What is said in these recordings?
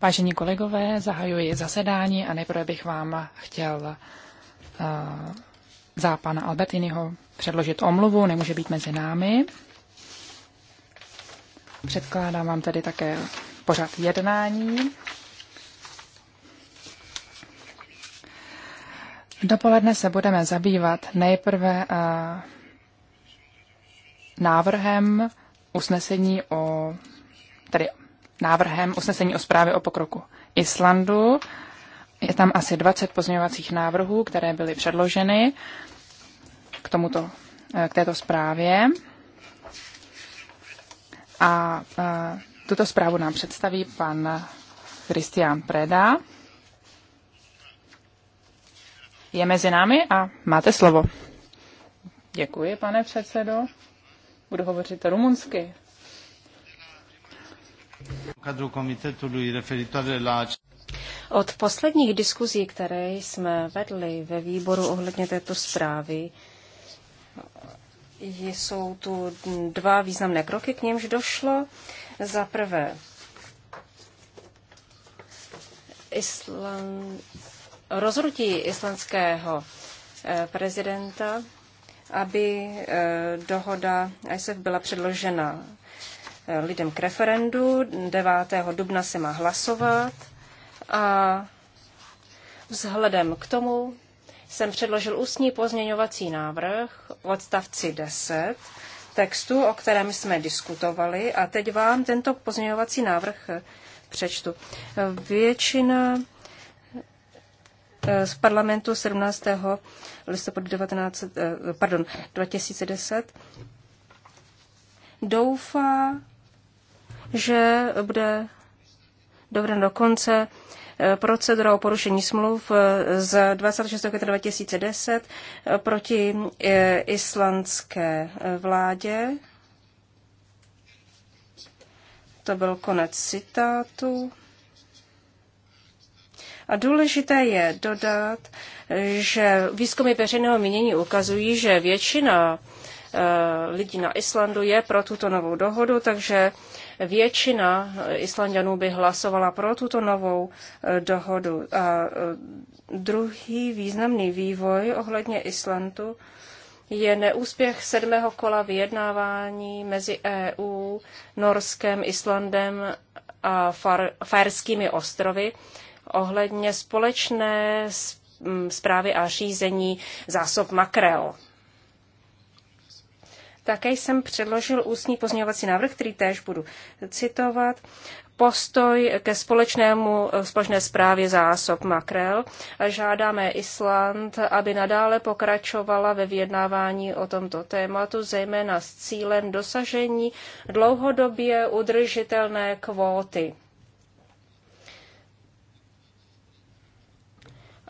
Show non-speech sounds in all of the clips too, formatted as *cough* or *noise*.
Vážení kolegové, zahajuji zasedání a nejprve bych vám chtěl uh, za pana Albertiniho předložit omluvu, nemůže být mezi námi. Předkládám vám tedy také pořad jednání. Dopoledne se budeme zabývat nejprve uh, návrhem usnesení o, tedy návrhem usnesení o zprávě o pokroku Islandu. Je tam asi 20 pozměňovacích návrhů, které byly předloženy k, tomuto, eh, k této zprávě. A, a eh, tuto zprávu nám představí pan Christian Preda. Je mezi námi a máte slovo. Děkuji, pane předsedo. Budu hovořit rumunsky. Od posledních diskuzí, které jsme vedli ve výboru ohledně této zprávy, jsou tu dva významné kroky, k němž došlo. Za prvé, Islán... rozhodnutí islandského eh, prezidenta aby eh, dohoda ISF byla předložena eh, lidem k referendu. 9. dubna se má hlasovat a vzhledem k tomu jsem předložil ústní pozměňovací návrh v odstavci 10 textu, o kterém jsme diskutovali a teď vám tento pozměňovací návrh eh, přečtu. Většina Eh, z parlamentu 17. listopadu 19, eh, pardon, 2010 doufá, že bude dobré do konce eh, procedura o porušení smluv z 26. května 2010 proti islandské vládě. To byl konec citátu. A důležité je dodat, že výzkumy veřejného mínění ukazují, že většina eh, lidí na Islandu je pro tuto novou dohodu, takže většina Islandianů by hlasovala pro tuto novou eh, dohodu. A eh, druhý významný vývoj ohledně Islandu je neúspěch sedmého kola vyjednávání mezi EU, Norskem, Islandem a Far- Farskými ostrovy, ohledně společné zprávy a řízení zásob makrel. Také jsem předložil ústní pozměňovací návrh, který též budu citovat. Postoj ke společnému, e, společné zprávě zásob makrel. Žádáme Island, aby nadále pokračovala ve vyjednávání o tomto tématu, zejména s cílem dosažení dlouhodobě udržitelné kvóty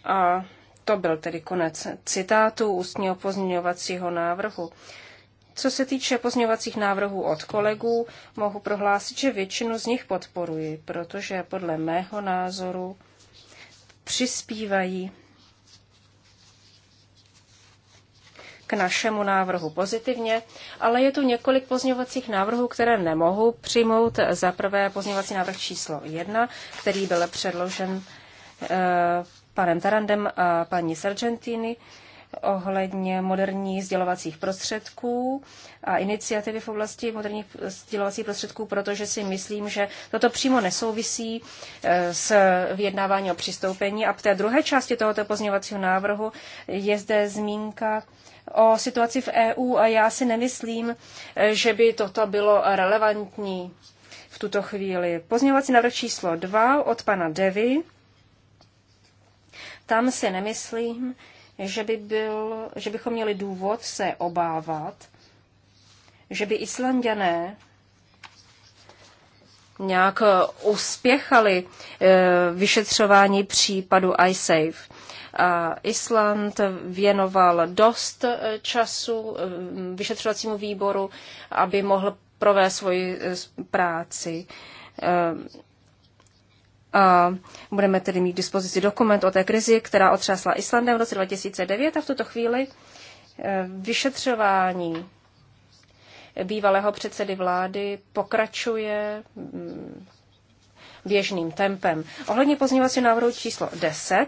A to byl tedy konec citátu ústního pozměňovacího návrhu. Co se týče pozměňovacích návrhů od kolegů, mohu prohlásit, že většinu z nich podporuji, protože podle mého názoru přispívají k našemu návrhu pozitivně, ale je tu několik pozměňovacích návrhů, které nemohu přijmout. Za prvé pozměňovací návrh číslo 1, který byl předložen eh, panem Tarandem a paní Sargentini ohledně moderních sdělovacích prostředků a iniciativy v oblasti moderních sdělovacích prostředků, protože si myslím, že toto přímo nesouvisí e, s vyjednávání o přistoupení. A v té druhé části tohoto pozměňovacího návrhu je zde zmínka o situaci v EU a já si nemyslím, e, že by toto bylo relevantní v tuto chvíli. Pozměňovací návrh číslo 2 od pana Devy tam si nemyslím, že, by byl, že bychom měli důvod se obávat, že by Islandané nějak eh, uspěchali eh, vyšetřování případu iSafe. A Island věnoval dost eh, času vyšetřovacímu výboru, aby mohl provést svoji práci. A budeme tedy mít k dispozici dokument o té krizi, která otřásla Islandem v roce 2009 a v tuto chvíli e, vyšetřování bývalého předsedy vlády pokračuje mm, běžným tempem. Ohledně pozměňovacího návrhu číslo 10,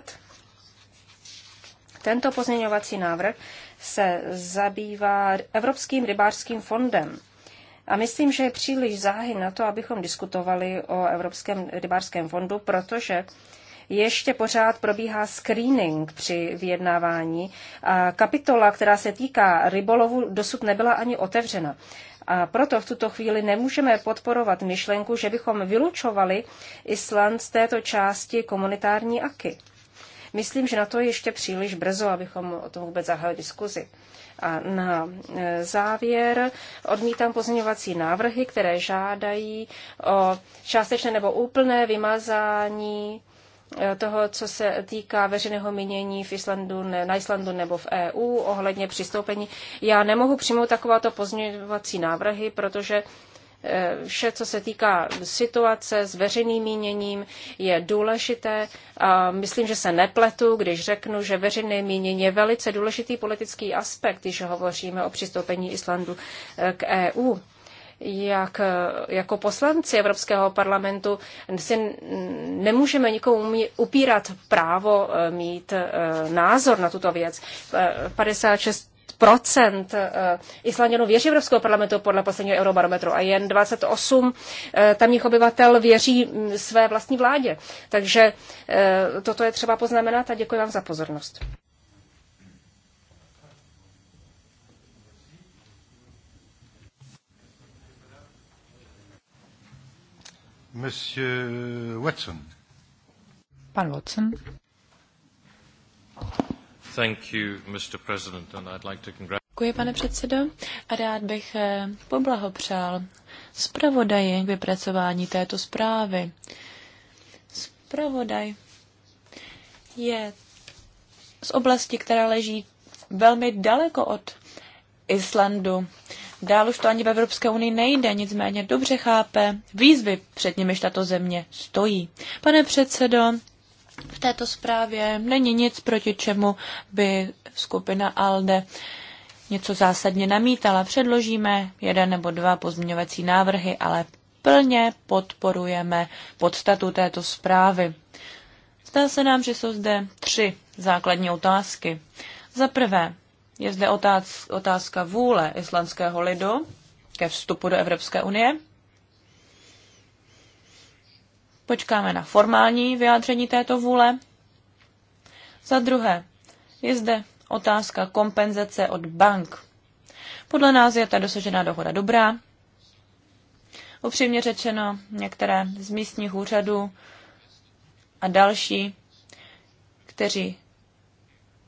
tento pozměňovací návrh se zabývá Evropským rybářským fondem. A myslím, že je příliš záhy na to, abychom diskutovali o Evropském rybářském fondu, protože ještě pořád probíhá screening při vyjednávání. A kapitola, která se týká rybolovu, dosud nebyla ani otevřena. A proto v tuto chvíli nemůžeme podporovat myšlenku, že bychom vylučovali Island z této části komunitární aky. Myslím, že na to je ještě příliš brzo, abychom o tom vůbec zahájili diskuzi. A na e, závěr odmítám pozměňovací návrhy, které žádají o částečné nebo úplné vymazání e, toho, co se týká veřejného mínění v Islandu, na Islandu nebo v EU ohledně přistoupení. Já nemohu přijmout takováto pozměňovací návrhy, protože Eh, vše, co se týká situace s veřejným míněním, je důležité. A myslím, že se nepletu, když řeknu, že veřejné mínění je velice důležitý politický aspekt, když hovoříme o přistoupení Islandu eh, k EU jak eh, jako poslanci Evropského parlamentu si nemůžeme nikomu upírat právo mít názor na tuto věc. 56 procent eh, Islanděnů věří Evropského parlamentu podle posledního eurobarometru a jen 28 eh, tamních obyvatel věří mm, své vlastní vládě. Takže eh, toto je třeba poznamenat a děkuji vám za pozornost. Monsieur Watson. Pan Watson. Děkuji, pane předsedo, a rád bych eh, poblahopřál zpravodaji k vypracování této zprávy. Zpravodaj je z oblasti, která leží velmi daleko od Islandu. Dál už to ani v Evropské unii nejde, nicméně dobře chápe výzvy, před nimiž tato země stojí. Pane předsedo, v této zprávě není nic, proti čemu by skupina ALDE něco zásadně namítala. Předložíme jeden nebo dva pozměňovací návrhy, ale plně podporujeme podstatu této zprávy. Zdá se nám, že jsou zde tři základní otázky. Za prvé, je zde otázka vůle islandského lidu ke vstupu do Evropské unie. Počkáme na formální vyjádření této vůle. Za druhé, je zde otázka kompenzace od bank. Podle nás je ta dosažená dohoda dobrá. Upřímně řečeno, některé z místních úřadů a další, kteří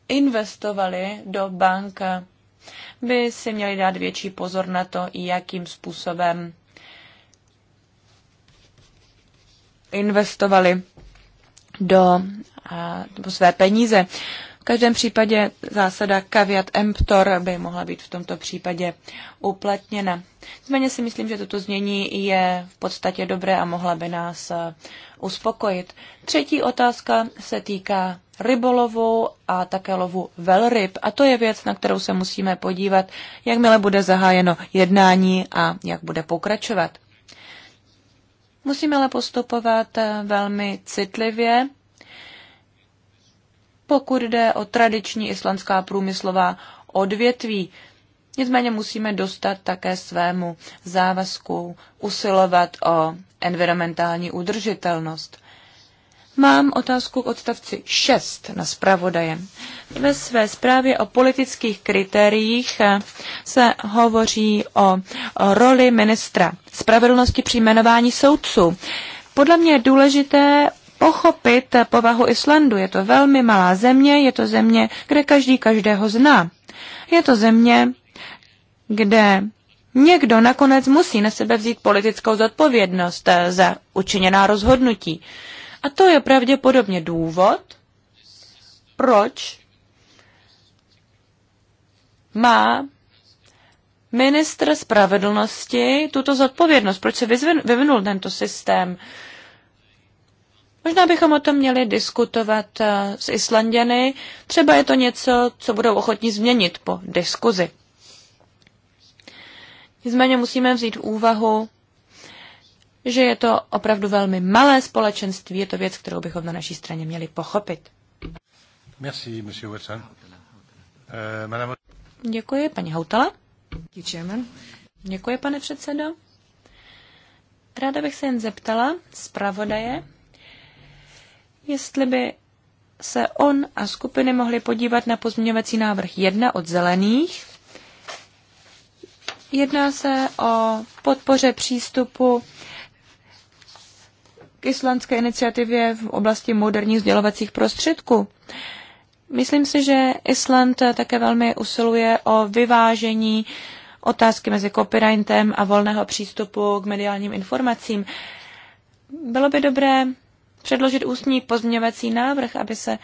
investovali do bank, by si měli dát větší pozor na to, jakým způsobem investovali do, do své peníze. V každém případě zásada caveat emptor by mohla být v tomto případě uplatněna. Nicméně si myslím, že toto změní je v podstatě dobré a mohla by nás e, uspokojit. Třetí otázka se týká rybolovu a také lovu velryb. A to je věc, na kterou se musíme podívat, jakmile bude zahájeno jednání a jak bude pokračovat. Musíme ale postupovat eh, velmi citlivě, pokud jde o tradiční islandská průmyslová odvětví. Nicméně musíme dostat také svému závazku usilovat o environmentální udržitelnost. Mám otázku k odstavci 6 na zpravodaje. Ve své zprávě o politických kritériích eh, se hovoří o roli ministra spravedlnosti při jmenování soudců. Podle mě je důležité pochopit povahu Islandu. Je to velmi malá země, je to země, kde každý každého zná. Je to země, kde někdo nakonec musí na sebe vzít politickou zodpovědnost eh, za učiněná rozhodnutí. A to je pravděpodobně důvod, proč má ministr spravedlnosti tuto zodpovědnost, proč se vyvinul tento systém. Možná bychom o tom měli diskutovat eh, s Islanděny. Třeba je to něco, co budou ochotní změnit po diskuzi. Nicméně musíme vzít v úvahu že je to opravdu velmi malé společenství, je to věc, kterou bychom na naší straně měli pochopit. Merci, monsieur Watson. Uh, madame... Děkuji, paní Houtala. Děkuji, pane předsedo. Ráda bych se jen zeptala zpravodaje, jestli by se on a skupiny mohli podívat na pozměňovací návrh 1 od zelených. Jedná se o podpoře přístupu k islandské iniciativě v oblasti moderních sdělovacích prostředků. Myslím si, že Island také velmi usiluje o vyvážení otázky mezi copyrightem a volného přístupu k mediálním informacím. Bylo by dobré předložit ústní pozměňovací návrh, aby se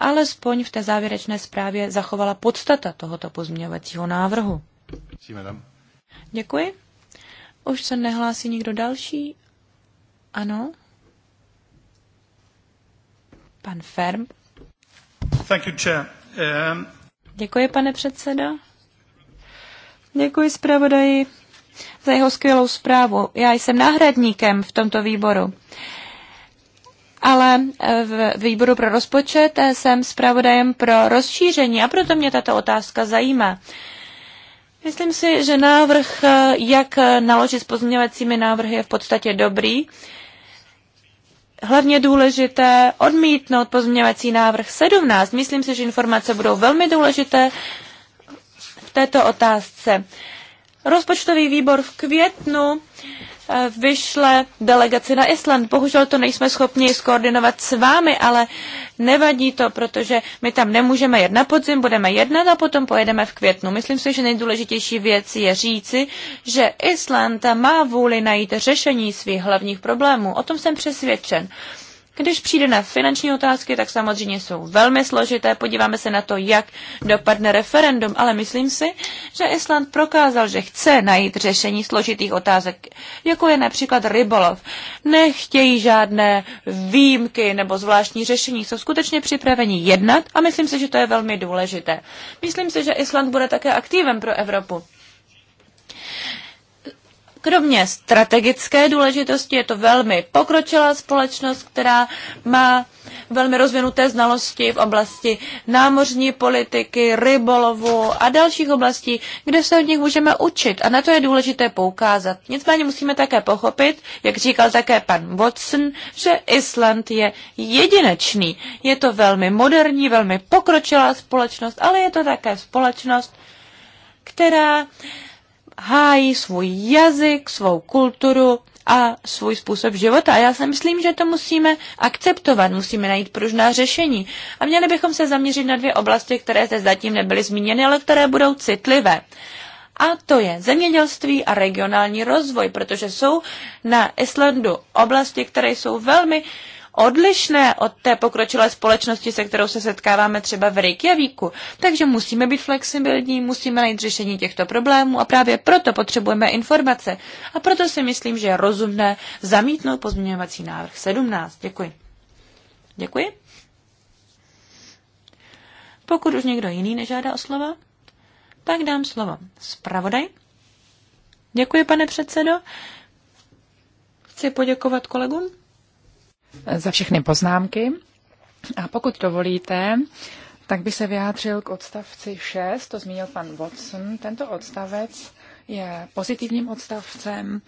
alespoň v té závěrečné zprávě zachovala podstata tohoto pozměňovacího návrhu. Děkuji. Už se nehlásí nikdo další? Ano. Pan Ferm. Thank you, chair. Um... Děkuji, pane předsedo. Děkuji zpravodaji za jeho skvělou zprávu. Já jsem náhradníkem v tomto výboru ale eh, v výboru pro rozpočet eh, jsem zpravodajem pro rozšíření a proto mě tato otázka zajímá. Myslím si, že návrh, eh, jak naložit s pozměňovacími návrhy, je v podstatě dobrý hlavně důležité odmítnout pozměňovací návrh 17. Myslím si, že informace budou velmi důležité v této otázce. Rozpočtový výbor v květnu Eh, vyšle delegaci na Island. Bohužel to nejsme schopni skoordinovat s vámi, ale nevadí to, protože my tam nemůžeme jet na podzim, budeme jednat a potom pojedeme v květnu. Myslím si, že nejdůležitější věc je říci, že Island má vůli najít řešení svých hlavních problémů. O tom jsem přesvědčen. Když přijde na finanční otázky, tak samozřejmě jsou velmi složité. Podíváme se na to, jak dopadne referendum, ale myslím si, že Island prokázal, že chce najít řešení složitých otázek, jako je například rybolov. Nechtějí žádné výjimky nebo zvláštní řešení, jsou skutečně připraveni jednat a myslím si, že to je velmi důležité. Myslím si, že Island bude také aktivem pro Evropu. Kromě strategické důležitosti je to velmi pokročilá společnost, která má velmi rozvinuté znalosti v oblasti námořní politiky, rybolovu a dalších oblastí, kde se od nich můžeme učit. A na to je důležité poukázat. Nicméně musíme také pochopit, jak říkal také pan Watson, že Island je jedinečný. Je to velmi moderní, velmi pokročilá společnost, ale je to také společnost, která hájí svůj jazyk, svou kulturu a svůj způsob života. A já si myslím, že to musíme akceptovat, musíme najít pružná řešení. A měli bychom se zaměřit na dvě oblasti, které zde zatím nebyly zmíněny, ale které budou citlivé. A to je zemědělství a regionální rozvoj, protože jsou na Islandu oblasti, které jsou velmi uh, odlišné od té pokročilé společnosti, se kterou se setkáváme třeba v Reykjavíku. Takže musíme být flexibilní, musíme najít řešení těchto problémů a právě proto potřebujeme informace. A proto si myslím, že je rozumné zamítnout pozměňovací návrh 17. Děkuji. Děkuji. Pokud už někdo jiný nežádá o slovo, tak dám slovo zpravodaj. Děkuji, pane předsedo. Chci poděkovat kolegům za všechny poznámky. A pokud dovolíte, tak by se vyjádřil k odstavci 6, to zmínil pan Watson. Tento odstavec je pozitivním odstavcem.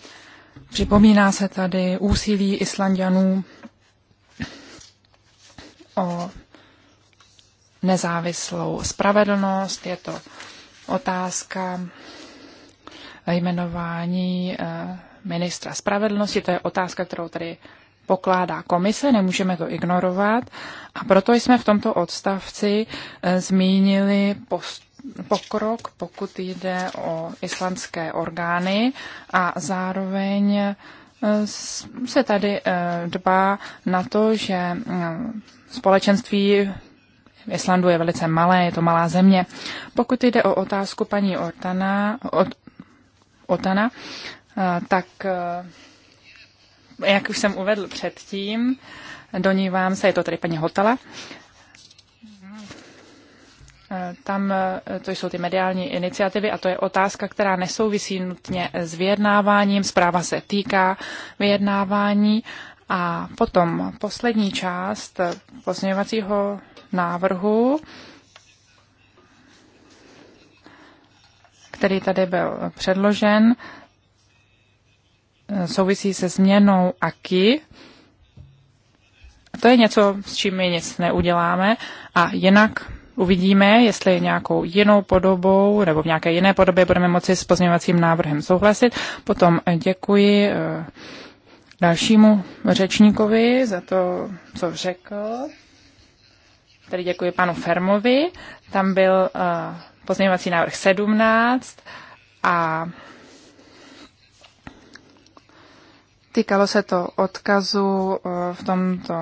Připomíná se tady úsilí Islandianů o nezávislou spravedlnost. Je to otázka jmenování eh, ministra spravedlnosti. To je otázka, kterou tady pokládá komise, nemůžeme to ignorovat a proto jsme v tomto odstavci e, zmínili post pokrok, pokud jde o islandské orgány a zároveň e, se tady e, dbá na to, že společenství v Islandu je velice malé, je to malá země. Pokud jde o otázku paní Ortana, od, Otana, tak jak už jsem uvedl předtím, do vám se, je to tady paní Hotela, tam eh, to jsou ty mediální iniciativy a to je otázka, která nesouvisí nutně s vyjednáváním. Zpráva se týká vyjednávání. A potom poslední část pozměňovacího návrhu, který tady byl předložen, souvisí se změnou aky To je něco, s čím my nic neuděláme a jinak uvidíme, jestli nějakou jinou podobou nebo v nějaké jiné podobě budeme moci s pozměňovacím návrhem souhlasit. Potom děkuji eh, dalšímu řečníkovi za to, co řekl. Tady děkuji panu Fermovi. Tam byl eh, pozměňovací návrh 17 a Týkalo se to odkazu eh, v tomto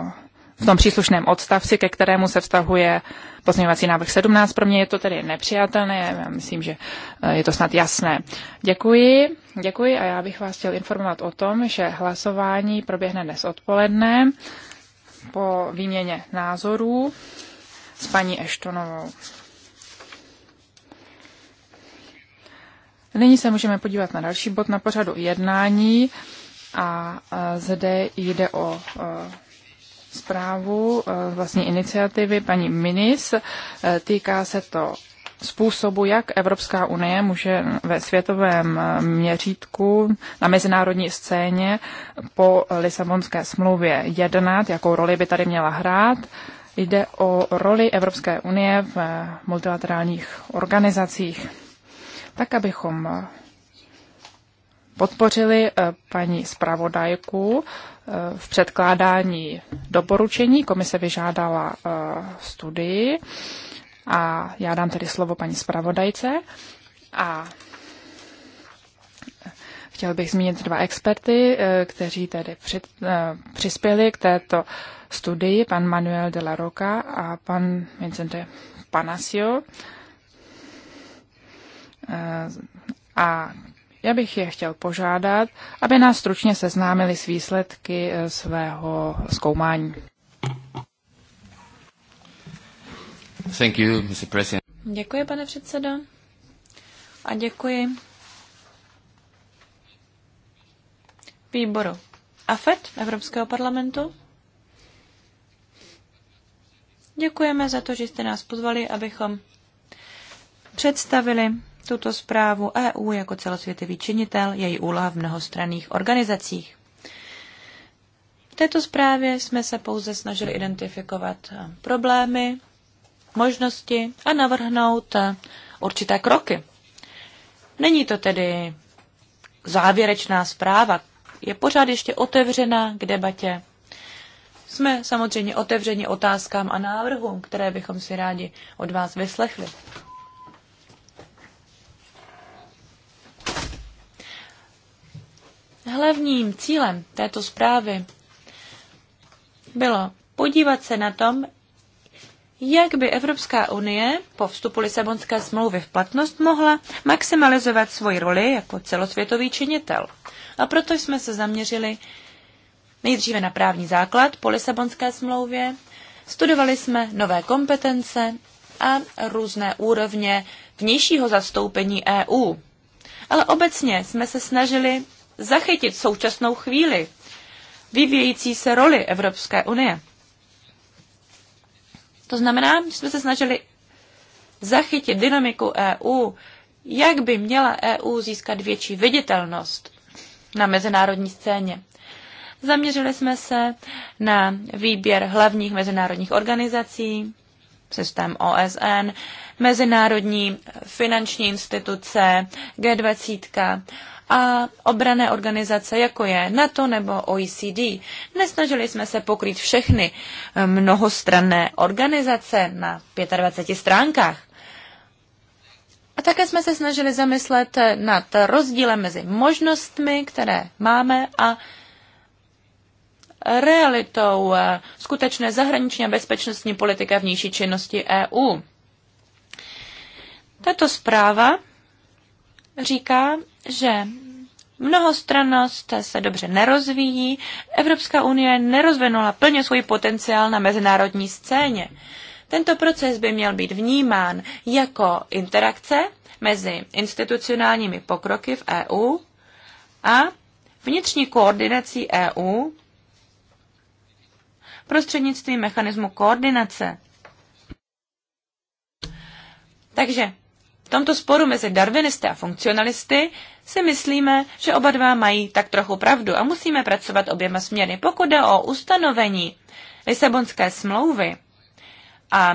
v tom příslušném odstavci, ke kterému se vztahuje pozměňovací návrh 17. Pro mě je to tedy nepřijatelné, já myslím, že eh, je to snad jasné. Děkuji, děkuji a já bych vás chtěl informovat o tom, že hlasování proběhne dnes odpoledne po výměně názorů s paní Eštonovou. Nyní se můžeme podívat na další bod na pořadu jednání. A zde jde o zprávu vlastní iniciativy paní Minis. Týká se to způsobu, jak Evropská unie může ve světovém měřítku na mezinárodní scéně po Lisabonské smlouvě jednat, jakou roli by tady měla hrát. Jde o roli Evropské unie v multilaterálních organizacích, tak abychom podpořili eh, paní zpravodajku eh, v předkládání doporučení. Komise vyžádala eh, studii a já dám tedy slovo paní zpravodajce. A chtěl bych zmínit dva experty, kteří tedy přispěli k této studii, pan Manuel de la Roca a pan Vincente Panasio. A já bych je chtěl požádat, aby nás stručně seznámili s výsledky eh, svého zkoumání. Thank you, Mr. President. Děkuji, pane předsedo. A děkuji výboru AFET Evropského parlamentu. Děkujeme za to, že jste nás pozvali, abychom představili tuto zprávu EU jako celosvětový činitel, její úloha v mnohostranných organizacích. V této zprávě jsme se pouze snažili identifikovat eh, problémy, možnosti a navrhnout eh, určité kroky. Není to tedy závěrečná zpráva, je pořád ještě otevřená k debatě. Jsme samozřejmě otevřeni otázkám a návrhům, které bychom si rádi od vás vyslechli. Hlavním cílem této zprávy bylo podívat se na tom, jak by Evropská unie po vstupu Lisabonské smlouvy v platnost mohla maximalizovat svoji roli jako celosvětový činitel. A proto jsme se zaměřili nejdříve na právní základ po Lisabonské smlouvě, studovali jsme nové kompetence a různé úrovně vnějšího zastoupení EU. Ale obecně jsme se snažili zachytit současnou chvíli, vyvíjející se roli Evropské unie. To znamená, že jsme se snažili zachytit dynamiku EU, jak by měla EU získat větší viditelnost na mezinárodní scéně. Zaměřili jsme se na výběr hlavních mezinárodních organizací, systém OSN, mezinárodní finanční instituce, G20 a obrané organizace, jako je NATO nebo OECD. Nesnažili jsme se pokrýt všechny mnohostranné organizace na 25 stránkách. A také jsme se snažili zamyslet nad rozdílem mezi možnostmi, které máme a realitou eh, skutečné zahraniční a bezpečnostní politiky a vnější činnosti EU. Tato zpráva říká, že mnohostrannost se dobře nerozvíjí, Evropská unie nerozvinula plně svůj potenciál na mezinárodní scéně. Tento proces by měl být vnímán jako interakce mezi institucionálními pokroky v EU a vnitřní koordinací EU prostřednictvím mechanismu koordinace. Takže v tomto sporu mezi darwinisty a funkcionalisty si myslíme, že oba dva mají tak trochu pravdu a musíme pracovat oběma směry. Pokud jde o ustanovení Lisabonské smlouvy a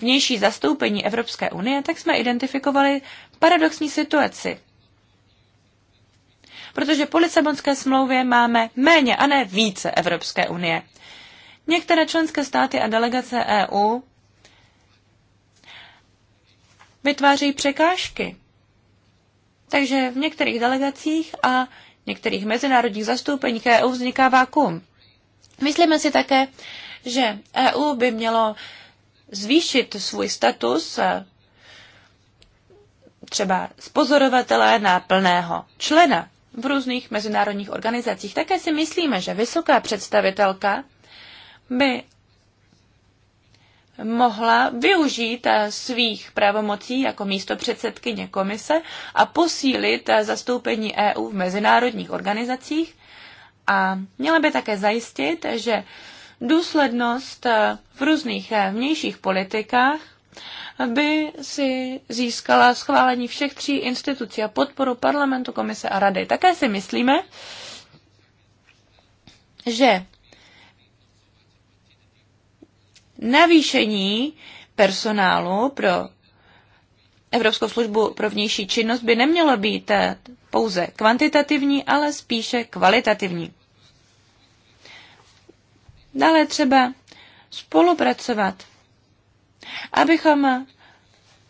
vnější zastoupení Evropské unie, tak jsme identifikovali paradoxní situaci. Protože po Lisabonské smlouvě máme méně a ne více Evropské unie. Některé členské státy a delegace EU vytvářejí překážky. Takže v některých delegacích a některých mezinárodních zastoupeních EU vzniká vákum. Myslíme si také, že EU by mělo zvýšit svůj status e, třeba z pozorovatele na plného člena v různých mezinárodních organizacích. Také si myslíme, že vysoká představitelka by mohla využít eh, svých pravomocí jako místo předsedkyně komise a posílit eh, zastoupení EU v mezinárodních organizacích a měla by také zajistit, že důslednost eh, v různých vnějších politikách by si získala schválení všech tří institucí a podporu parlamentu, komise a rady. Také si myslíme, že navýšení personálu pro Evropskou službu pro vnější činnost by nemělo být pouze kvantitativní, ale spíše kvalitativní. Dále třeba spolupracovat, abychom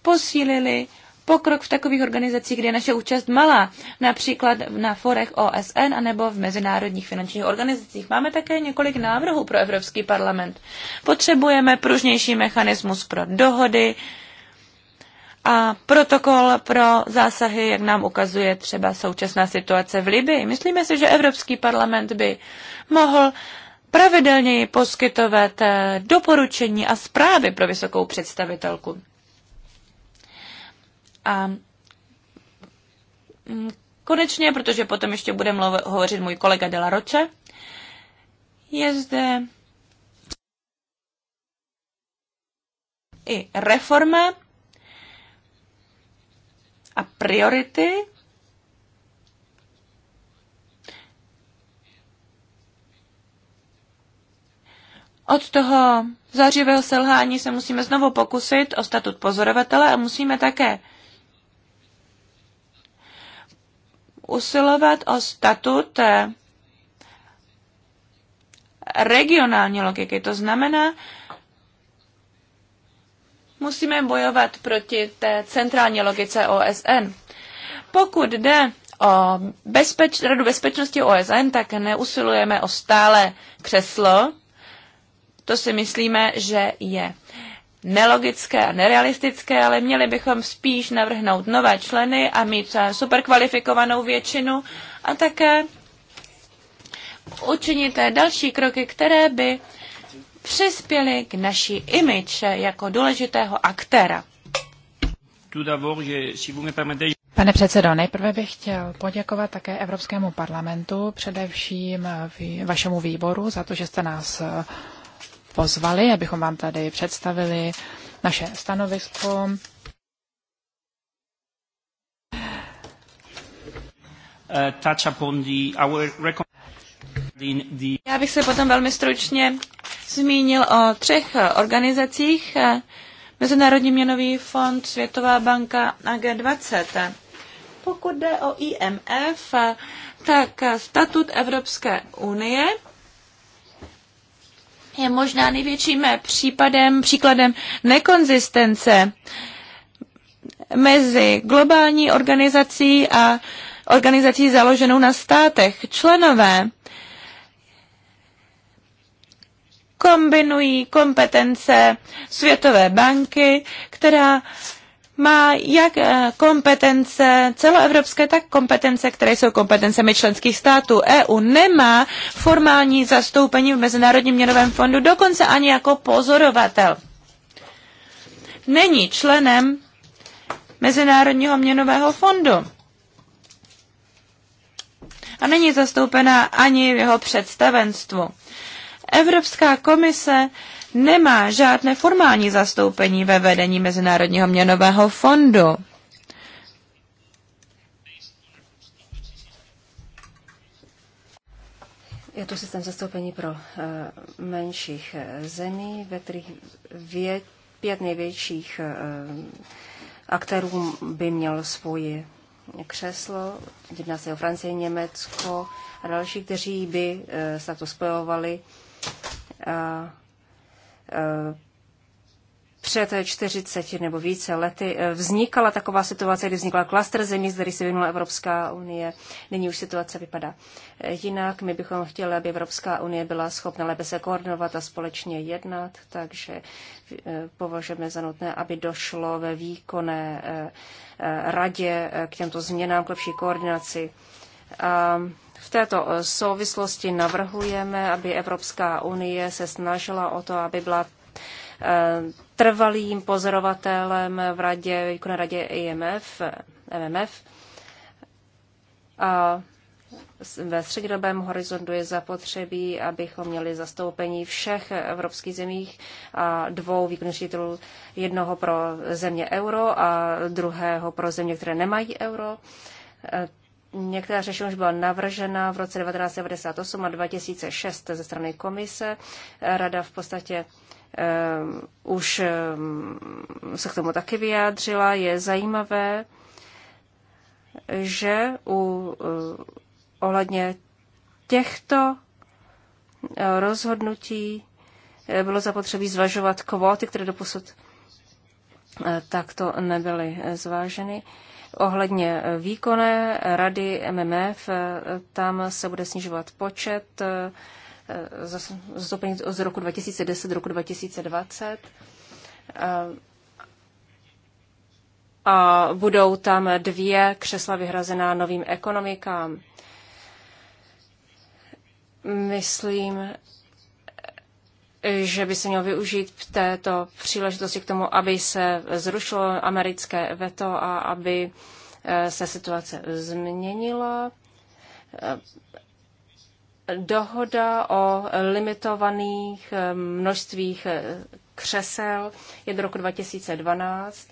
posílili pokrok v takových organizacích, kde je naše účast malá, například na forech OSN anebo v mezinárodních finančních organizacích. Máme také několik návrhů pro Evropský parlament. Potřebujeme pružnější mechanismus pro dohody, a protokol pro zásahy, jak nám ukazuje třeba současná situace v Libii. Myslíme si, že Evropský parlament by mohl pravidelněji poskytovat eh, doporučení a zprávy pro vysokou představitelku. A mm, konečně, protože potom ještě bude mluvit hovořit můj kolega Dela Roče, je zde i reforma a priority Od toho zářivého selhání se musíme znovu pokusit o statut pozorovatele a musíme také usilovat o statut eh, regionální logiky. To znamená, musíme bojovat proti té centrální logice OSN. Pokud jde o bezpeč, Radu bezpečnosti OSN, tak neusilujeme o stále křeslo. To si myslíme, že je nelogické a nerealistické, ale měli bychom spíš navrhnout nové členy a mít eh, superkvalifikovanou většinu a také učinit eh, další kroky, které by přispěly k naší image jako důležitého aktéra. Pane předsedo, nejprve bych chtěl poděkovat také Evropskému parlamentu, především eh, vašemu výboru za to, že jste nás pozvali, abychom vám tady představili naše stanovisko. Uh, Já bych se potom velmi stručně zmínil o třech organizacích. Mezinárodní měnový fond, Světová banka a G20. Pokud jde o IMF, tak statut Evropské unie je možná největším případem, příkladem nekonzistence mezi globální organizací a organizací založenou na státech. Členové kombinují kompetence Světové banky, která má jak eh, kompetence celoevropské, tak kompetence, které jsou kompetencemi členských států. EU nemá formální zastoupení v Mezinárodním měnovém fondu, dokonce ani jako pozorovatel. Není členem Mezinárodního měnového fondu. A není zastoupena ani v jeho představenstvu. Evropská komise nemá žádné formální zastoupení ve vedení Mezinárodního měnového fondu. Je to systém zastoupení pro eh, menších eh, zemí, ve kterých vě, pět největších eh, aktérů by měl svoji křeslo. Jedná se o Francii, Německo a další, kteří by se to spojovali Eh, před 40 nebo více lety eh, vznikala taková situace, kdy vznikla klaster zemí, z kterých se vyvinula Evropská unie. Nyní už situace vypadá eh, jinak. My bychom chtěli, aby Evropská unie byla schopna lépe se koordinovat a společně jednat, takže považujeme za nutné, aby došlo ve výkonné radě k těmto změnám, k lepší koordinaci. A této eh, souvislosti navrhujeme, aby Evropská unie se snažila o to, aby byla eh, trvalým pozorovatelem v radě, výkonné radě IMF, MMF. A ve střednědobém horizontu je zapotřebí, abychom měli zastoupení všech evropských zemích a dvou výkonných titulů, jednoho pro země euro a druhého pro země, které nemají euro. Eh, Některá řešení už byla navržena v roce 1998 a 2006 ze strany komise. Rada v podstatě um, už um, se k tomu taky vyjádřila. Je zajímavé, že u, uh, ohledně těchto rozhodnutí bylo zapotřebí zvažovat kvóty, které doposud takto nebyly zváženy. Uh, Ohledně eh, výkonné rady MMF, eh, tam se bude snižovat počet eh, z roku 2010 do roku 2020. A budou tam dvě křesla vyhrazená novým ekonomikám. Myslím, že by se měl využít v této příležitosti k tomu, aby se zrušilo americké veto a aby eh, se situace změnila. Eh, dohoda o limitovaných eh, množstvích křesel je do roku 2012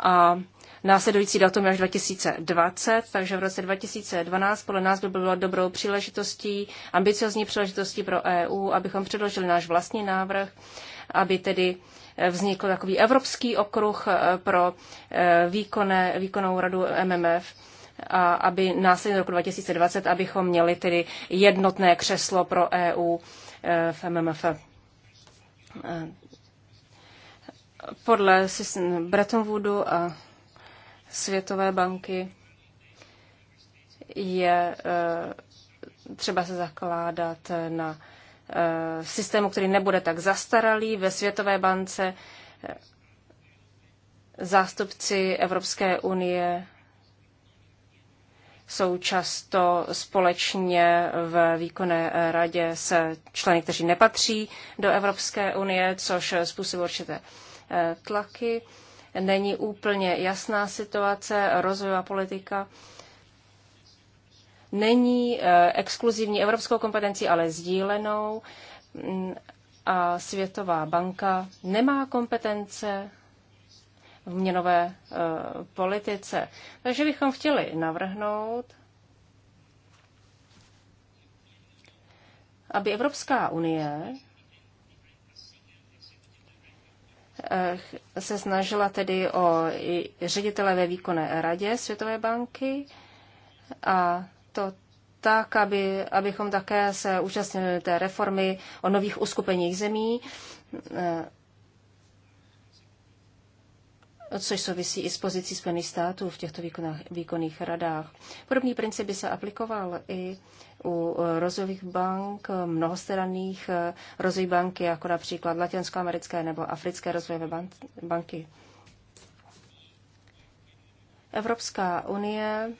a následující datum až 2020, takže v roce 2012 podle nás by bylo dobrou příležitostí, ambiciozní příležitostí pro EU, abychom předložili náš vlastní návrh, aby tedy eh, vznikl takový evropský okruh eh, pro eh, výkonné, výkonnou radu MMF a aby následně roku 2020, abychom měli tedy jednotné křeslo pro EU v MMF. Podle Bretton Woodu a Světové banky je eh, třeba se zakládat na eh, systému, který nebude tak zastaralý. Ve Světové bance eh, zástupci Evropské unie jsou často společně v výkonné radě se členy, kteří nepatří do Evropské unie, což způsobuje určité tlaky není úplně jasná situace, rozvojová politika není eh, exkluzivní evropskou kompetencí, ale sdílenou mm, a Světová banka nemá kompetence v měnové eh, politice. Takže bychom chtěli navrhnout, aby Evropská unie Eh, se snažila tedy o ředitele ve výkonné radě Světové banky a to tak, aby, abychom také se účastnili té reformy o nových uskupeních zemí eh, což souvisí i s pozicí Spojených států v těchto výkonách, výkonných radách. Podobný princip by se aplikoval i u rozvojových bank, mnohostranných rozvojových banky, jako například latinskoamerické nebo africké rozvojové banky. Evropská unie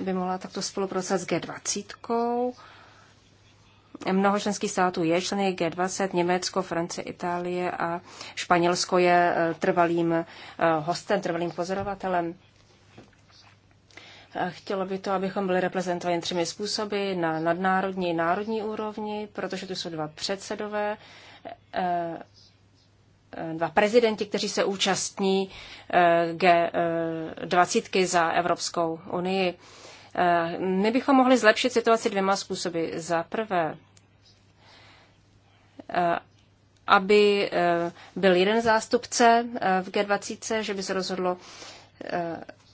by mohla takto spolupracovat s G20, Mnoho členských států je členy G20, Německo, Francie, Itálie a Španělsko je e, trvalým e, hostem, trvalým pozorovatelem. Chtělo by to, abychom byli reprezentováni třemi způsoby, na nadnárodní i národní úrovni, protože tu jsou dva předsedové, e, dva prezidenti, kteří se účastní G20 za Evropskou unii. Eh, my bychom mohli zlepšit situaci dvěma způsoby. Za prvé, eh, aby eh, byl jeden zástupce v G20, že by se rozhodlo,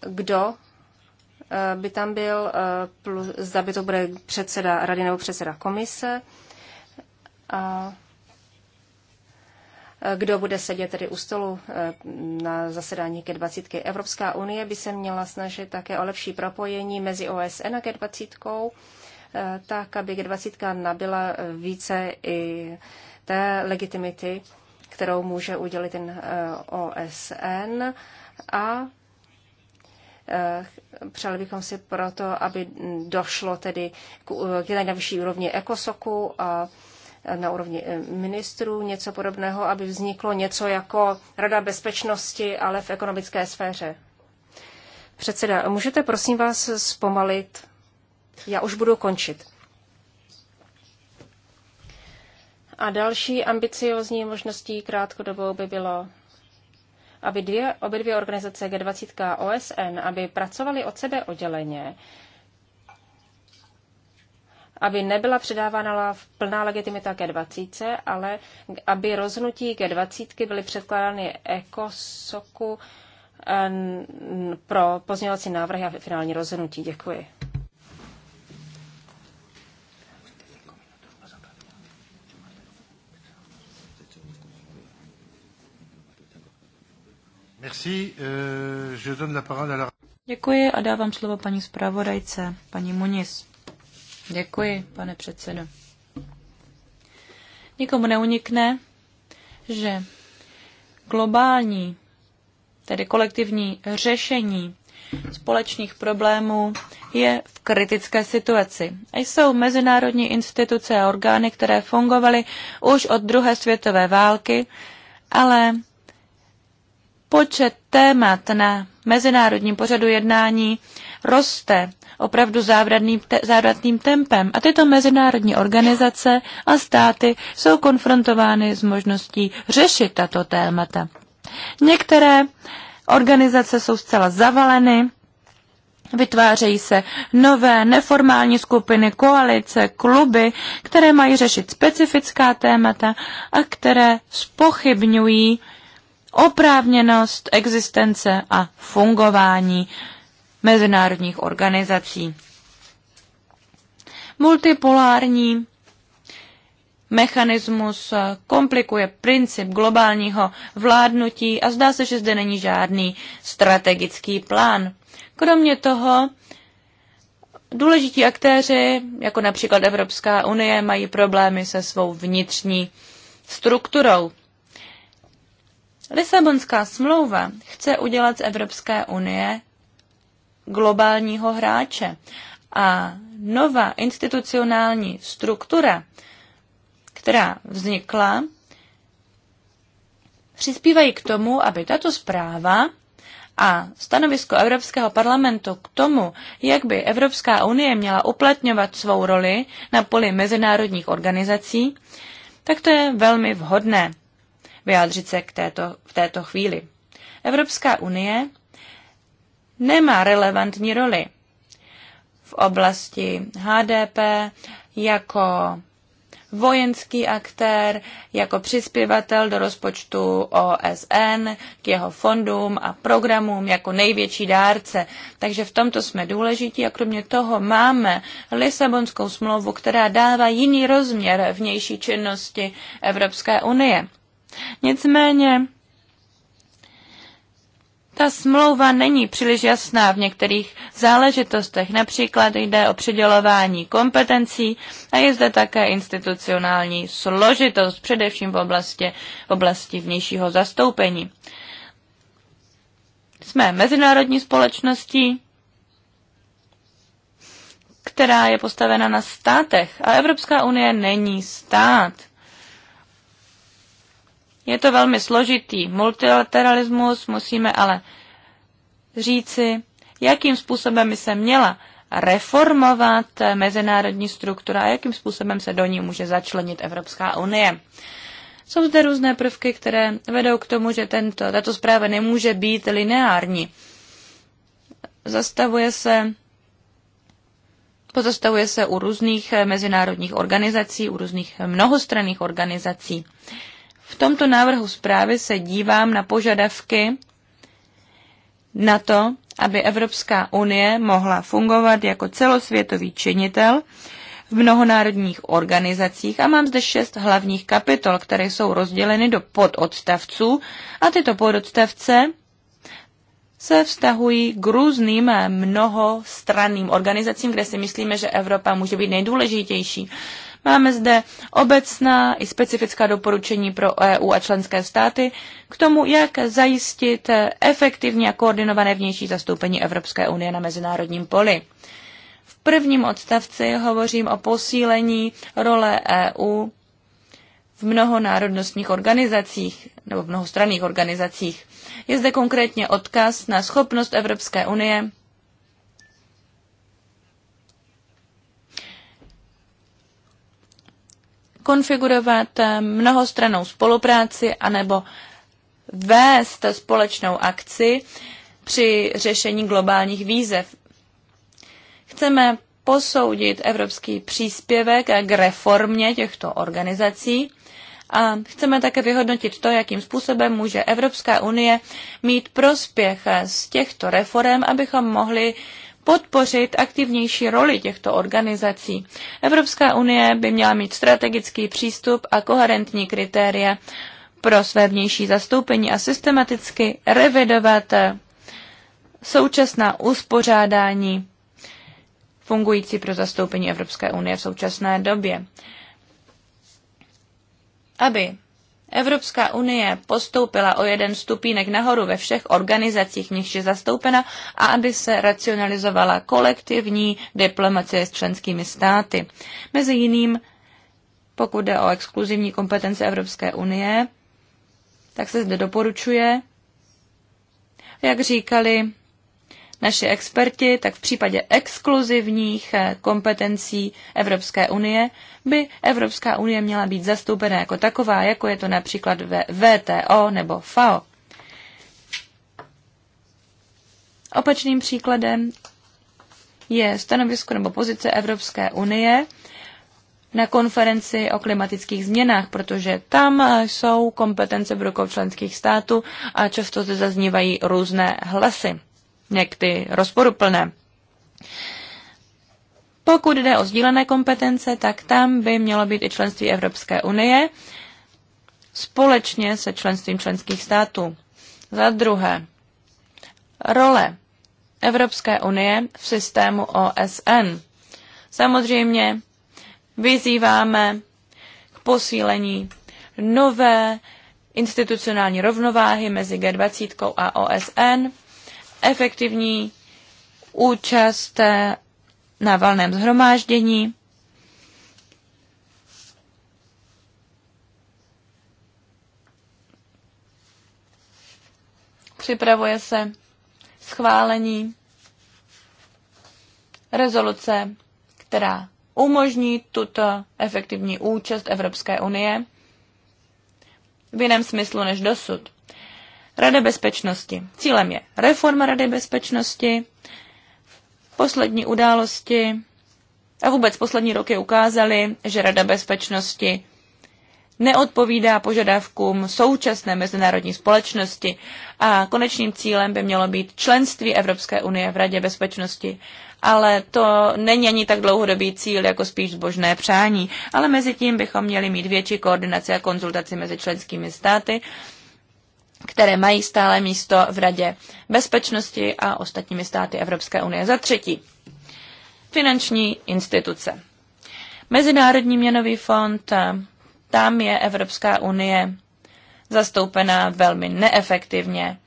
kdo by tam byl, zda by to bude předseda rady nebo předseda komise. A kdo bude sedět tedy u stolu eh, na zasedání G20. Evropská unie by se měla snažit také o lepší propojení mezi OSN a G20, eh, tak aby G20 nabila eh, více i té legitimity, kterou může udělit ten OSN a Přáli bychom si proto, aby došlo tedy k, k nejvyšší úrovni ECOSOKu a na úrovni eh, ministrů, něco podobného, aby vzniklo něco jako Rada bezpečnosti, ale v ekonomické sféře. Předseda, můžete prosím vás zpomalit? Já už budu končit. A další ambiciozní možností krátkodobou by bylo, aby dvě, obě dvě organizace G20 a OSN, aby pracovali od sebe odděleně, aby nebyla předávána plná legitimita ke 20, ale aby rozhodnutí ke 20 byly předkládány ECOSOKu eh, pro pozměňovací návrhy a finální rozhodnutí. Děkuji. Euh, Děkuji a dávám slovo paní zpravodajce, paní Muniz. Děkuji, pane předsedo. Nikomu neunikne, že globální, tedy kolektivní řešení společných problémů je v kritické situaci. A jsou mezinárodní instituce a orgány, které fungovaly už od druhé světové války, ale počet témat na mezinárodním pořadu jednání roste opravdu závratným, te, závratným tempem a tyto mezinárodní organizace a státy jsou konfrontovány s možností řešit tato témata. Některé organizace jsou zcela zavaleny, Vytvářejí se nové neformální skupiny, koalice, kluby, které mají řešit specifická témata a které spochybňují oprávněnost existence a fungování mezinárodních organizací. Multipolární mechanismus komplikuje princip globálního vládnutí a zdá se, že zde není žádný strategický plán. Kromě toho, důležití aktéři, jako například Evropská unie, mají problémy se svou vnitřní strukturou. Lisabonská smlouva chce udělat z Evropské unie globálního hráče. A nová institucionální struktura, která vznikla, přispívají k tomu, aby tato zpráva a stanovisko Evropského parlamentu k tomu, jak by Evropská unie měla uplatňovat svou roli na poli mezinárodních organizací, tak to je velmi vhodné vyjádřit se k této, v této chvíli. Evropská unie nemá relevantní roli v oblasti HDP jako vojenský aktér, jako přispěvatel do rozpočtu OSN, k jeho fondům a programům, jako největší dárce. Takže v tomto jsme důležití a kromě toho máme Lisabonskou smlouvu, která dává jiný rozměr vnější činnosti Evropské unie. Nicméně ta smlouva není příliš jasná v některých záležitostech. Například jde o přidělování kompetencí a je zde také institucionální složitost, především v oblasti, v oblasti vnějšího zastoupení. Jsme mezinárodní společností, která je postavena na státech a Evropská unie není stát. Je to velmi složitý multilateralismus, musíme ale říci, jakým způsobem by se měla reformovat mezinárodní struktura a jakým způsobem se do ní může začlenit Evropská unie. Jsou zde různé prvky, které vedou k tomu, že tento, tato zpráva nemůže být lineární. Zastavuje se pozastavuje se u různých mezinárodních organizací, u různých mnohostranných organizací. Uh, v tomto návrhu zprávy se dívám na požadavky na to, aby Evropská unie mohla fungovat jako celosvětový činitel v mnohonárodních organizacích a mám zde šest hlavních kapitol, které jsou rozděleny do pododstavců a tyto pododstavce se vztahují k různým mnohostranným organizacím, kde si myslíme, že Evropa může být nejdůležitější. Máme zde obecná i specifická doporučení pro EU a členské státy k tomu, jak zajistit efektivní a koordinované vnější zastoupení Evropské unie na mezinárodním poli. V prvním odstavci hovořím o posílení role EU v mnohonárodnostních organizacích nebo v mnohostranných organizacích. Je zde konkrétně odkaz na schopnost Evropské unie konfigurovat eh, mnohostranou spolupráci anebo vést společnou akci při řešení globálních výzev. Chceme posoudit evropský příspěvek k reformě těchto organizací a chceme také vyhodnotit to, jakým způsobem může Evropská unie mít prospěch z těchto reform, abychom mohli podpořit aktivnější roli těchto organizací. Evropská unie by měla mít strategický přístup a koherentní kritéria pro své vnější zastoupení a systematicky revidovat současná uspořádání fungující pro zastoupení Evropské unie v současné době. Aby Evropská unie postoupila o jeden stupínek nahoru ve všech organizacích, v nichž je zastoupena, a aby se racionalizovala kolektivní diplomacie s členskými státy. Mezi jiným, pokud jde o exkluzivní kompetence Evropské unie, tak se zde doporučuje, jak říkali naši experti, tak v případě exkluzivních eh, kompetencí Evropské unie by Evropská unie měla být zastoupena jako taková, jako je to například ve VTO nebo FAO. Opačným příkladem je stanovisko nebo pozice Evropské unie na konferenci o klimatických změnách, protože tam eh, jsou kompetence v rukou členských států a často se zaznívají různé hlasy někdy rozporuplné. Pokud jde o sdílené kompetence, tak tam by mělo být i členství Evropské unie společně se členstvím členských států. Za druhé, role Evropské unie v systému OSN. Samozřejmě vyzýváme k posílení nové institucionální rovnováhy mezi G20 a OSN efektivní účast eh, na valném zhromáždění. Připravuje se schválení rezoluce, která umožní tuto efektivní účast Evropské unie v jiném smyslu než dosud. Rada bezpečnosti. Cílem je reforma Rady bezpečnosti, poslední události a vůbec poslední roky ukázaly, že Rada bezpečnosti neodpovídá požadavkům současné mezinárodní společnosti a konečným cílem by mělo být členství Evropské unie v Radě bezpečnosti. Ale to není ani tak dlouhodobý cíl, jako spíš zbožné přání. Ale mezi tím bychom měli mít větší koordinaci a konzultaci mezi členskými státy které mají stále místo v Radě bezpečnosti a ostatními státy Evropské unie. Za třetí, finanční instituce. Mezinárodní měnový fond, eh, tam je Evropská unie zastoupená velmi neefektivně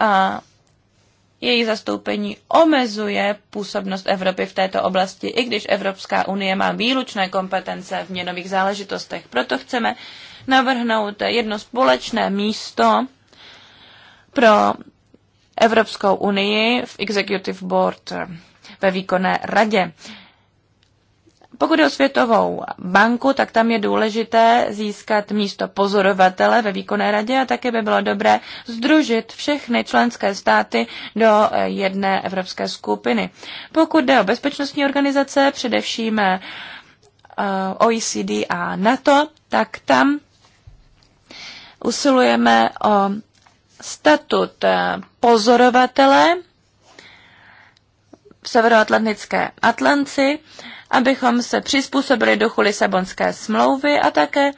a její zastoupení omezuje působnost Evropy v této oblasti, i když Evropská unie má výlučné kompetence v měnových záležitostech. Proto chceme navrhnout jedno společné místo pro Evropskou unii v Executive Board ve výkonné radě. Pokud je o Světovou banku, tak tam je důležité získat místo pozorovatele ve výkonné radě a také by bylo dobré združit všechny členské státy do eh, jedné evropské skupiny. Pokud jde o bezpečnostní organizace, především eh, OECD a NATO, tak tam usilujeme o statut eh, pozorovatele v severoatlantické Atlanci, abychom se přizpůsobili duchu Lisabonské smlouvy a také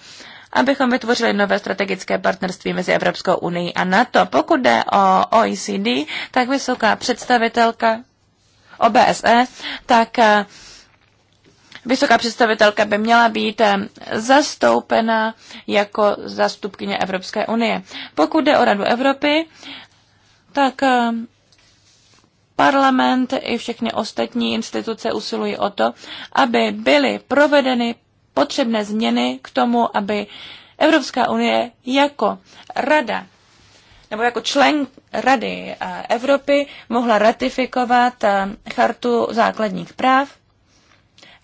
abychom vytvořili nové strategické partnerství mezi Evropskou unii a NATO. Pokud jde o OECD, tak vysoká představitelka OBSE, tak eh, Vysoká představitelka by měla být eh, zastoupena jako zastupkyně Evropské unie. Pokud jde o Radu Evropy, tak eh, parlament i všechny ostatní instituce usilují o to, aby byly provedeny potřebné změny k tomu, aby Evropská unie jako rada nebo jako člen Rady eh, Evropy mohla ratifikovat chartu základních práv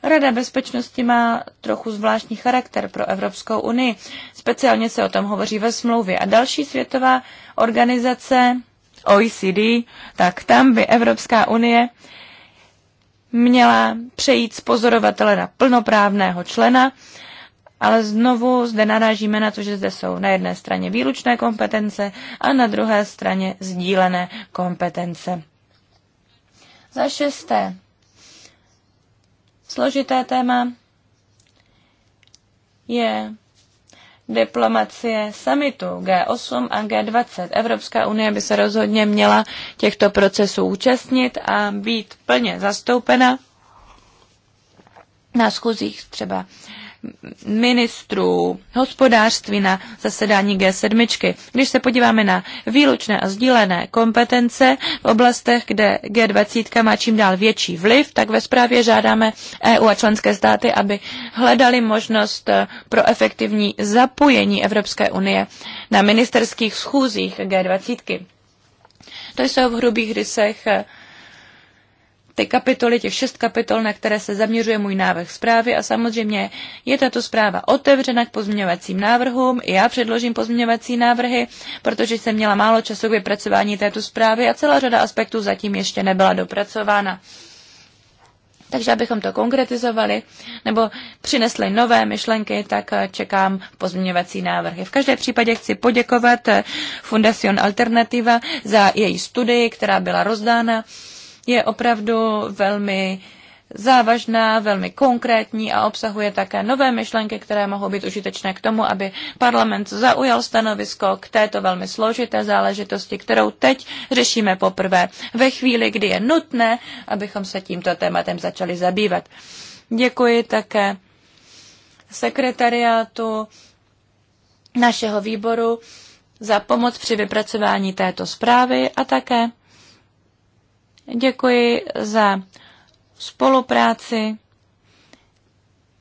Rada bezpečnosti má trochu zvláštní charakter pro Evropskou unii. Speciálně se o tom hovoří ve smlouvě. A další světová organizace OECD, tak tam by Evropská unie měla přejít z pozorovatele na plnoprávného člena, ale znovu zde narážíme na to, že zde jsou na jedné straně výlučné kompetence a na druhé straně sdílené kompetence. Za šesté, Složité téma je diplomacie summitu G8 a G20. Evropská unie by se rozhodně měla těchto procesů účastnit a být plně zastoupena na schůzích třeba ministrů hospodářství na zasedání G7. Když se podíváme na výlučné a sdílené kompetence v oblastech, kde G20 má čím dál větší vliv, tak ve zprávě žádáme EU a členské státy, aby hledali možnost eh, pro efektivní zapojení Evropské unie na ministerských schůzích G20. To jsou v hrubých rysech eh, ty kapitoly, těch šest kapitol, na které se zaměřuje můj návrh zprávy a samozřejmě je tato zpráva otevřena k pozměňovacím návrhům. I já předložím pozměňovací návrhy, protože jsem měla málo času k vypracování této zprávy a celá řada aspektů zatím ještě nebyla dopracována. Takže abychom to konkretizovali nebo přinesli nové myšlenky, tak eh, čekám pozměňovací návrhy. V každém případě chci poděkovat eh, Fundacion Alternativa za její studii, která byla rozdána je opravdu velmi závažná, velmi konkrétní a obsahuje také nové myšlenky, které mohou být užitečné k tomu, aby parlament zaujal stanovisko k této velmi složité záležitosti, kterou teď řešíme poprvé ve chvíli, kdy je nutné, abychom se tímto tématem začali zabývat. Děkuji také sekretariátu našeho výboru za pomoc při vypracování této zprávy a také Děkuji za spolupráci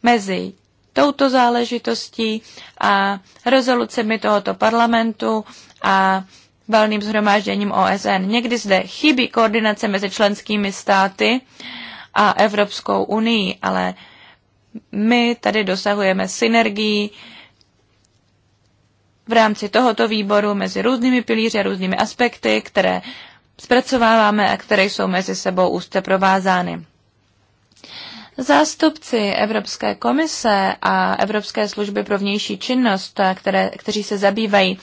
mezi touto záležitostí a rezolucemi tohoto parlamentu a valným zhromážděním OSN. Někdy zde chybí koordinace mezi členskými státy a Evropskou unii, ale my tady dosahujeme synergii v rámci tohoto výboru mezi různými pilíři a různými aspekty, které zpracováváme a které jsou mezi sebou úzce provázány. Zástupci Evropské komise a Evropské služby pro vnější činnost, které, kteří se zabývají uh,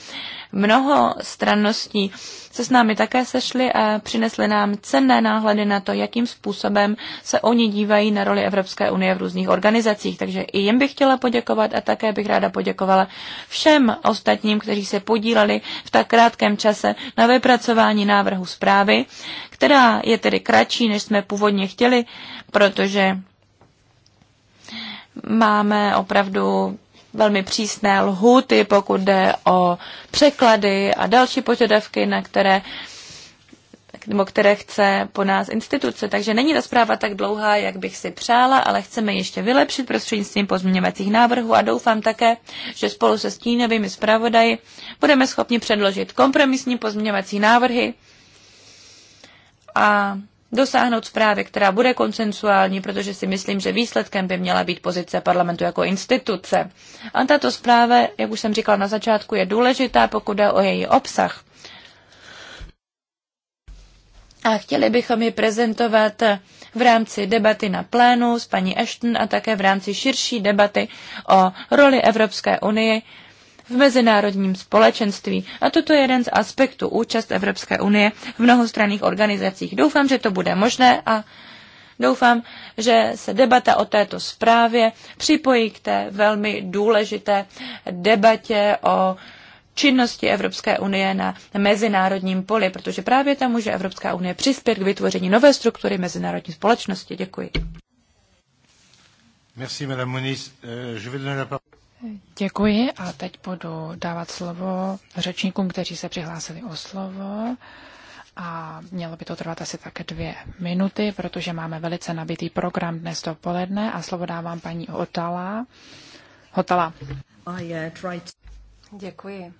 mnoho stranností, se s námi také sešli a přinesli nám cenné náhledy na to, jakým způsobem se oni dívají na roli Evropské unie v různých organizacích. Takže i jim bych chtěla poděkovat a také bych ráda poděkovala všem ostatním, kteří se podíleli v tak krátkém čase na vypracování návrhu zprávy, která je tedy kratší, než jsme původně chtěli, protože máme opravdu velmi přísné lhuty, pokud jde o překlady a další požadavky, na které nebo které chce po nás instituce. Takže není ta zpráva tak dlouhá, jak bych si přála, ale chceme ještě vylepšit prostřednictvím pozměňovacích návrhů a doufám také, že spolu se stínovými zpravodaji budeme schopni předložit kompromisní pozměňovací návrhy a dosáhnout zprávy, která bude konsensuální, protože si myslím, že výsledkem by měla být pozice parlamentu jako instituce. A tato zpráva, jak už jsem říkala na začátku, je důležitá, pokud jde o její obsah. A chtěli bychom ji prezentovat v rámci debaty na plénu s paní Ashton a také v rámci širší debaty o roli Evropské unie v mezinárodním společenství. A toto je jeden z aspektů účast Evropské unie v mnohostranných organizacích. Doufám, že to bude možné a doufám, že se debata o této zprávě připojí k té velmi důležité debatě o činnosti Evropské unie na mezinárodním poli, protože právě tam může Evropská unie přispět k vytvoření nové struktury mezinárodní společnosti. Děkuji. Merci, Madame Moniz. Euh, je vais donner la parole. Děkuji a teď budu dávat slovo řečníkům, kteří se přihlásili o slovo a mělo by to trvat asi tak dvě minuty, protože máme velice nabitý program dnes dopoledne a slovo dávám paní Hotala. Hotala. Uh, Děkuji.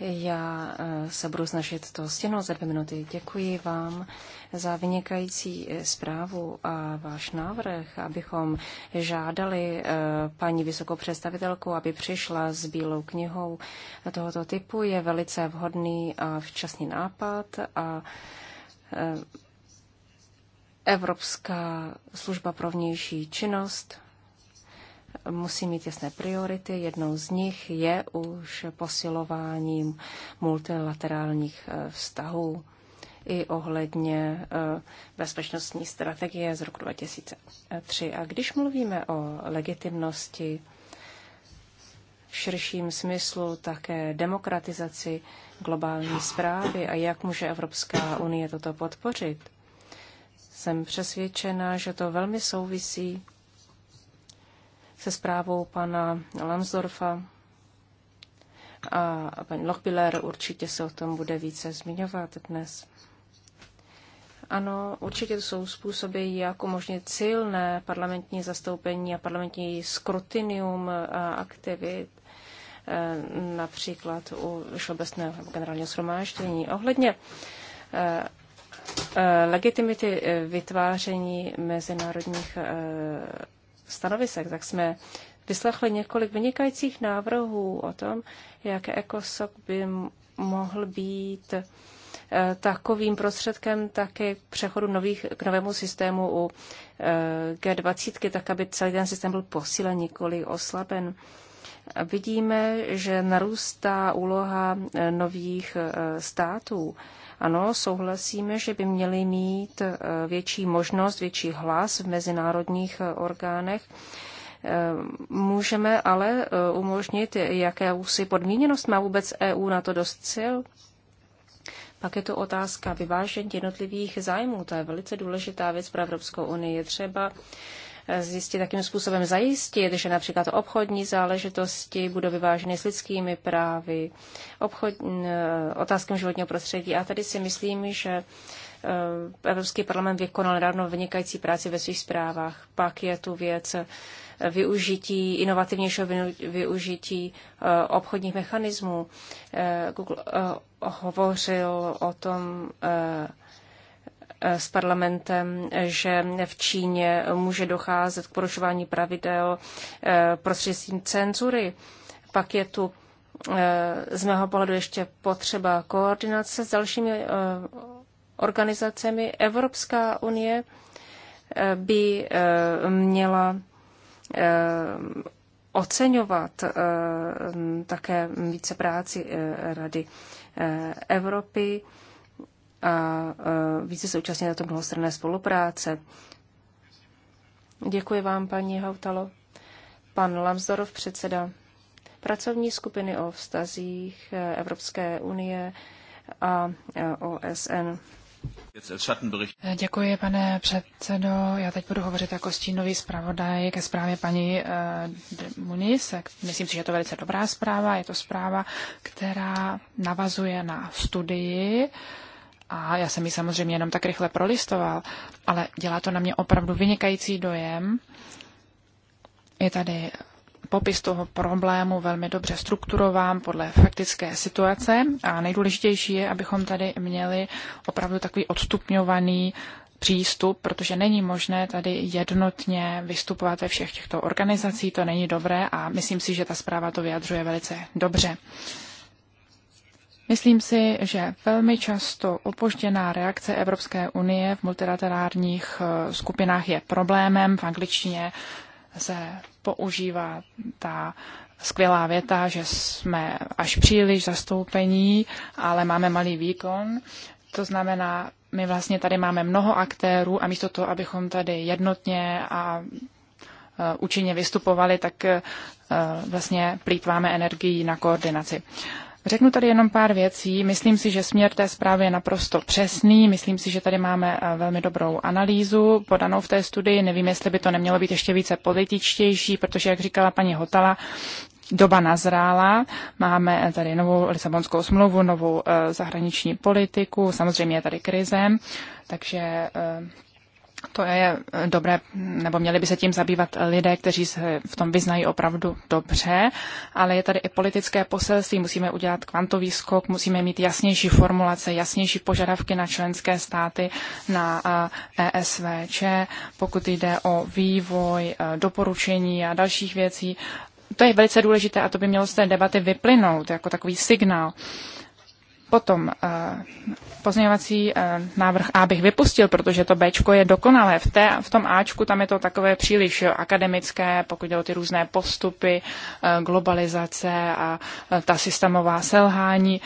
Já eh, se budu snažit to stěnout za dvě minuty. Děkuji vám za vynikající eh, zprávu a váš návrh, abychom žádali eh, paní vysokou představitelku, aby přišla s bílou knihou tohoto typu, je velice vhodný a včasný nápad a Evropská služba pro vnější činnost musí mít jasné priority. Jednou z nich je už posilování multilaterálních eh, vztahů i ohledně eh, bezpečnostní strategie z roku 2003. A když mluvíme o legitimnosti v širším smyslu také demokratizaci globální zprávy a jak může Evropská unie toto podpořit, jsem přesvědčena, že to velmi souvisí se zprávou pana Lambsdorfa a paní Lochbiller určitě se o tom bude více zmiňovat dnes. Ano, určitě to jsou způsoby, jak umožnit silné parlamentní zastoupení a parlamentní skrutinium eh, aktivit, eh, například u všeobecného generálního shromáždění. Ohledně eh, legitimity vytváření mezinárodních stanovisek, tak jsme vyslechli několik vynikajících návrhů o tom, jak ECOSOC by mohl být eh, takovým prostředkem také k přechodu nových, k novému systému u eh, G20, tak aby celý ten systém byl posílen, nikoli oslaben. Vidíme, že narůstá úloha eh, nových států ano, souhlasíme, že by měli mít eh, větší možnost, větší hlas v mezinárodních eh, orgánech. Eh, můžeme ale umožnit, úsy podmíněnost má vůbec EU na to dost sil? Pak je to otázka vyvážení jednotlivých zájmů. To je velice důležitá věc pro Evropskou unii. Je třeba zjistit, jakým způsobem zajistit, že například obchodní záležitosti budou vyváženy s lidskými právy, obchod, otázkám životního prostředí. A tady si myslím, že e, Evropský parlament vykonal nedávno vynikající práci ve svých zprávách. Pak je tu věc e, využití, inovativnějšího využití e, obchodních mechanismů. Google hovořil o tom s parlamentem, že v Číně může docházet k porušování pravidel eh, prostřednictvím cenzury. Pak je tu eh, z mého pohledu ještě potřeba koordinace s dalšími eh, organizacemi. Evropská unie by měla oceňovat také více práci Rady Evropy a více současně na to mnohostranné spolupráce. Děkuji vám, paní Hautalo. Pan Lamsdorov, předseda pracovní skupiny o vztazích Evropské unie a OSN. Děkuji, pane předsedo. Já teď budu hovořit jako stínový zpravodaj ke zprávě paní eh, Muniz. Myslím si, že je to velice dobrá zpráva. Je to zpráva, která navazuje na studii, a já jsem ji samozřejmě jenom tak rychle prolistoval, ale dělá to na mě opravdu vynikající dojem. Je tady popis toho problému velmi dobře strukturován podle faktické situace a nejdůležitější je, abychom tady měli opravdu takový odstupňovaný přístup, protože není možné tady jednotně vystupovat ve všech těchto organizací, to není dobré a myslím si, že ta zpráva to vyjadřuje velice dobře. Uh, Myslím si, že velmi často opožděná reakce Evropské unie v multilaterárních eh, skupinách je problémem. V angličtině se používá ta skvělá věta, že jsme až příliš zastoupení, ale máme malý výkon. To znamená, my vlastně tady máme mnoho aktérů a místo toho, abychom tady jednotně a eh, účinně vystupovali, tak eh, vlastně plítváme energii na koordinaci. Řeknu tady jenom pár věcí. Myslím si, že směr té zprávy je naprosto přesný. Myslím si, že tady máme eh, velmi dobrou analýzu podanou v té studii. Nevím, jestli by to nemělo být ještě více političtější, protože, jak říkala paní Hotala, doba nazrála. Máme eh, tady novou Lisabonskou smlouvu, novou eh, zahraniční politiku, samozřejmě je tady krize, takže to je dobré, nebo měli by se tím zabývat lidé, kteří se v tom vyznají opravdu dobře, ale je tady i politické poselství, musíme udělat kvantový skok, musíme mít jasnější formulace, jasnější požadavky na členské státy, na ESVČ, pokud jde o vývoj, doporučení a dalších věcí. To je velice důležité a to by mělo z té debaty vyplynout jako takový signál. Potom eh, pozměňovací eh, návrh A bych vypustil, protože to B je dokonalé. V, té, v tom Ačku tam je to takové příliš akademické, pokud jde o ty různé postupy, eh, globalizace a ta systémová selhání.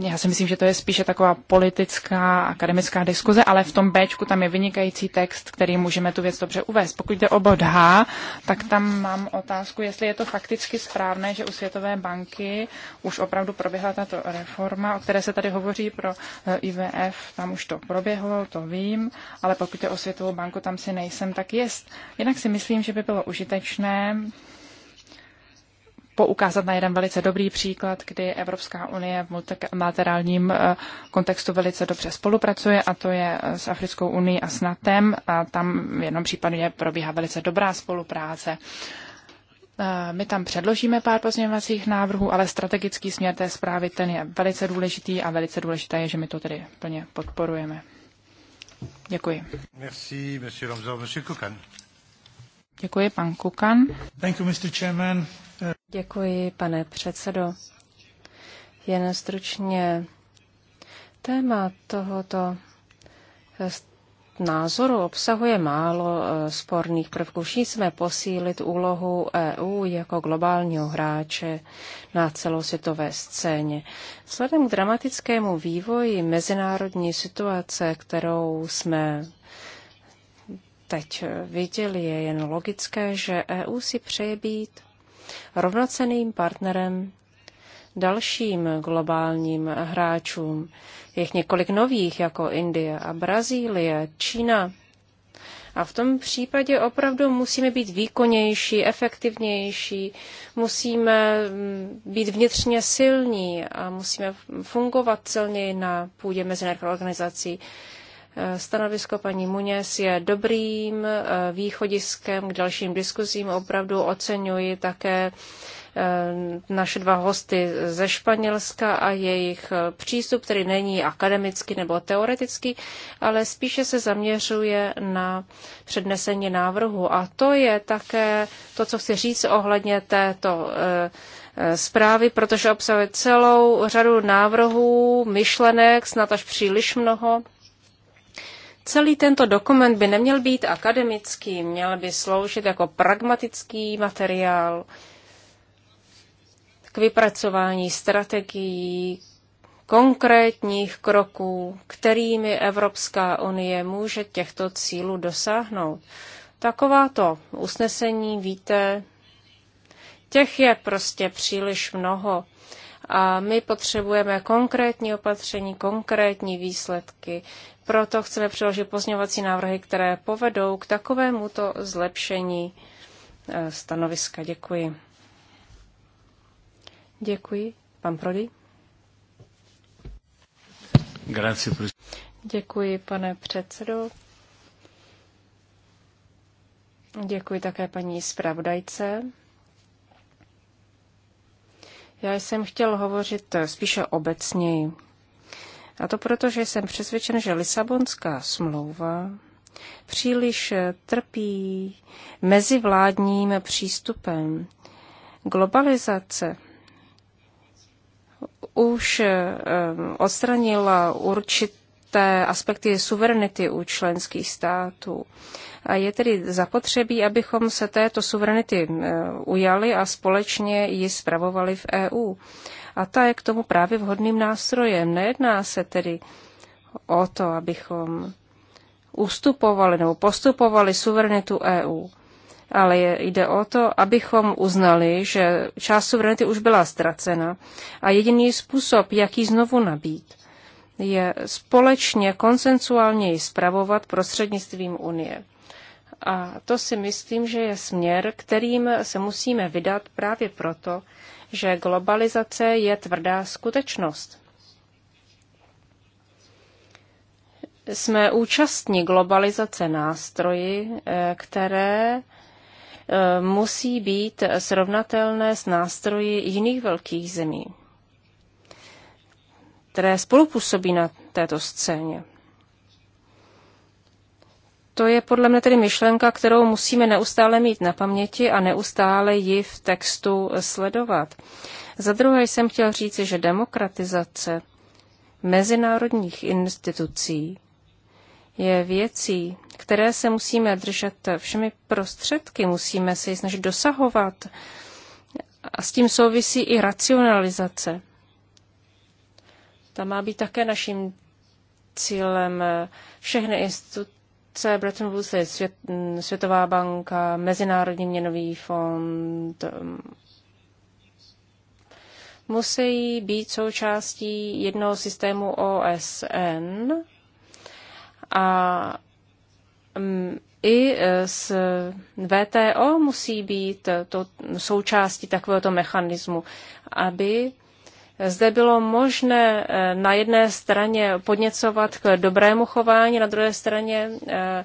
Já si myslím, že to je spíše taková politická, akademická diskuze, ale v tom B tam je vynikající text, který můžeme tu věc dobře uvést. Pokud jde o bod H, tak tam mám otázku, jestli je to fakticky správné, že u Světové banky už opravdu proběhla tato reforma norma, o které se tady hovoří pro eh, IVF, tam už to proběhlo, to vím, ale pokud je o Světovou banku, tam si nejsem tak jest. Jinak si myslím, že by bylo užitečné poukázat na jeden velice dobrý příklad, kdy Evropská unie v multilaterálním eh, kontextu velice dobře spolupracuje a to je eh, s Africkou unii a s NATO. a tam v jednom případě probíhá velice dobrá spolupráce. Eh, my tam předložíme pár pozměňovacích návrhů, ale strategický směr té zprávy ten je velice důležitý a velice důležité je, že my to tedy plně podporujeme. Děkuji. Merci, monsieur Lomzo, monsieur Kukan. Děkuji, pan Kukan. Thank you, Mr. Chairman. Děkuji, pane předsedo. Jen stručně téma tohoto názoru obsahuje málo e, sporných prvků. jsme posílit úlohu EU jako globálního hráče na celosvětové scéně. Vzhledem k dramatickému vývoji mezinárodní situace, kterou jsme teď e, viděli, je jen logické, že EU si přeje být rovnoceným partnerem dalším globálním hráčům. Je několik nových, jako Indie a Brazílie, Čína. A v tom případě opravdu musíme být výkonnější, efektivnější, musíme mm, být vnitřně silní a musíme fungovat silněji na půdě mezinárodních organizací. Eh, stanovisko paní Muněs je dobrým eh, východiskem k dalším diskuzím. Opravdu oceňuji také Eh, naše dva hosty ze Španělska a jejich eh, přístup, který není akademický nebo teoretický, ale spíše se zaměřuje na přednesení návrhu. A to je také to, co chci říct ohledně této eh, zprávy, protože obsahuje celou řadu návrhů, myšlenek, snad až příliš mnoho. Celý tento dokument by neměl být akademický, měl by sloužit jako pragmatický materiál, k vypracování strategií, konkrétních kroků, kterými Evropská unie může těchto cílů dosáhnout. Takováto usnesení, víte, těch je prostě příliš mnoho. A my potřebujeme konkrétní opatření, konkrétní výsledky. Proto chceme přiložit pozňovací návrhy, které povedou k takovémuto zlepšení eh, stanoviska. Děkuji. Děkuji. Pan Prodi. Děkuji, pane předsedo. Děkuji také paní zpravodajce. Já jsem chtěl hovořit spíše obecněji. A to proto, že jsem přesvědčen, že Lisabonská smlouva příliš trpí mezivládním přístupem. Globalizace už eh, eh, odstranila určité aspekty suverenity u členských států. A je tedy zapotřebí, abychom se této suverenity eh, ujali a společně ji spravovali v EU. A ta je k tomu právě vhodným nástrojem. Nejedná se tedy o to, abychom ustupovali nebo postupovali suverenitu EU ale jde o to, abychom uznali, že část suverenity už byla ztracena a jediný způsob, jak ji znovu nabít, je společně konsensuálně ji spravovat prostřednictvím Unie. A to si myslím, že je směr, kterým se musíme vydat právě proto, že globalizace je tvrdá skutečnost. Jsme účastní globalizace nástroji, eh, které Eh, musí být srovnatelné s nástroji jiných velkých zemí, které spolupůsobí na této scéně. To je podle mě tedy myšlenka, kterou musíme neustále mít na paměti a neustále ji v textu sledovat. Za druhé jsem chtěl říci, že demokratizace mezinárodních institucí je věcí, které se musíme držet všemi prostředky, musíme se ji snažit dosahovat. A s tím souvisí i racionalizace. Ta má být také naším cílem. Všechny instituce, Bretton Woods, Svět, Světová banka, Mezinárodní měnový fond, um, musí být součástí jednoho systému OSN, a mm, i e, s VTO musí být to součástí takovéhoto mechanismu, aby zde bylo možné e, na jedné straně podněcovat k dobrému chování, na druhé straně e,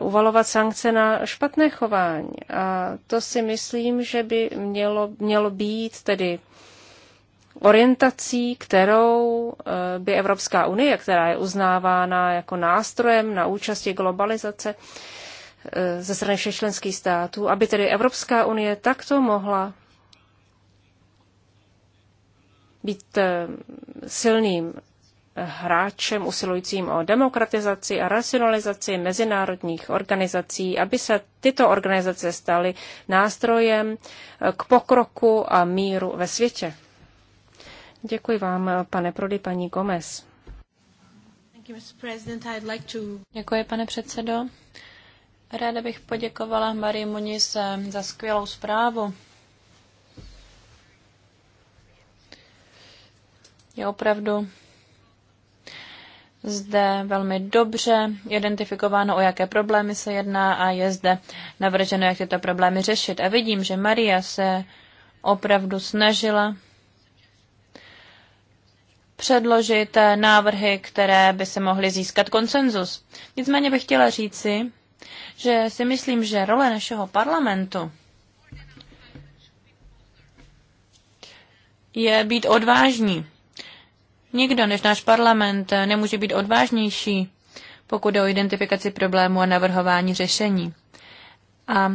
uvalovat sankce na špatné chování. A to si myslím, že by mělo, mělo být tedy orientací, kterou eh, by Evropská unie, která je uznávána jako nástrojem na účasti globalizace eh, ze strany všech členských států, aby tedy Evropská unie takto mohla být eh, silným hráčem usilujícím o demokratizaci a racionalizaci mezinárodních organizací, aby se tyto organizace staly nástrojem k pokroku a míru ve světě. Děkuji vám, pane Prody, paní Gomez. Děkuji, pane předsedo. Ráda bych poděkovala Marie Muniz eh, za skvělou zprávu. Je opravdu zde velmi dobře identifikováno, o jaké problémy se jedná a je zde navrženo, jak tyto problémy řešit. A vidím, že Maria se opravdu snažila předložit eh, návrhy, které by se mohly získat konsenzus. Nicméně bych chtěla říci, že si myslím, že role našeho parlamentu je být odvážní. Nikdo než náš parlament eh, nemůže být odvážnější, pokud jde o identifikaci problému a navrhování řešení. A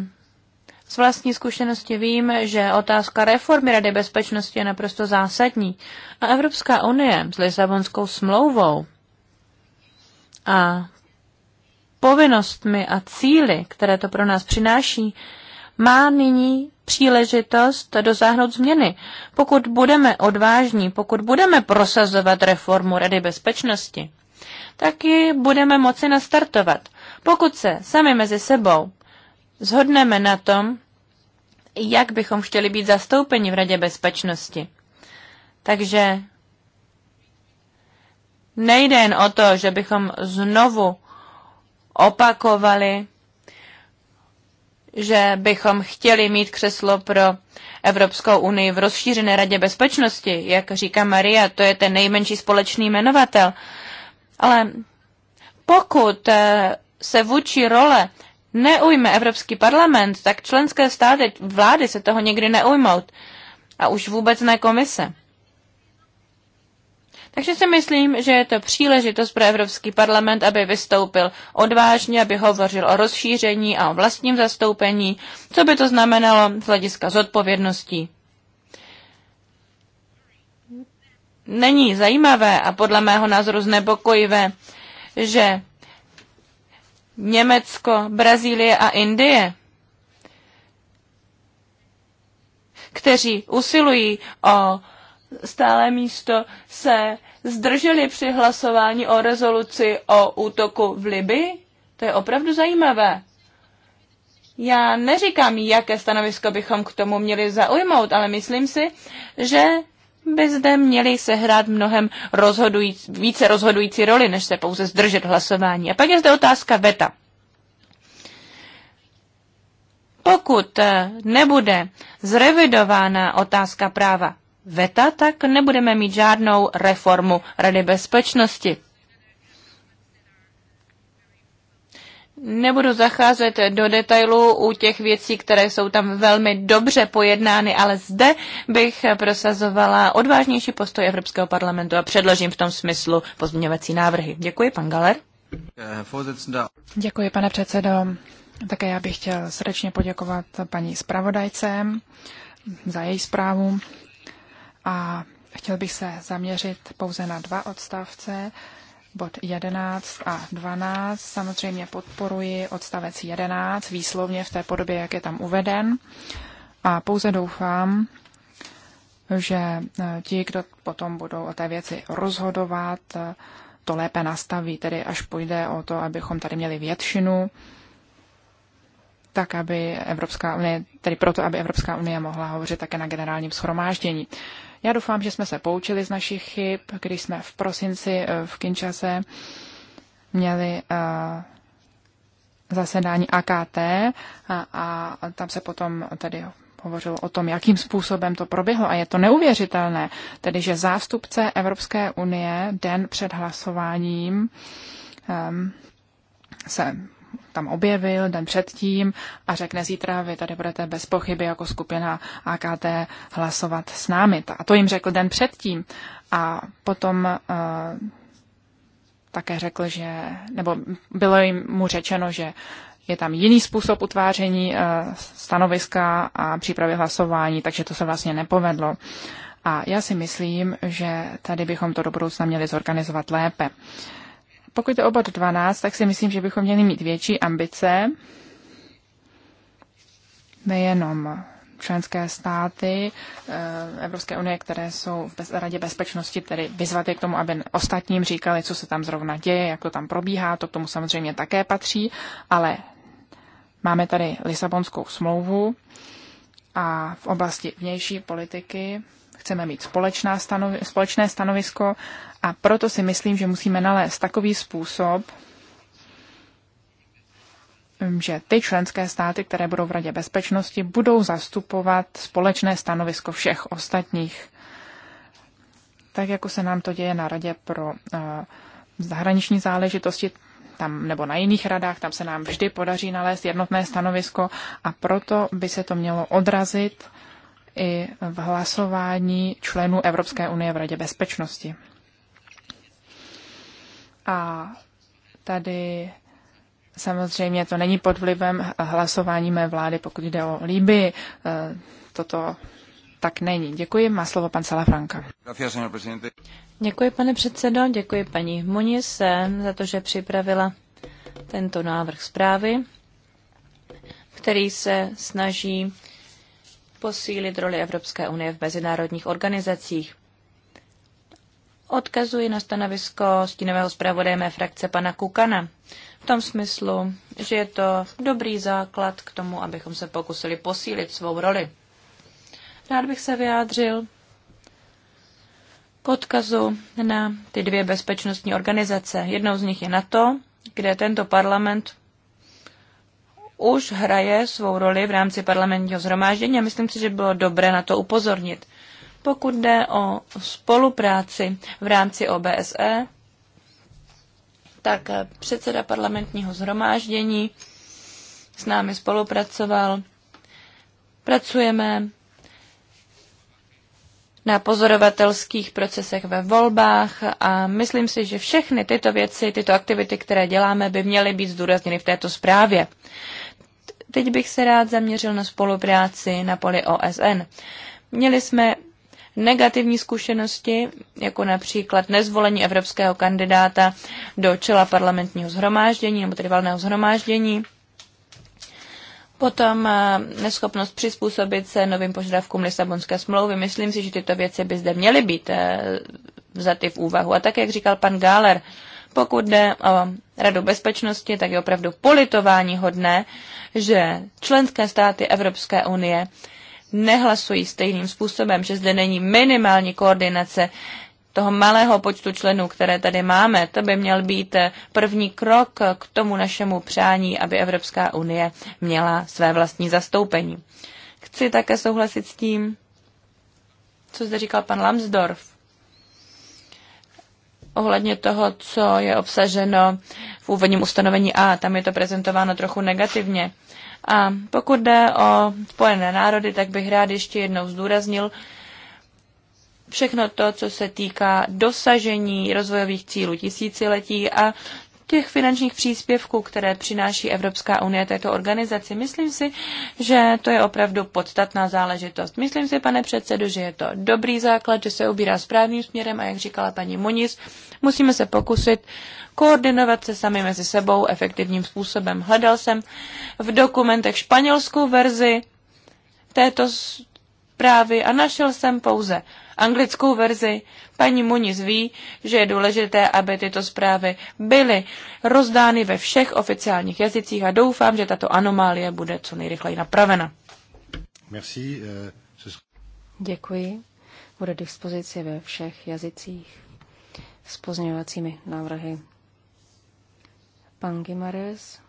z vlastní zkušenosti vím, že otázka reformy Rady bezpečnosti je naprosto zásadní. A Evropská unie s Lisabonskou smlouvou a povinnostmi a cíly, které to pro nás přináší, má nyní příležitost dosáhnout změny. Pokud budeme odvážní, pokud budeme prosazovat reformu Rady bezpečnosti, taky budeme moci nastartovat. Pokud se sami mezi sebou zhodneme na tom, jak bychom chtěli být zastoupeni v Radě bezpečnosti. Takže nejde jen o to, že bychom znovu opakovali, že bychom chtěli mít křeslo pro Evropskou unii v rozšířené radě bezpečnosti, jak říká Maria, to je ten nejmenší společný jmenovatel. Ale pokud eh, se vůči role neujme Evropský parlament, tak členské státy, vlády se toho někdy neujmout. A už vůbec ne komise. Takže si myslím, že je to příležitost pro Evropský parlament, aby vystoupil odvážně, aby hovořil o rozšíření a o vlastním zastoupení, co by to znamenalo z hlediska zodpovědností. Není zajímavé a podle mého názoru znepokojivé, že Německo, Brazílie a Indie, kteří usilují o stále místo, se zdrželi při hlasování o rezoluci o útoku v Libii? To je opravdu zajímavé. Já neříkám, jaké stanovisko bychom k tomu měli zaujmout, ale myslím si, že by zde měly sehrát mnohem rozhodující, více rozhodující roli, než se pouze zdržet hlasování. A pak je zde otázka VETA. Pokud eh, nebude zrevidována otázka práva VETA, tak nebudeme mít žádnou reformu Rady bezpečnosti. Nebudu zacházet do detailů u těch věcí, které jsou tam velmi dobře pojednány, ale zde bych prosazovala odvážnější postoj Evropského parlamentu a předložím v tom smyslu pozměňovací návrhy. Děkuji, pan Galer. Děkuji, pane předsedo. Také já bych chtěl srdečně poděkovat paní zpravodajce za její zprávu a chtěl bych se zaměřit pouze na dva odstavce, bod 11 a 12. Samozřejmě podporuji odstavec 11 výslovně v té podobě, jak je tam uveden. A pouze doufám, že eh, ti, kdo potom budou o té věci rozhodovat, eh, to lépe nastaví, tedy až půjde o to, abychom tady měli většinu, tak aby Evropská unie, tedy proto, aby Evropská unie mohla hovořit také na generálním schromáždění. Já doufám, že jsme se poučili z našich chyb, když jsme v prosinci eh, v Kinčase měli eh, zasedání AKT a, a tam se potom tady hovořil o tom, jakým způsobem to proběhlo a je to neuvěřitelné, tedy že zástupce Evropské unie den před hlasováním um, se tam objevil den předtím a řekne zítra, vy tady budete bez pochyby jako skupina AKT hlasovat s námi. A to jim řekl den předtím. A potom uh, také řekl, že, nebo bylo jim mu řečeno, že je tam jiný způsob utváření eh, stanoviska a přípravy hlasování, takže to se vlastně nepovedlo. A já si myslím, že tady bychom to do budoucna měli zorganizovat lépe. Uh, pokud je oba do 12, tak si myslím, že bychom měli mít větší ambice, nejenom členské státy eh, Evropské unie, které jsou v Radě bezpečnosti, tedy vyzvat je k tomu, aby ostatním říkali, co se tam zrovna děje, jak to tam probíhá, to k tomu samozřejmě také patří, ale máme tady Lisabonskou smlouvu a v oblasti vnější politiky chceme mít společná stanovi- společné stanovisko a proto si myslím, že musíme nalézt takový způsob, mm, že ty členské státy, které budou v Radě bezpečnosti, budou zastupovat společné stanovisko všech ostatních. Tak jako se nám to děje na Radě pro uh, zahraniční záležitosti, tam nebo na jiných radách, tam se nám vždy podaří nalézt jednotné stanovisko a proto by se to mělo odrazit i v hlasování členů Evropské unie v Radě bezpečnosti. A tady samozřejmě to není pod vlivem hlasování mé vlády, pokud jde o Líby. E, toto tak není. Děkuji. Má slovo pan Salafranka. Děkuji, pane předsedo. Děkuji paní Muniz za to, že připravila tento návrh zprávy, který se snaží posílit roli Evropské unie v mezinárodních organizacích odkazuji na stanovisko stínového zpravodaje mé frakce pana Kukana. V tom smyslu, že je to dobrý základ k tomu, abychom se pokusili posílit svou roli. Rád bych se vyjádřil k odkazu na ty dvě bezpečnostní organizace. Jednou z nich je NATO, kde tento parlament už hraje svou roli v rámci parlamentního zhromáždění a myslím si, že bylo dobré na to upozornit. Pokud jde o spolupráci v rámci OBSE, tak předseda parlamentního zhromáždění s námi spolupracoval. Pracujeme na pozorovatelských procesech ve volbách a myslím si, že všechny tyto věci, tyto aktivity, které děláme, by měly být zdůrazněny v této zprávě. Teď bych se rád zaměřil na spolupráci na poli OSN. Měli jsme negativní zkušenosti, jako například nezvolení evropského kandidáta do čela parlamentního zhromáždění nebo tedy valného zhromáždění, Potom eh, neschopnost přizpůsobit se novým požadavkům Lisabonské smlouvy. Myslím si, že tyto věci by zde měly být eh, vzaty v úvahu. A tak, jak říkal pan Gáler, pokud jde o Radu bezpečnosti, tak je opravdu politování hodné, že členské státy Evropské unie nehlasují stejným způsobem, že zde není minimální koordinace toho malého počtu členů, které tady máme. To by měl být první krok k tomu našemu přání, aby Evropská unie měla své vlastní zastoupení. Chci také souhlasit s tím, co zde říkal pan Lambsdorff ohledně toho, co je obsaženo v úvodním ustanovení A. Tam je to prezentováno trochu negativně. A pokud jde o Spojené národy, tak bych rád ještě jednou zdůraznil všechno to, co se týká dosažení rozvojových cílů tisíciletí a těch finančních příspěvků, které přináší Evropská unie této organizaci. Myslím si, že to je opravdu podstatná záležitost. Myslím si, pane předsedu, že je to dobrý základ, že se ubírá správným směrem a jak říkala paní Moniz, musíme se pokusit koordinovat se sami mezi sebou efektivním způsobem. Hledal jsem v dokumentech španělskou verzi této zprávy a našel jsem pouze anglickou verzi. Paní Muniz ví, že je důležité, aby tyto zprávy byly rozdány ve všech oficiálních jazycích a doufám, že tato anomálie bude co nejrychleji napravena. Merci. Eh, Děkuji. Bude dispozici ve všech jazycích s pozměňovacími návrhy. Pan Gimares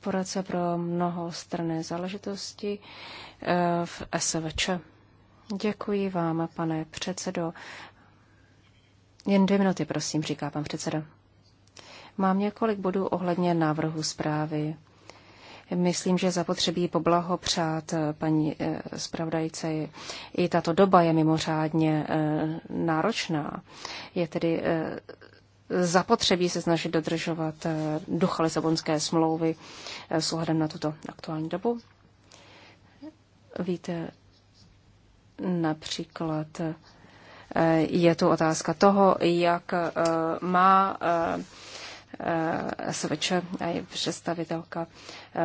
poradce pro mnoho strany záležitosti eh, v SVČ. Děkuji vám, pane předsedo. Jen dvě minuty, prosím, říká pan předseda. Mám několik bodů ohledně návrhu zprávy. Myslím, že zapotřebí poblahopřát eh, paní eh, zpravodajce. I tato doba je mimořádně náročná. Je tedy zapotřebí se snažit dodržovat eh, ducha Lisabonské smlouvy eh, s ohledem na tuto aktuální dobu. Víte, například eh, je tu otázka toho, jak má SVČ a je představitelka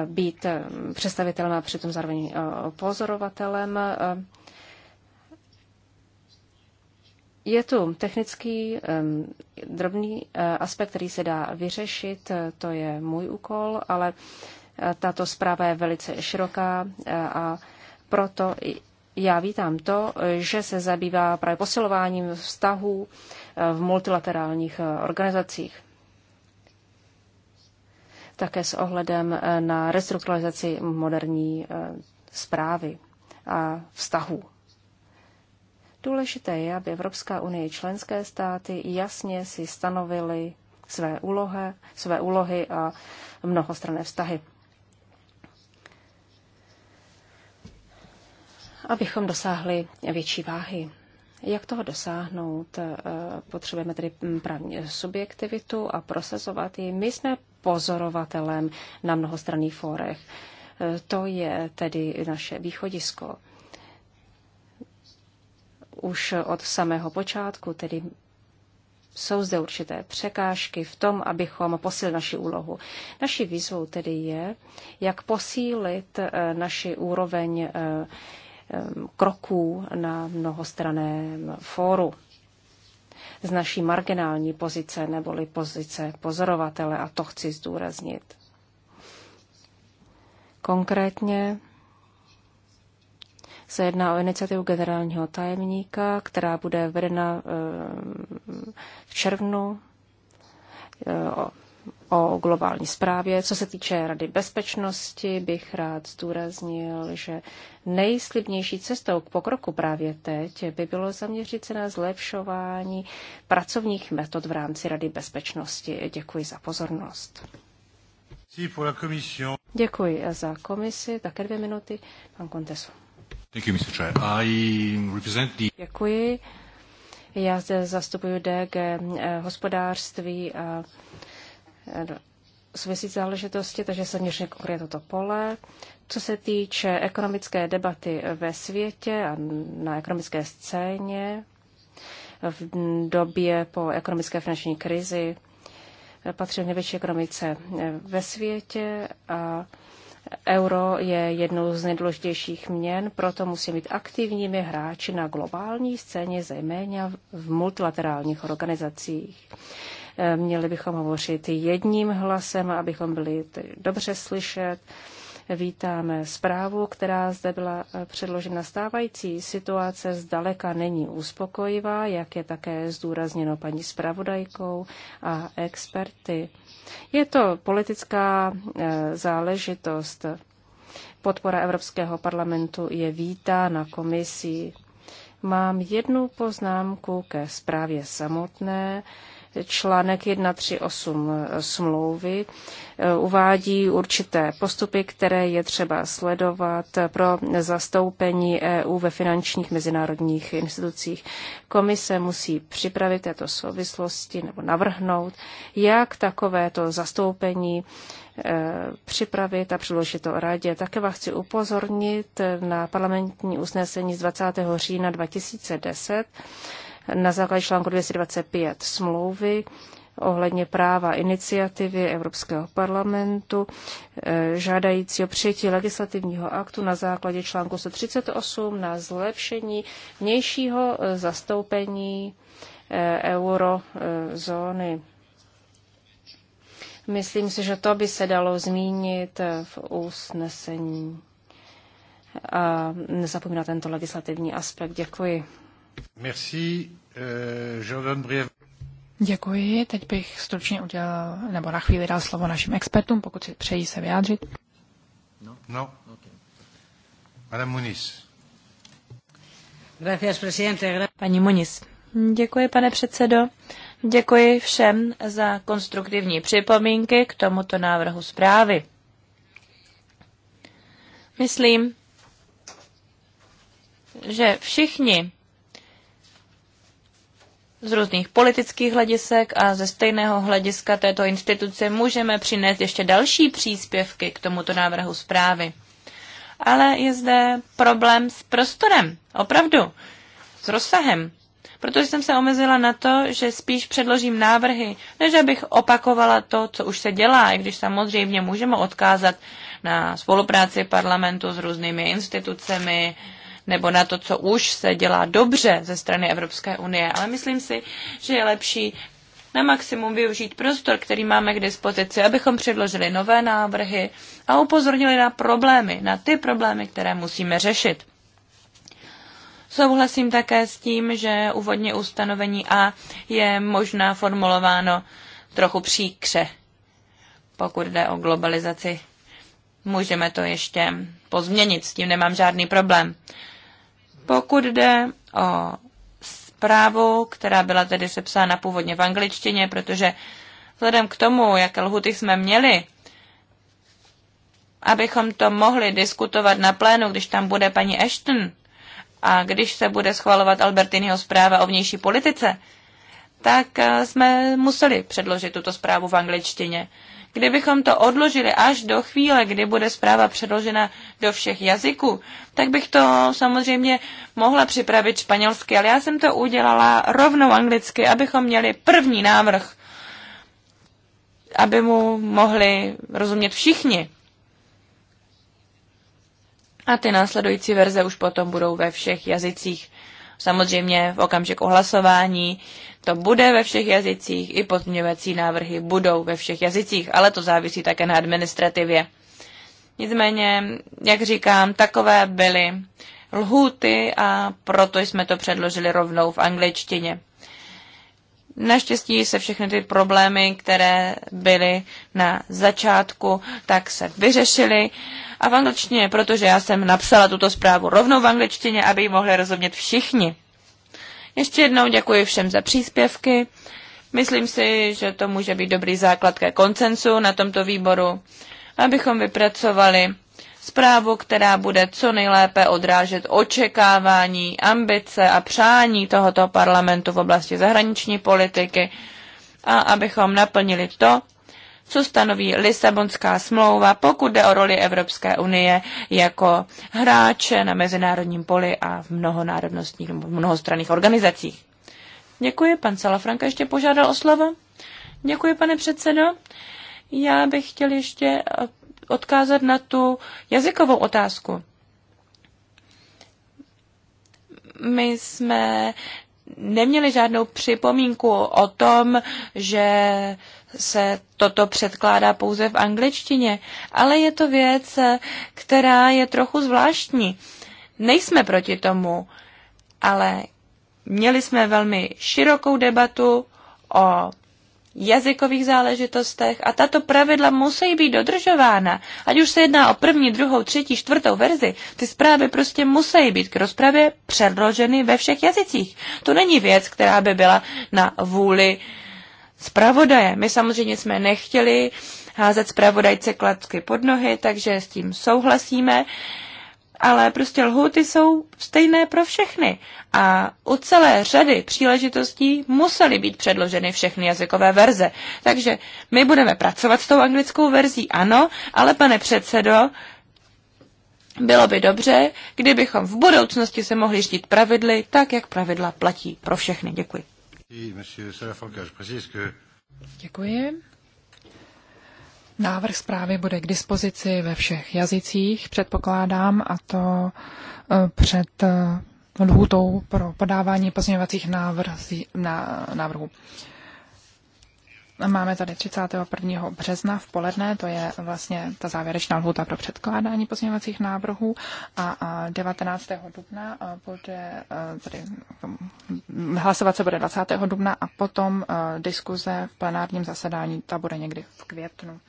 být představitelná a přitom zároveň pozorovatelem je tu technický um, drobný uh, aspekt, který se dá vyřešit, e, to je můj úkol, ale uh, tato zpráva je velice široká uh, a proto já vítám to, že se zabývá právě posilováním vztahů v multilaterálních organizacích. Také s ohledem na restrukturalizaci moderní zprávy a vztahů. Důležité je, aby Evropská unie členské státy jasně si stanovily své, úlohy, své úlohy a mnohostranné vztahy. Abychom dosáhli větší váhy. Jak toho dosáhnout? Eh, potřebujeme tedy právní subjektivitu a prosazovat ji. My jsme pozorovatelem na mnohostranných fórech. Eh, to je tedy naše východisko už od samého počátku, tedy jsou zde určité překážky v tom, abychom posílili naši úlohu. Naší výzvou tedy je, jak posílit eh, naši úroveň eh, eh, kroků na mnohostraném fóru z naší marginální pozice neboli pozice pozorovatele a to chci zdůraznit. Konkrétně se jedná o iniciativu generálního tajemníka, která bude vedena eh, v červnu eh, o globální zprávě. Co se týče Rady bezpečnosti, bych rád zdůraznil, že nejslibnější cestou k pokroku právě teď by bylo zaměřit se na zlepšování pracovních metod v rámci Rady bezpečnosti. Děkuji za pozornost. Děkuji za komisi. Také dvě minuty. Pan Kontesu. Děkuji. Já zde zastupuji DG eh, hospodářství a eh, souvisí záležitosti, takže se měřím konkrétně toto pole. Co se týče ekonomické debaty ve světě a na ekonomické scéně v době po ekonomické finanční krizi, eh, patřil největší ekonomice ve světě a Euro je jednou z nejdůležitějších měn, proto musí být aktivními hráči na globální scéně, zejména v multilaterálních organizacích. Eh, měli bychom hovořit jedním hlasem, abychom byli dobře slyšet. Vítáme zprávu, která zde byla eh, předložena. Stávající situace zdaleka není uspokojivá, jak je také zdůrazněno paní zpravodajkou a experty. Je to politická eh, záležitost. Podpora Evropského parlamentu je vítá na komisí. Mám jednu poznámku ke zprávě samotné článek 138 eh, smlouvy eh, uvádí určité postupy, které je třeba sledovat pro zastoupení EU ve finančních mezinárodních institucích. Komise musí připravit této souvislosti nebo navrhnout, jak takovéto zastoupení eh, připravit a přiložit to radě. Také vás chci upozornit na parlamentní usnesení z 20. října 2010, na základě článku 225 smlouvy ohledně práva iniciativy Evropského parlamentu eh, žádající o přijetí legislativního aktu na základě článku 138 na zlepšení vnějšího eh, zastoupení eh, eurozóny. Myslím si, že to by se dalo zmínit v usnesení. A nezapomínat tento legislativní aspekt. Děkuji. Merci, eh, Děkuji. Teď bych stručně udělal, nebo na chvíli dal slovo našim expertům, pokud si přejí se vyjádřit. No. Pane no. Madame Muniz. Paní Muniz. Děkuji, pane předsedo. Děkuji všem za konstruktivní připomínky k tomuto návrhu zprávy. Myslím, že všichni z různých politických hledisek a ze stejného hlediska této instituce můžeme přinést ještě další příspěvky k tomuto návrhu zprávy. Ale je zde problém s prostorem, opravdu, s rozsahem, protože jsem se omezila na to, že spíš předložím návrhy, než abych opakovala to, co už se dělá, i když samozřejmě můžeme odkázat na spolupráci parlamentu s různými institucemi, nebo na to, co už se dělá dobře ze strany Evropské unie, ale myslím si, že je lepší na maximum využít prostor, který máme k dispozici, abychom předložili nové návrhy a upozornili na problémy, na ty problémy, které musíme řešit. Souhlasím také s tím, že úvodně ustanovení A je možná formulováno trochu příkře, pokud jde o globalizaci. Můžeme to ještě pozměnit, s tím nemám žádný problém. Pokud jde o zprávu, která byla tedy sepsána původně v angličtině, protože vzhledem k tomu, jaké lhuty jsme měli, abychom to mohli diskutovat na plénu, když tam bude paní Ashton a když se bude schvalovat Albertiniho zpráva o vnější politice, tak eh, jsme museli předložit tuto zprávu v angličtině. Kdybychom to odložili až do chvíle, kdy bude zpráva předložena do všech jazyků, tak bych to samozřejmě mohla připravit španělsky, ale já jsem to udělala rovnou anglicky, abychom měli první návrh, aby mu mohli rozumět všichni. A ty následující verze už potom budou ve všech jazycích. Samozřejmě v okamžiku hlasování to bude ve všech jazycích, i pozměňovací návrhy budou ve všech jazycích, ale to závisí také na administrativě. Nicméně, jak říkám, takové byly lhůty a proto jsme to předložili rovnou v angličtině. Naštěstí se všechny ty problémy, které byly na začátku, tak se vyřešily. A v angličtině, protože já jsem napsala tuto zprávu rovnou v angličtině, aby ji mohli rozumět všichni. Ještě jednou děkuji všem za příspěvky. Myslím si, že to může být dobrý základ ke koncensu na tomto výboru, abychom vypracovali zprávu, která bude co nejlépe odrážet očekávání, ambice a přání tohoto parlamentu v oblasti zahraniční politiky a abychom naplnili to, co stanoví Lisabonská smlouva, pokud jde o roli Evropské unie jako hráče na mezinárodním poli a v mnohonárodnostních nebo mnohostranných organizacích. Děkuji, pan Salafranka ještě požádal o slovo. Děkuji, pane předsedo. Já bych chtěl ještě eh, odkázat na tu jazykovou otázku. My jsme neměli žádnou připomínku o tom, že se toto předkládá pouze v angličtině, ale je to věc, která je trochu zvláštní. Nejsme proti tomu, ale měli jsme velmi širokou debatu o jazykových záležitostech a tato pravidla musí být dodržována. Ať už se jedná o první, druhou, třetí, čtvrtou verzi, ty zprávy prostě musí být k rozpravě předloženy ve všech jazycích. To není věc, která by byla na vůli uh, zpravodaje. My samozřejmě jsme nechtěli házet zpravodajce klacky pod nohy, takže s tím souhlasíme ale prostě lhuty jsou stejné pro všechny. A u celé řady příležitostí musely být předloženy všechny jazykové verze. Takže my budeme pracovat s tou anglickou verzí, ano, ale pane předsedo, bylo by dobře, kdybychom v budoucnosti se mohli řídit pravidly tak, jak pravidla platí pro všechny. Děkuji. Děkuji. Návrh zprávy bude k dispozici ve všech jazycích, předpokládám, a to e, před e, lhůtou pro podávání pozměňovacích návrhů. Máme tady 31. března v poledne, to je vlastně ta závěrečná lhůta pro předkládání pozměňovacích návrhů a 19. dubna bude tady, mm, hlasovat se bude 20. dubna a potom diskuze v plenárním zasedání, ta bude někdy v květnu.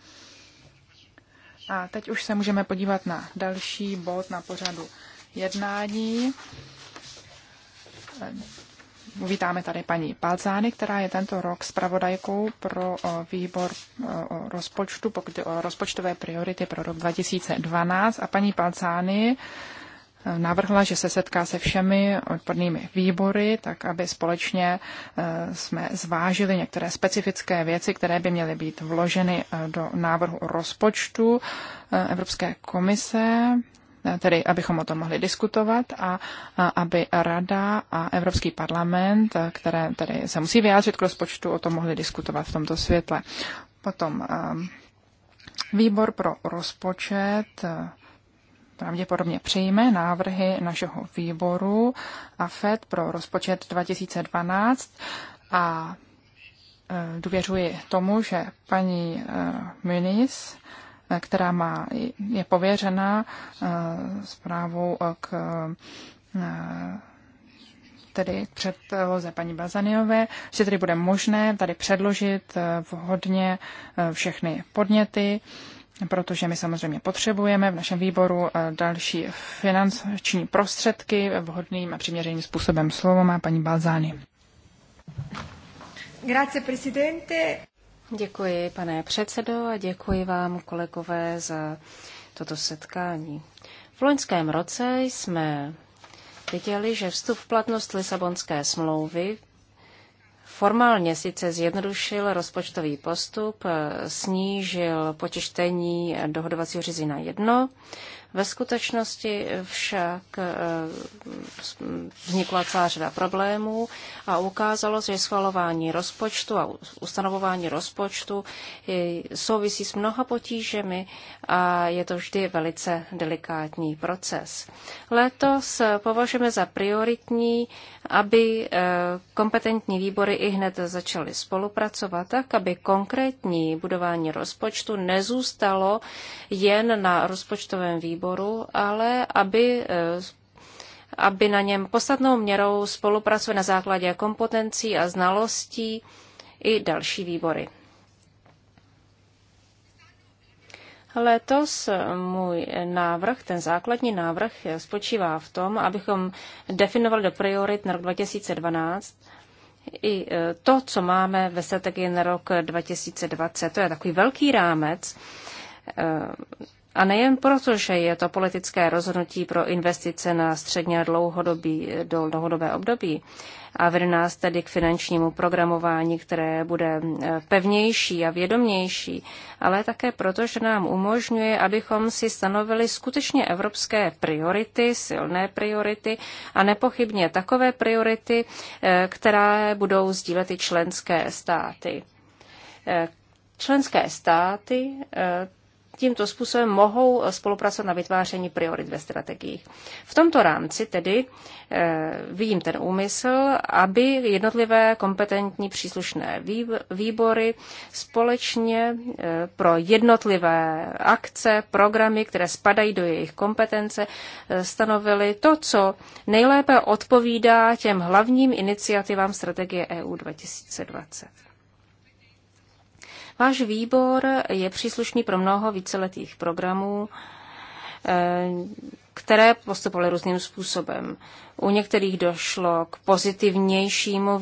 A teď už se můžeme podívat na další bod na pořadu jednání Vítáme tady paní Palzány, která je tento rok zpravodajkou pro výbor rozpočtu, pokud o rozpočtové priority pro rok 2012. A paní Palzány e, navrhla, že se setká se všemi odpornými výbory, tak aby společně e, jsme zvážili některé specifické věci, které by měly být vloženy e, do návrhu rozpočtu Evropské komise tedy abychom o tom mohli diskutovat a, a aby Rada a Evropský parlament, které tedy se musí vyjádřit k rozpočtu, o tom mohli diskutovat v tomto světle. Potom ehm, výbor pro rozpočet eh, pravděpodobně přijme návrhy našeho výboru a FED pro rozpočet 2012 a eh, důvěřuji tomu, že paní eh, Minis která má, je pověřena eh, zprávou eh, k eh, tedy k předloze paní Bazaniové, že tedy bude možné tady předložit vhodně všechny podněty, protože my samozřejmě potřebujeme v našem výboru další finanční prostředky vhodným a přiměřeným způsobem. Slovo má paní Balzány. Grazie, presidente. Děkuji, pane předsedo, a děkuji vám, kolegové, za toto setkání. V loňském roce jsme viděli, že vstup v platnost Lisabonské smlouvy formálně sice zjednodušil rozpočtový postup, snížil počištění dohodovacího řízení na jedno, ve skutečnosti však eh, vznikla celá řada problémů a ukázalo se, že schvalování rozpočtu a ustanovování rozpočtu souvisí s mnoha potížemi a je to vždy velice delikátní proces. Letos považujeme za prioritní, aby eh, kompetentní výbory i hned začaly spolupracovat tak, aby konkrétní budování rozpočtu nezůstalo jen na rozpočtovém výboru, výboru, ale aby eh, aby na něm podstatnou měrou spolupracuje na základě kompetencí a znalostí i další výbory. Letos můj návrh, ten základní návrh, spočívá v tom, abychom definovali do priorit na rok 2012 i eh, to, co máme ve strategii na rok 2020. To je takový velký rámec, eh, a nejen proto, že je to politické rozhodnutí pro investice na středně a dlouhodobý, dlouhodobé období a vede nás tedy k finančnímu programování, které bude eh, pevnější a vědomější, ale také proto, že nám umožňuje, abychom si stanovili skutečně evropské priority, silné priority a nepochybně takové priority, eh, které budou sdílet i členské státy. Eh, členské státy tímto způsobem mohou eh, spolupracovat na vytváření priorit ve strategiích. V tomto rámci tedy eh, vidím ten úmysl, aby jednotlivé kompetentní příslušné výbory společně eh, pro jednotlivé akce, programy, které spadají do jejich kompetence, stanovili to, co nejlépe odpovídá těm hlavním iniciativám strategie EU 2020. Váš výbor je příslušný pro mnoho víceletých programů, eh, které postupovaly různým způsobem. U některých došlo k pozitivnějšímu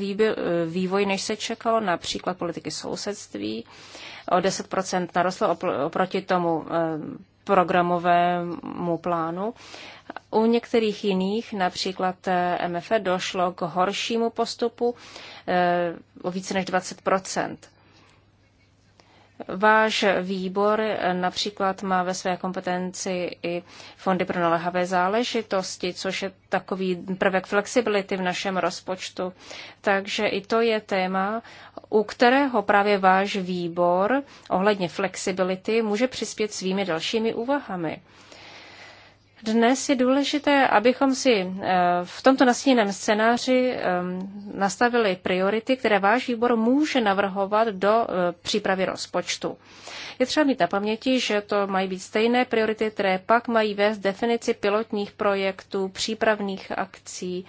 vývoji, než se čekalo, například politiky sousedství. O 10% narostlo oproti tomu eh, programovému plánu. U některých jiných, například eh, MFE, došlo k horšímu postupu o více než 20 Váš výbor například má ve své kompetenci i fondy pro naléhavé záležitosti, což je takový prvek flexibility v našem rozpočtu. Takže i to je téma, u kterého právě váš výbor ohledně flexibility může přispět svými dalšími úvahami. Dnes je důležité, abychom si eh, v tomto nastíněném scénáři eh, nastavili priority, které váš výbor může navrhovat do eh, přípravy rozpočtu. Je třeba mít na paměti, že to mají být stejné priority, které pak mají vést definici pilotních projektů, přípravných akcí,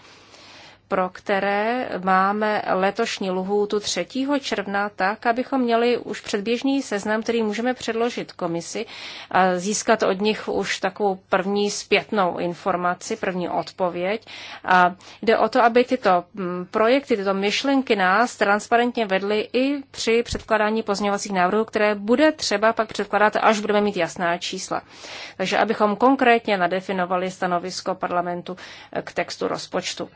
pro které máme letošní lhůtu 3. června tak, abychom měli už předběžný seznam, který můžeme předložit komisi a získat od nich už takovou první zpětnou informaci, první odpověď. A jde o to, aby tyto mm, projekty, tyto myšlenky nás transparentně vedly i při předkládání pozměňovacích návrhů, které bude třeba pak předkládat, až budeme mít jasná čísla. Takže abychom konkrétně nadefinovali stanovisko parlamentu eh, k textu rozpočtu.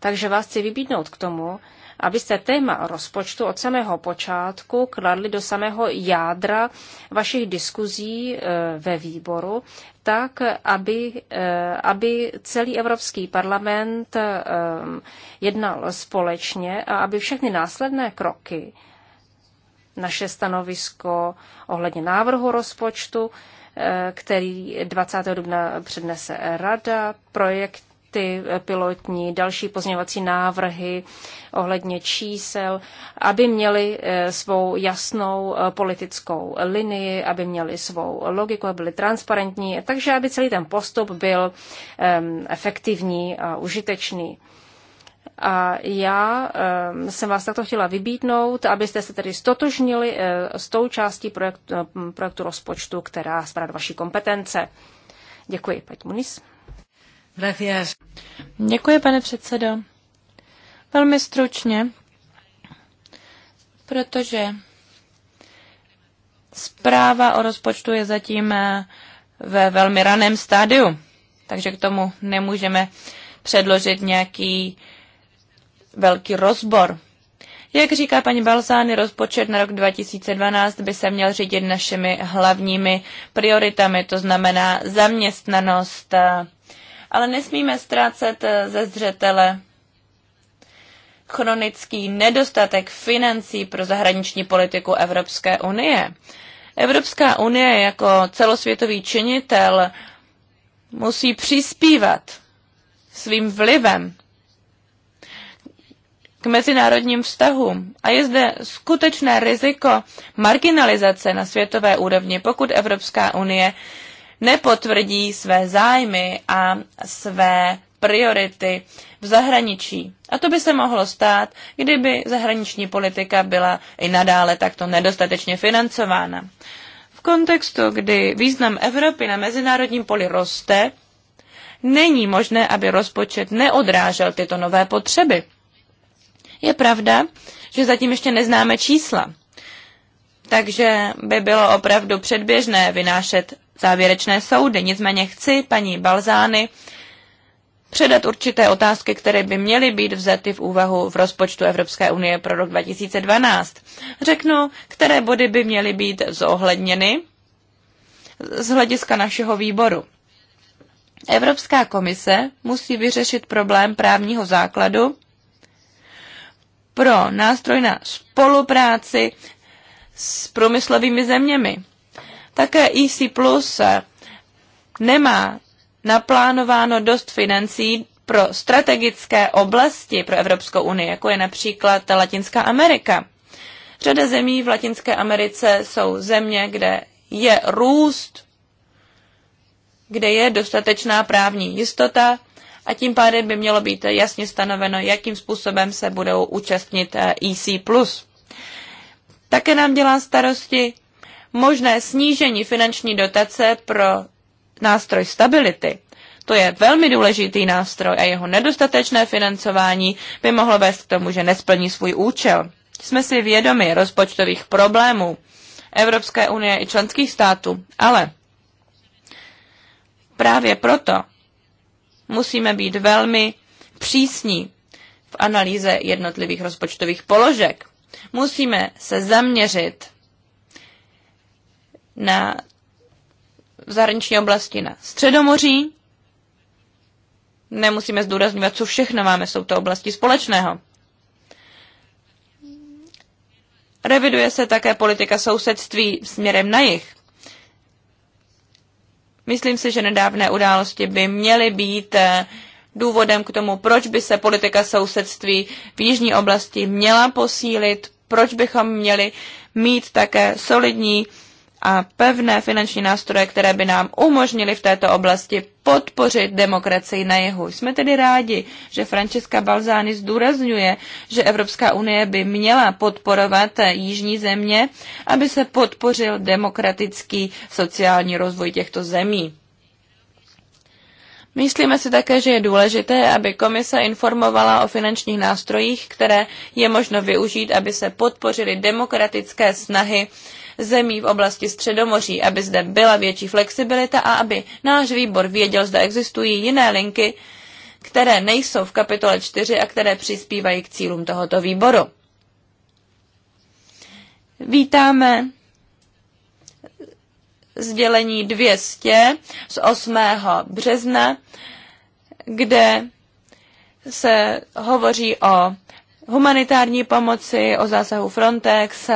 Takže vás chci vybídnout k tomu, abyste téma rozpočtu od samého počátku kladli do samého jádra vašich diskuzí e, ve výboru, tak, aby, e, aby celý Evropský parlament e, jednal společně a aby všechny následné kroky, naše stanovisko ohledně návrhu rozpočtu, který 20. dubna přednese Rada, projekt ty pilotní, další pozměňovací návrhy ohledně čísel, aby měli eh, svou jasnou eh, politickou linii, aby měli svou logiku, aby byli transparentní, takže aby celý ten postup byl ehm, efektivní a užitečný. A já ehm, jsem vás takto chtěla vybítnout, abyste se tedy stotožnili eh, s tou částí projektu, ehm, projektu rozpočtu, která spadá do vaší kompetence. Děkuji, paní Munis. Gracias. Děkuji, pane předsedo. Velmi stručně, protože zpráva o rozpočtu je zatím eh, ve velmi raném stádiu, takže k tomu nemůžeme předložit nějaký velký rozbor. Jak říká paní Balzány, rozpočet na rok 2012 by se měl řídit našimi hlavními prioritami, to znamená zaměstnanost, ale nesmíme ztrácet eh, ze zřetele chronický nedostatek financí pro zahraniční politiku Evropské unie. Evropská unie jako celosvětový činitel musí přispívat svým vlivem k mezinárodním vztahům. A je zde skutečné riziko marginalizace na světové úrovni, pokud Evropská unie nepotvrdí své zájmy a své priority v zahraničí. A to by se mohlo stát, kdyby zahraniční politika byla i nadále takto nedostatečně financována. V kontextu, kdy význam Evropy na mezinárodním poli roste, není možné, aby rozpočet neodrážel tyto nové potřeby. Je pravda, že zatím ještě neznáme čísla, takže by bylo opravdu předběžné vynášet závěrečné soudy. Nicméně chci paní Balzány předat určité otázky, které by měly být vzaty v úvahu v rozpočtu Evropské unie pro rok 2012. Řeknu, které body by měly být zohledněny z hlediska našeho výboru. Evropská komise musí vyřešit problém právního základu pro nástroj na spolupráci s průmyslovými zeměmi. Také EC Plus nemá naplánováno dost financí pro strategické oblasti pro Evropskou unii, jako je například Latinská Amerika. Řada zemí v Latinské Americe jsou země, kde je růst, kde je dostatečná právní jistota a tím pádem by mělo být jasně stanoveno, jakým způsobem se budou účastnit EC+. Také nám dělá starosti možné snížení finanční dotace pro nástroj stability. To je velmi důležitý nástroj a jeho nedostatečné financování by mohlo vést k tomu, že nesplní svůj účel. Jsme si vědomi rozpočtových problémů Evropské unie i členských států, ale právě proto musíme být velmi přísní v analýze jednotlivých rozpočtových položek. Musíme se zaměřit na v zahraniční oblasti na Středomoří. Nemusíme zdůrazňovat, co všechno máme, jsou to oblasti společného. Reviduje se také politika sousedství směrem na jih. Myslím si, že nedávné události by měly být eh, důvodem k tomu, proč by se politika sousedství v jižní oblasti měla posílit, proč bychom měli mít také solidní a pevné finanční nástroje, které by nám umožnily v této oblasti podpořit demokracii na jihu. Jsme tedy rádi, že Francesca Balzány zdůrazňuje, že Evropská unie by měla podporovat jižní země, aby se podpořil demokratický sociální rozvoj těchto zemí. Myslíme si také, že je důležité, aby komise informovala o finančních nástrojích, které je možno využít, aby se podpořily demokratické snahy uh, zemí v oblasti Středomoří, aby zde byla větší flexibilita a aby náš výbor věděl, zda existují jiné linky, které nejsou v kapitole 4 a které přispívají k cílům tohoto výboru. Vítáme sdělení 200 z 8. března, kde se hovoří o humanitární pomoci, o zásahu Frontex,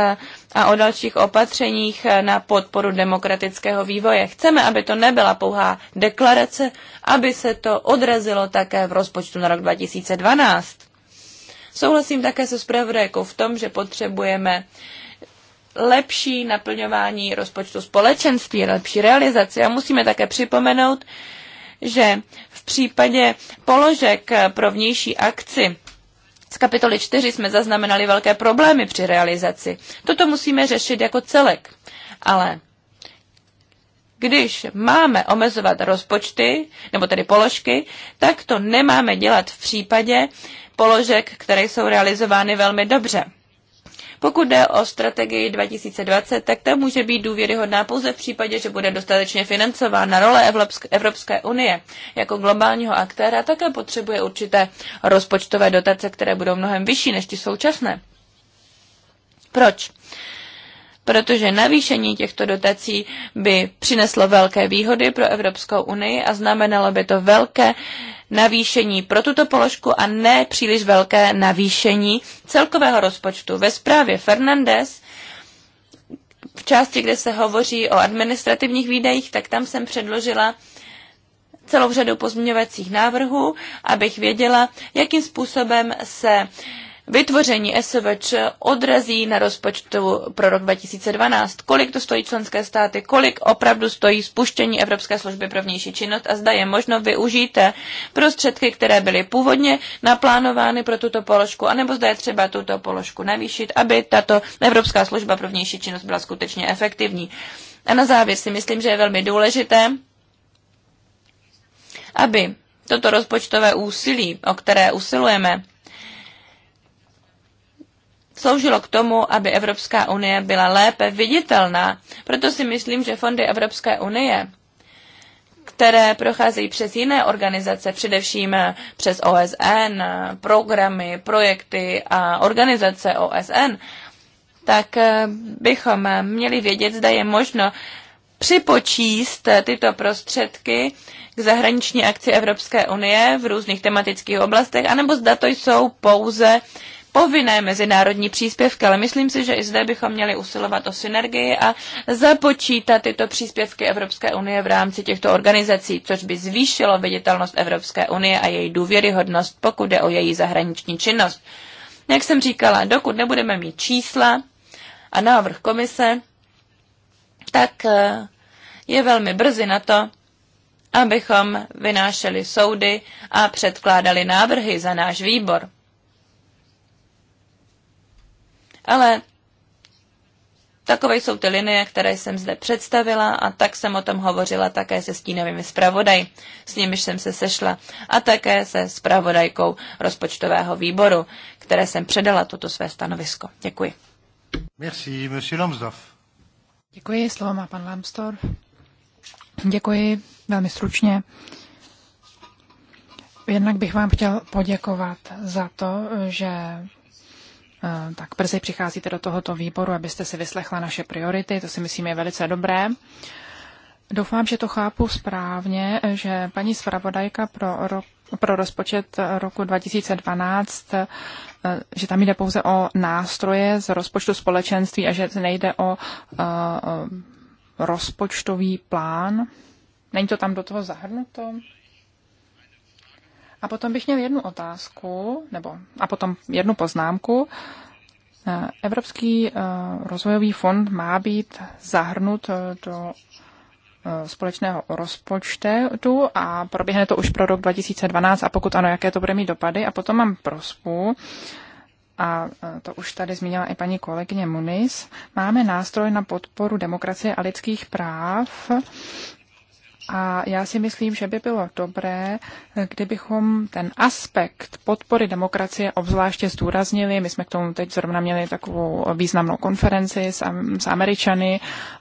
a o dalších opatřeních eh, na podporu demokratického vývoje. Chceme, aby to nebyla pouhá deklarace, aby se to odrazilo také v rozpočtu na rok 2012. Souhlasím také se zpravodajkou v tom, že potřebujeme lepší naplňování rozpočtu společenství, lepší realizaci. A musíme také připomenout, že v případě položek pro vnější akci z kapitoly 4 jsme zaznamenali velké problémy při realizaci. Toto musíme řešit jako celek. Ale když máme omezovat rozpočty, nebo tedy položky, tak to nemáme dělat v případě položek, které jsou realizovány velmi dobře. Pokud jde o strategii 2020, tak ta může být důvěryhodná pouze v případě, že bude dostatečně financována role Evropské unie jako globálního aktéra, také potřebuje určité rozpočtové dotace, které budou mnohem vyšší než ty současné. Proč? protože navýšení těchto dotací by přineslo velké výhody pro Evropskou unii a znamenalo by to velké navýšení pro tuto položku a ne příliš velké navýšení celkového rozpočtu. Ve zprávě Fernandez v části, kde se hovoří o administrativních výdajích, tak tam jsem předložila celou řadu pozměňovacích návrhů, abych věděla, jakým způsobem se uh, vytvoření SVČ odrazí na rozpočtu pro rok 2012. Kolik to stojí členské státy, kolik opravdu stojí spuštění Evropské služby pro vnější činnost a zda je možno využít prostředky, které byly původně naplánovány pro tuto položku, anebo zda je třeba tuto položku navýšit, aby tato Evropská služba pro vnější činnost byla skutečně efektivní. A na závěr si myslím, že je velmi důležité, aby toto rozpočtové úsilí, o které usilujeme, sloužilo k tomu, aby Evropská unie byla lépe viditelná. Proto si myslím, že fondy Evropské unie, které procházejí přes jiné organizace, především přes OSN, programy, projekty a organizace OSN, tak eh, bychom měli vědět, zda je možno připočíst tyto prostředky k zahraniční akci Evropské unie v různých tematických oblastech, anebo zda to jsou pouze uh, povinné mezinárodní příspěvky, ale myslím si, že i zde bychom měli usilovat o synergii a započítat tyto příspěvky Evropské unie v rámci těchto organizací, což by zvýšilo viditelnost Evropské unie a její důvěryhodnost, pokud jde o její zahraniční činnost. Jak jsem říkala, dokud nebudeme mít čísla a návrh komise, tak eh, je velmi brzy na to, abychom vynášeli soudy a předkládali návrhy za náš výbor. Ale takové jsou ty linie, které jsem zde představila a tak jsem o tom hovořila také se stínovými zpravodaj, s nimiž jsem se sešla a také se zpravodajkou rozpočtového výboru, které jsem předala toto své stanovisko. Děkuji. Merci, monsieur Lambsdorff. Děkuji, slovo má pan Lamstor. Děkuji, velmi stručně. Jednak bych vám chtěl poděkovat za to, že Eh, tak brzy přicházíte do tohoto výboru, abyste si vyslechla naše priority, to si myslím je velice dobré. Doufám, že to chápu správně, že paní zpravodajka pro, pro rozpočet roku 2012, eh, že tam jde pouze o nástroje z rozpočtu společenství a že nejde o, uh, rozpočtový plán. Není to tam do toho zahrnuto? A potom bych měl jednu otázku, nebo a potom jednu poznámku. Eh, Evropský eh, rozvojový fond má být zahrnut eh, do společného rozpočtu a proběhne to už pro rok 2012 a pokud ano, jaké to bude mít dopady. A potom mám prosbu, a to už tady zmínila i paní kolegyně Muniz, máme nástroj na podporu demokracie a lidských práv a já si myslím, že by bylo dobré, kdybychom ten aspekt podpory demokracie obzvláště zdůraznili. My jsme k tomu teď zrovna měli takovou významnou konferenci s, s Američany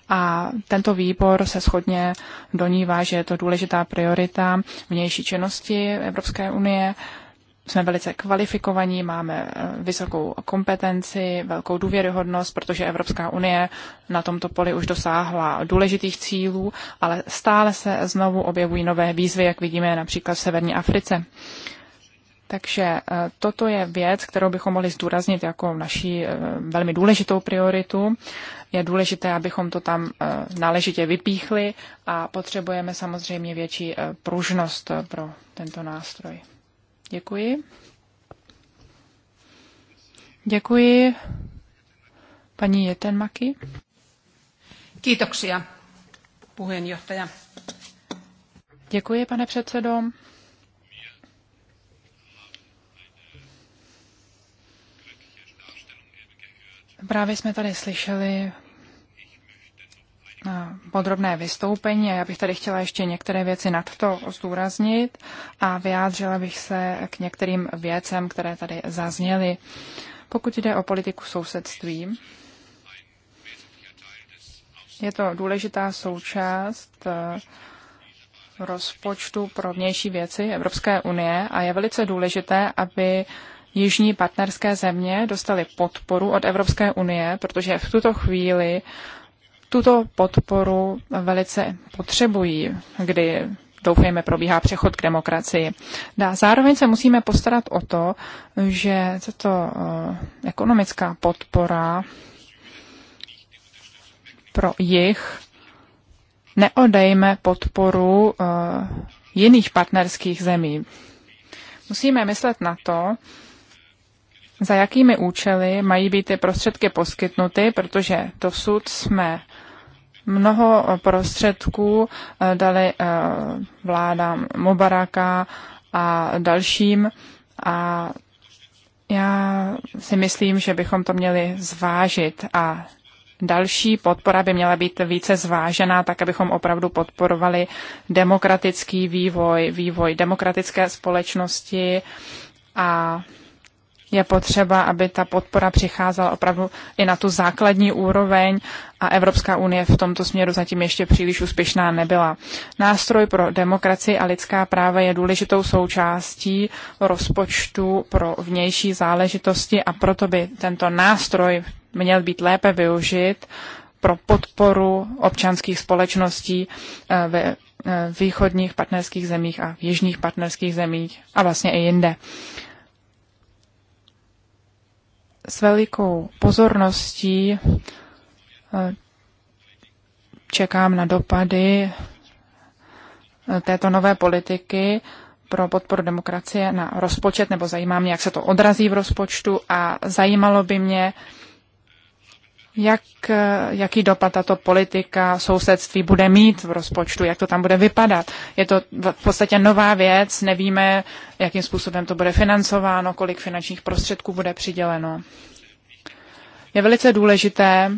a tento výbor se shodně donívá, že je to důležitá priorita vnější činnosti Evropské unie jsme velice kvalifikovaní, máme eh, vysokou kompetenci, velkou důvěryhodnost, protože Evropská unie na tomto poli už dosáhla důležitých cílů, ale stále se znovu objevují nové výzvy, jak vidíme například v severní Africe. Takže eh, toto je věc, kterou bychom mohli zdůraznit jako naší eh, velmi důležitou prioritu. Je důležité, abychom to tam náležitě vypíchli a potřebujeme samozřejmě větší pružnost pro tento nástroj. Děkuji. Děkuji. Paní Jetenmaki. Kiitoksia, puheenjohtaja. Děkuji, pane předsedo. Právě jsme tady slyšeli Eh, podrobné vystoupení a já bych tady chtěla ještě některé věci nad to zdůraznit a vyjádřila bych se k některým věcem, které tady zazněly. Pokud jde o politiku sousedství, je to důležitá součást eh, rozpočtu pro vnější věci Evropské unie a je velice důležité, aby jižní partnerské země dostaly podporu od Evropské unie, protože v tuto chvíli tuto podporu velice potřebují, kdy doufejme, probíhá přechod k demokracii. No a zároveň se musíme postarat o to, že tato eh, ekonomická podpora pro jich neodejme podporu eh, jiných partnerských zemí. Musíme myslet na to, za jakými účely mají být ty prostředky poskytnuty, protože dosud jsme mnoho eh, prostředků eh, dali eh, vládám Mubaraka a dalším a já si myslím, že bychom to měli zvážit a další podpora by měla být více zvážená, tak abychom opravdu podporovali demokratický vývoj, vývoj demokratické společnosti a je potřeba, aby ta podpora přicházela opravdu i na tu základní úroveň a Evropská unie v tomto směru zatím ještě příliš úspěšná nebyla. Nástroj pro demokracii a lidská práva je důležitou součástí rozpočtu pro vnější záležitosti a proto by tento nástroj měl být lépe využit pro podporu občanských společností eh, ve eh, východních partnerských zemích a v jižních partnerských zemích a vlastně i jinde s velikou pozorností eh, čekám na dopady eh, této nové politiky pro podporu demokracie na rozpočet, nebo zajímá mě, jak se to odrazí v rozpočtu a zajímalo by mě, jak, eh, jaký dopad tato politika sousedství bude mít v rozpočtu, jak to tam bude vypadat. Je to v podstatě nová věc, nevíme, jakým způsobem to bude financováno, kolik finančních prostředků bude přiděleno. Je velice důležité,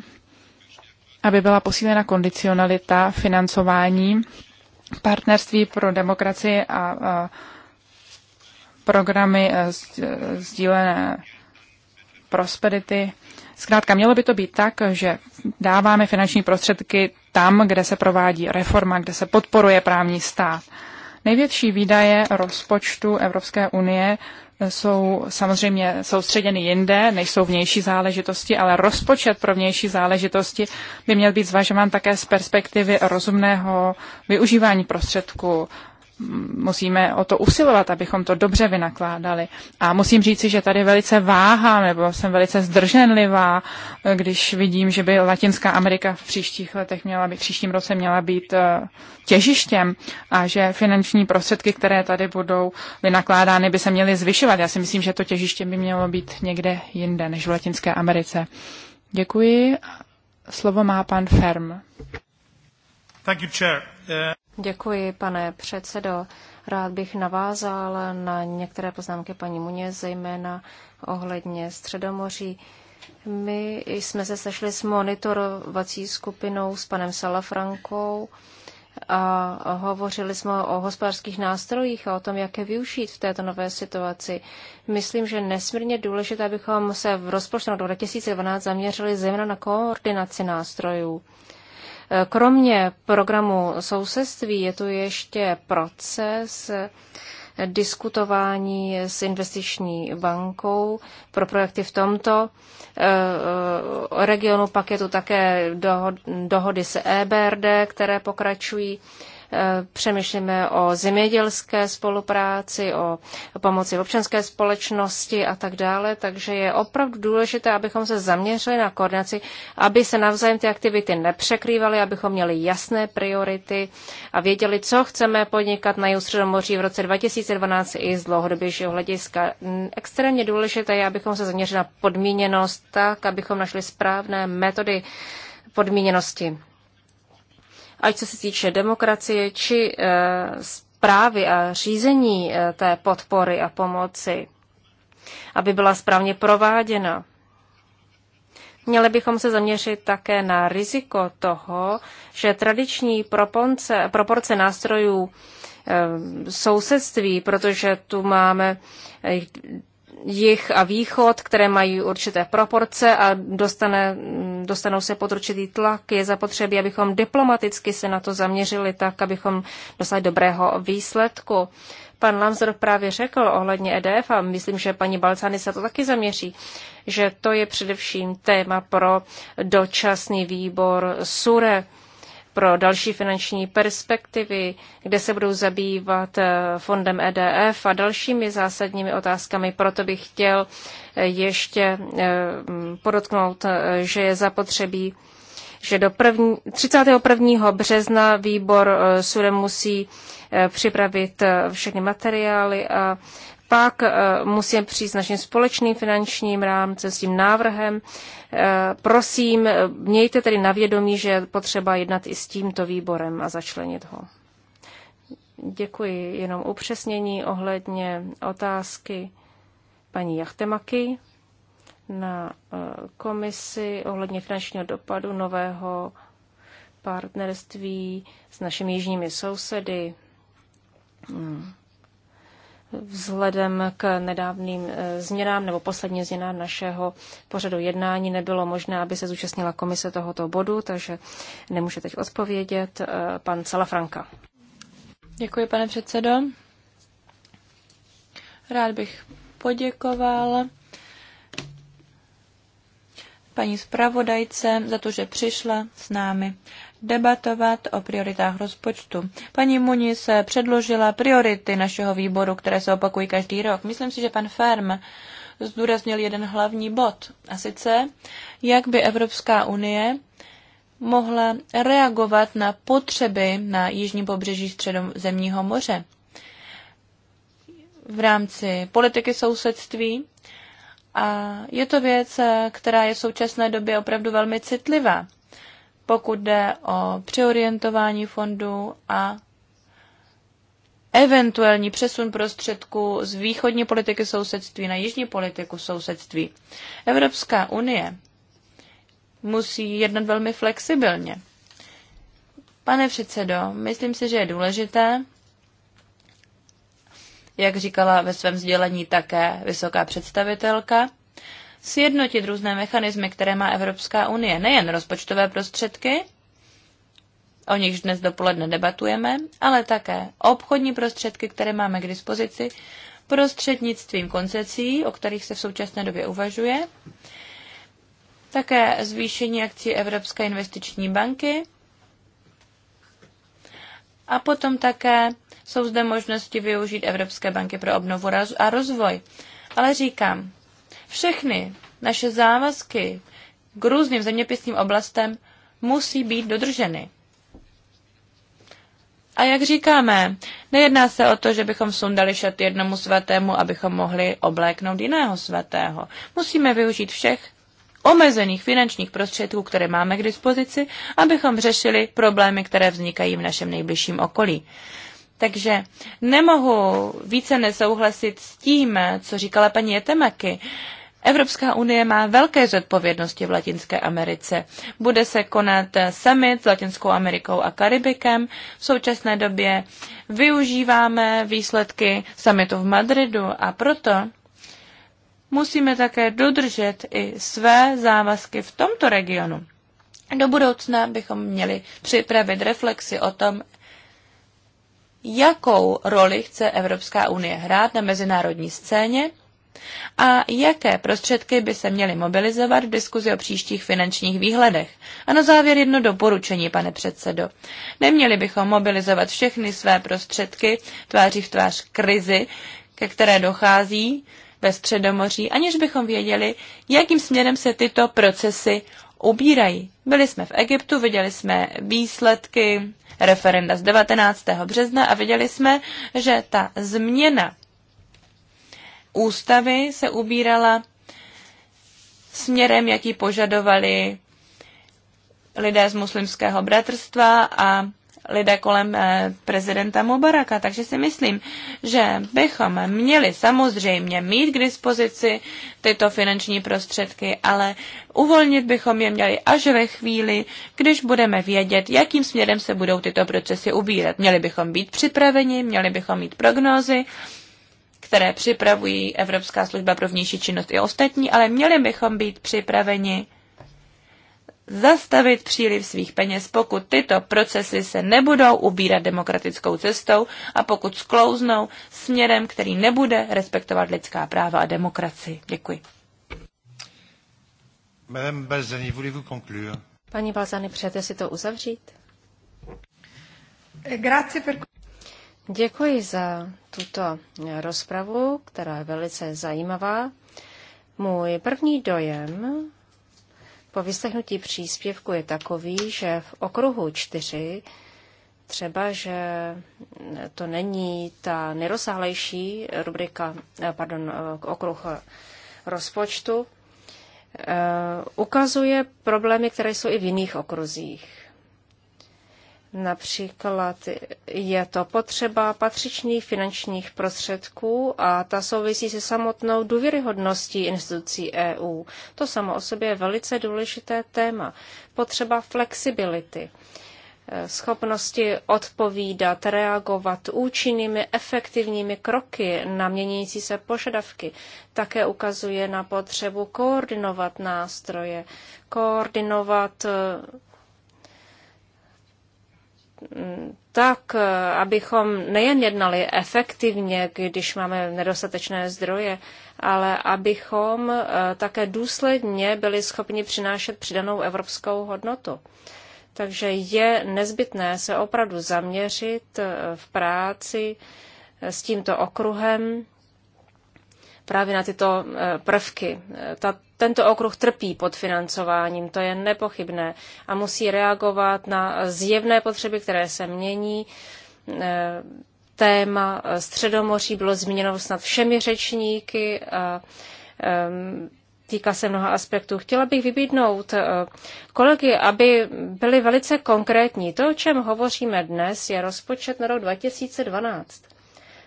aby byla posílena kondicionalita financování partnerství pro demokracii a, a programy eh, eh, sdílené prosperity Zkrátka, mělo by to být tak, že dáváme finanční prostředky tam, kde se provádí reforma, kde se podporuje právní stát. Největší výdaje rozpočtu Evropské unie jsou samozřejmě soustředěny jinde, než jsou vnější záležitosti, ale rozpočet pro vnější záležitosti by měl být zvažován také z perspektivy rozumného využívání prostředků musíme o to usilovat, abychom to dobře vynakládali. A musím říci, že tady velice váhám, nebo jsem velice zdrženlivá, když vidím, že by Latinská Amerika v příštích letech měla být, v příštím roce měla být eh, těžištěm a že finanční prostředky, které tady budou vynakládány, by se měly zvyšovat. Já si myslím, že to těžiště by mělo být někde jinde než v Latinské Americe. Děkuji. Slovo má pan Ferm. Thank you, Chair. Uh... Děkuji, pane předsedo. Rád bych navázal na některé poznámky paní Muně, zejména ohledně Středomoří. My jsme se sešli s monitorovací skupinou s panem Salafrankou a hovořili jsme o hospodářských nástrojích a o tom, jak je využít v této nové situaci. Myslím, že nesmírně důležité, abychom se v rozpočtu na 2012 zaměřili zejména na koordinaci nástrojů Kromě programu sousedství je tu ještě proces diskutování s investiční bankou pro projekty v tomto eh, regionu. Pak je tu také dohody se EBRD, které pokračují. Přemýšlíme o zemědělské spolupráci, o pomoci občanské společnosti a tak dále. Takže je opravdu důležité, abychom se zaměřili na koordinaci, aby se navzájem ty aktivity nepřekrývaly, abychom měli jasné priority a věděli, co chceme podnikat na moří v roce 2012 i z dlouhodobějšího hlediska. Extrémně důležité je, abychom se zaměřili na podmíněnost tak, abychom našli správné metody podmíněnosti ať co se týče demokracie či zprávy eh, a řízení eh, té podpory a pomoci, aby byla správně prováděna. Měli bychom se zaměřit také na riziko toho, že tradiční proponce, proporce nástrojů eh, sousedství, protože tu máme jich a východ, které mají určité proporce a dostane mm, dostanou se pod určitý tlak. Je zapotřebí, abychom diplomaticky se na to zaměřili tak, abychom dosáhli dobrého výsledku. Pan Lamzor právě řekl ohledně EDF a myslím, že paní Balcány se to taky zaměří, že to je především téma pro dočasný výbor SURE pro další finanční perspektivy, kde se budou zabývat eh, fondem EDF a dalšími zásadními otázkami. Proto bych chtěl eh, ještě eh, mm, podotknout, že je zapotřebí že do první, 31. března výbor sudem musí připravit všechny materiály a pak eh, musím přijít s naším společným finančním rámcem, s tím návrhem. Eh, prosím, eh, mějte tedy na vědomí, že je potřeba jednat i s tímto výborem a začlenit ho. Děkuji. Jenom upřesnění ohledně otázky paní Jachtemaky na komisi ohledně finančního dopadu nového partnerství s našimi jižními sousedy. Hmm. Vzhledem k nedávným eh, změnám nebo posledním změnám našeho pořadu jednání nebylo možné, aby se zúčastnila komise tohoto bodu, takže nemůže teď odpovědět eh, pan Salafranka. Děkuji, pane předsedo. Rád bych poděkoval paní zpravodajce za to, že přišla s námi debatovat o prioritách rozpočtu. Paní Muni se předložila priority našeho výboru, které se opakují každý rok. Myslím si, že pan Ferm zdůraznil jeden hlavní bod, a sice, jak by Evropská unie mohla reagovat na potřeby na jižním pobřeží středozemního moře v rámci politiky sousedství. A je to věc, která je v současné době opravdu velmi citlivá pokud jde o přeorientování fondu a eventuální přesun prostředků z východní politiky sousedství na jižní politiku sousedství. Evropská unie musí jednat velmi flexibilně. Pane předsedo, myslím si, že je důležité, jak říkala ve svém sdělení také vysoká představitelka, sjednotit různé mechanismy, které má Evropská unie, nejen rozpočtové prostředky, o nichž dnes dopoledne debatujeme, ale také obchodní prostředky, které máme k dispozici, prostřednictvím koncecí, o kterých se v současné době uvažuje, také zvýšení akcí Evropské investiční banky a potom také jsou zde možnosti využít Evropské banky pro obnovu a rozvoj. Ale říkám, všechny naše závazky k různým zeměpisným oblastem musí být dodrženy. A jak říkáme, nejedná se o to, že bychom sundali šat jednomu svatému, abychom mohli obléknout jiného svatého. Musíme využít všech omezených finančních prostředků, které máme k dispozici, abychom řešili problémy, které vznikají v našem nejbližším okolí. Takže nemohu více nesouhlasit s tím, co říkala paní Jetemaky. Evropská unie má velké zodpovědnosti v Latinské Americe. Bude se konat summit s Latinskou Amerikou a Karibikem. V současné době využíváme výsledky summitu v Madridu a proto musíme také dodržet i své závazky v tomto regionu. Do budoucna bychom měli připravit reflexy o tom, jakou roli chce Evropská unie hrát na mezinárodní scéně a jaké prostředky by se měly mobilizovat v diskuzi o příštích finančních výhledech. A na závěr jedno doporučení, pane předsedo. Neměli bychom mobilizovat všechny své prostředky tváří v tvář krizi, ke které dochází ve Středomoří, aniž bychom věděli, jakým směrem se tyto procesy ubírají. Byli jsme v Egyptu, viděli jsme výsledky referenda z 19. března a viděli jsme, že ta změna ústavy se ubírala směrem, jaký požadovali lidé z muslimského bratrstva a lidé kolem eh, prezidenta Mubaraka. Takže si myslím, že bychom měli samozřejmě mít k dispozici tyto finanční prostředky, ale uvolnit bychom je měli až ve chvíli, když budeme vědět, jakým směrem se budou tyto procesy ubírat. Měli bychom být připraveni, měli bychom mít prognózy které připravují Evropská služba pro vnější činnost i ostatní, ale měli bychom být připraveni zastavit příliv svých peněz, pokud tyto procesy se nebudou ubírat demokratickou cestou a pokud sklouznou směrem, který nebude respektovat lidská práva a demokracii. Děkuji. Madame Balzani, voulez-vous conclure? Paní Balzani, přejete si to uzavřít? Eh, grazie per... Děkuji za tuto rozpravu, která je velice zajímavá. Můj první dojem po vyslechnutí příspěvku je takový, že v okruhu čtyři třeba, že to není ta nerozsáhlejší rubrika, eh, pardon, eh, okruh rozpočtu, eh, ukazuje problémy, které jsou i v jiných okruzích. Například je to potřeba patřičných finančních prostředků a ta souvisí se samotnou důvěryhodností institucí EU. To samo o sobě je velice důležité téma. Potřeba flexibility, eh, schopnosti odpovídat, reagovat účinnými, efektivními kroky na měnící se požadavky. Také ukazuje na potřebu koordinovat nástroje, koordinovat eh, tak, abychom nejen jednali efektivně, když máme nedostatečné zdroje, ale abychom eh, také důsledně byli schopni přinášet přidanou evropskou hodnotu. Takže je nezbytné se opravdu zaměřit eh, v práci eh, s tímto okruhem právě na tyto prvky. Ta, tento okruh trpí pod financováním, to je nepochybné a musí reagovat na zjevné potřeby, které se mění. Eh, téma Středomoří bylo zmíněno snad všemi řečníky. A, ehm, týká se mnoha aspektů. Chtěla bych vybídnout eh, kolegy, aby byli velice konkrétní. To, o čem hovoříme dnes, je rozpočet na rok 2012.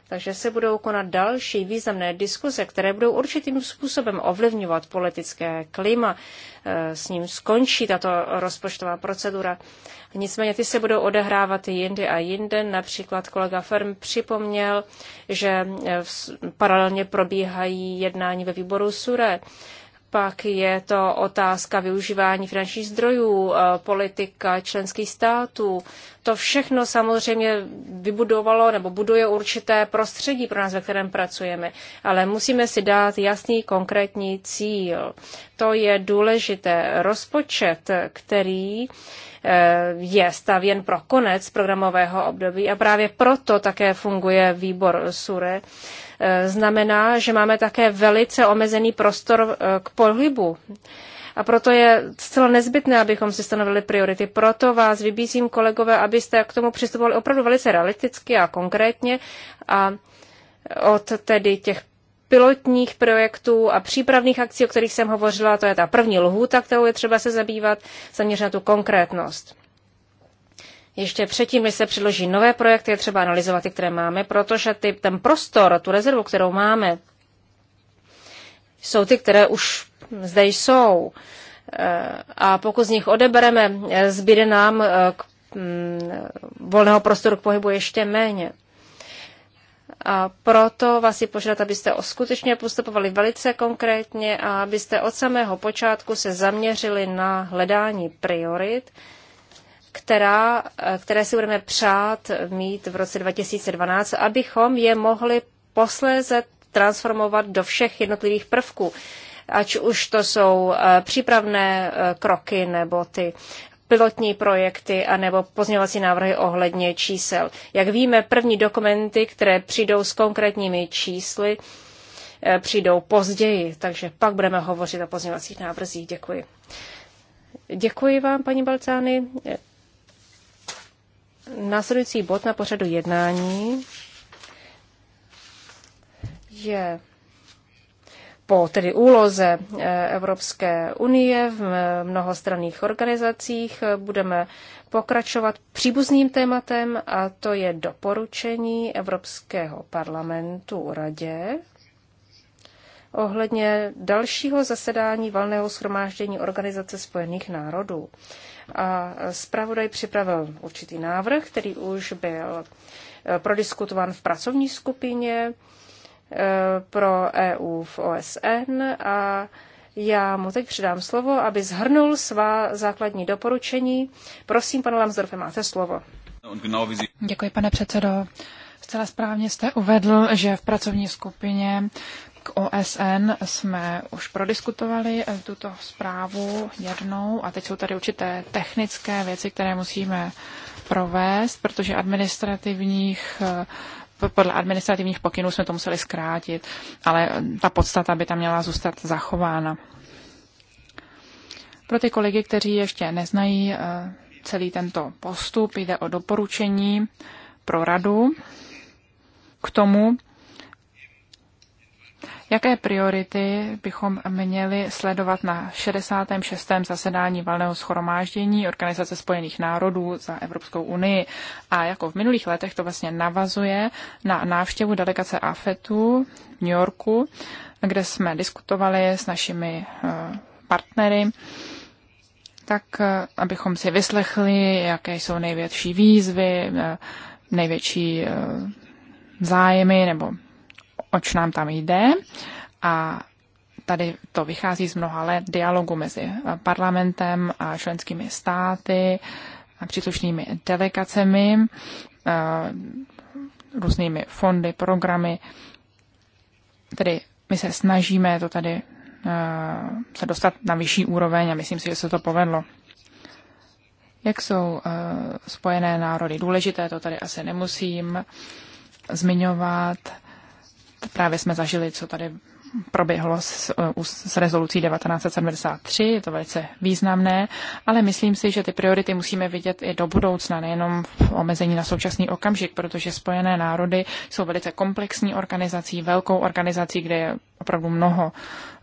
Takže se budou konat další významné diskuze, které budou určitým způsobem ovlivňovat politické klima. E, s ním skončí tato rozpočtová procedura. Nicméně ty se budou odehrávat i jindy a jinde. Například kolega Ferm připomněl, že paralelně probíhají jednání ve výboru SURE pak je to otázka využívání finančních zdrojů, eh, politika členských států. To všechno samozřejmě vybudovalo nebo buduje určité prostředí pro nás, ve kterém pracujeme. Ale musíme si dát jasný konkrétní cíl to je důležité. Rozpočet, který eh, je stavěn pro konec programového období a právě proto také funguje výbor SURE, eh, znamená, že máme také velice omezený prostor eh, k pohybu. A proto je zcela nezbytné, abychom si stanovili priority. Proto vás vybízím, kolegové, abyste k tomu přistupovali opravdu velice realisticky a konkrétně a od tedy těch pilotních projektů a přípravných akcí, o kterých jsem hovořila, to je ta první lhůta, kterou je třeba se zabývat, zaměřit na tu konkrétnost. Ještě předtím, než se předloží nové projekty, je třeba analyzovat ty, které máme, protože ty, ten prostor, tu rezervu, kterou máme, jsou ty, které už zde jsou. Eh, a pokud z nich odebereme, eh, zbyde nám eh, k mm, volného prostoru k pohybu ještě méně. A proto vás je požádat, abyste skutečně postupovali velice konkrétně a abyste od samého počátku se zaměřili na hledání priorit, která, které si budeme přát mít v roce 2012, abychom je mohli posléze transformovat do všech jednotlivých prvků ať už to jsou eh, přípravné eh, kroky nebo ty pilotní projekty anebo pozměňovací návrhy ohledně čísel. Jak víme, první dokumenty, které přijdou s konkrétními čísly, eh, přijdou později, takže pak budeme hovořit o pozměňovacích návrzích. Děkuji. Děkuji vám, paní Balcány. Následující bod na pořadu jednání je po tedy úloze eh, Evropské unie v eh, mnohostranných organizacích budeme pokračovat příbuzným tématem a to je doporučení Evropského parlamentu radě ohledně dalšího zasedání valného schromáždění Organizace spojených národů. A zpravodaj připravil určitý návrh, který už byl eh, prodiskutován v pracovní skupině Eh, pro EU v OSN a já mu teď předám slovo, aby zhrnul svá základní doporučení. Prosím, pane Lamsdorfe, máte slovo. Děkuji, pane předsedo. Zcela správně jste uvedl, že v pracovní skupině k OSN jsme už prodiskutovali eh, tuto zprávu jednou a teď jsou tady určité technické věci, které musíme provést, protože administrativních eh, podle administrativních pokynů jsme to museli zkrátit, ale ta podstata by tam měla zůstat zachována. Pro ty kolegy, kteří ještě neznají eh, celý tento postup, jde o doporučení pro radu k tomu, Jaké priority bychom měli sledovat na 66. zasedání valného schromáždění Organizace spojených národů za Evropskou unii? A jako v minulých letech to vlastně navazuje na návštěvu delegace AFETu v New Yorku, kde jsme diskutovali s našimi eh, partnery tak eh, abychom si vyslechli, jaké jsou největší výzvy, eh, největší zájmy nebo oč nám tam jde. A tady to vychází z mnoha let dialogu mezi parlamentem a členskými státy a příslušnými delegacemi, eh, různými fondy, programy. Tedy my se snažíme to tady eh, se dostat na vyšší úroveň a myslím si, že se to povedlo. Jak jsou eh, spojené národy důležité, to tady asi nemusím zmiňovat. Právě jsme zažili, co tady proběhlo s, s rezolucí 1973, je to velice významné, ale myslím si, že ty priority musíme vidět i do budoucna, nejenom v omezení na současný okamžik, protože Spojené národy jsou velice komplexní organizací, velkou organizací, kde je opravdu mnoho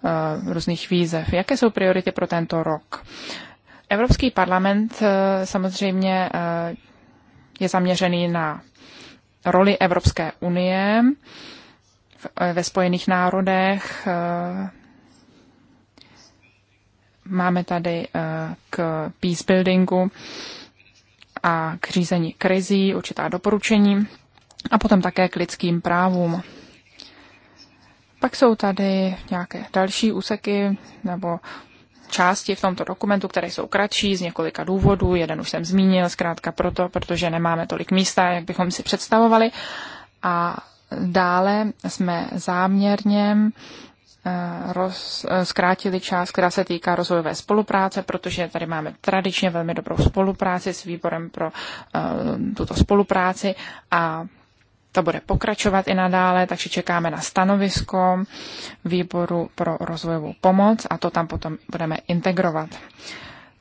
uh, různých výzev. Jaké jsou priority pro tento rok? Evropský parlament uh, samozřejmě uh, je zaměřený na roli Evropské unie. Uh, ve Spojených národech. Máme tady eh, k peace buildingu a k řízení krizí určitá doporučení a potom také k lidským právům. Pak jsou tady nějaké další úseky nebo části v tomto dokumentu, které jsou kratší z několika důvodů. Jeden už jsem zmínil, zkrátka proto, protože nemáme tolik místa, jak bychom si představovali. A Dále jsme záměrně eh, roz, eh, zkrátili část, která se týká rozvojové spolupráce, protože tady máme tradičně velmi dobrou spolupráci s výborem pro uh, tuto spolupráci a to bude pokračovat i nadále, takže čekáme na stanovisko výboru pro rozvojovou pomoc a to tam potom budeme integrovat. Uh,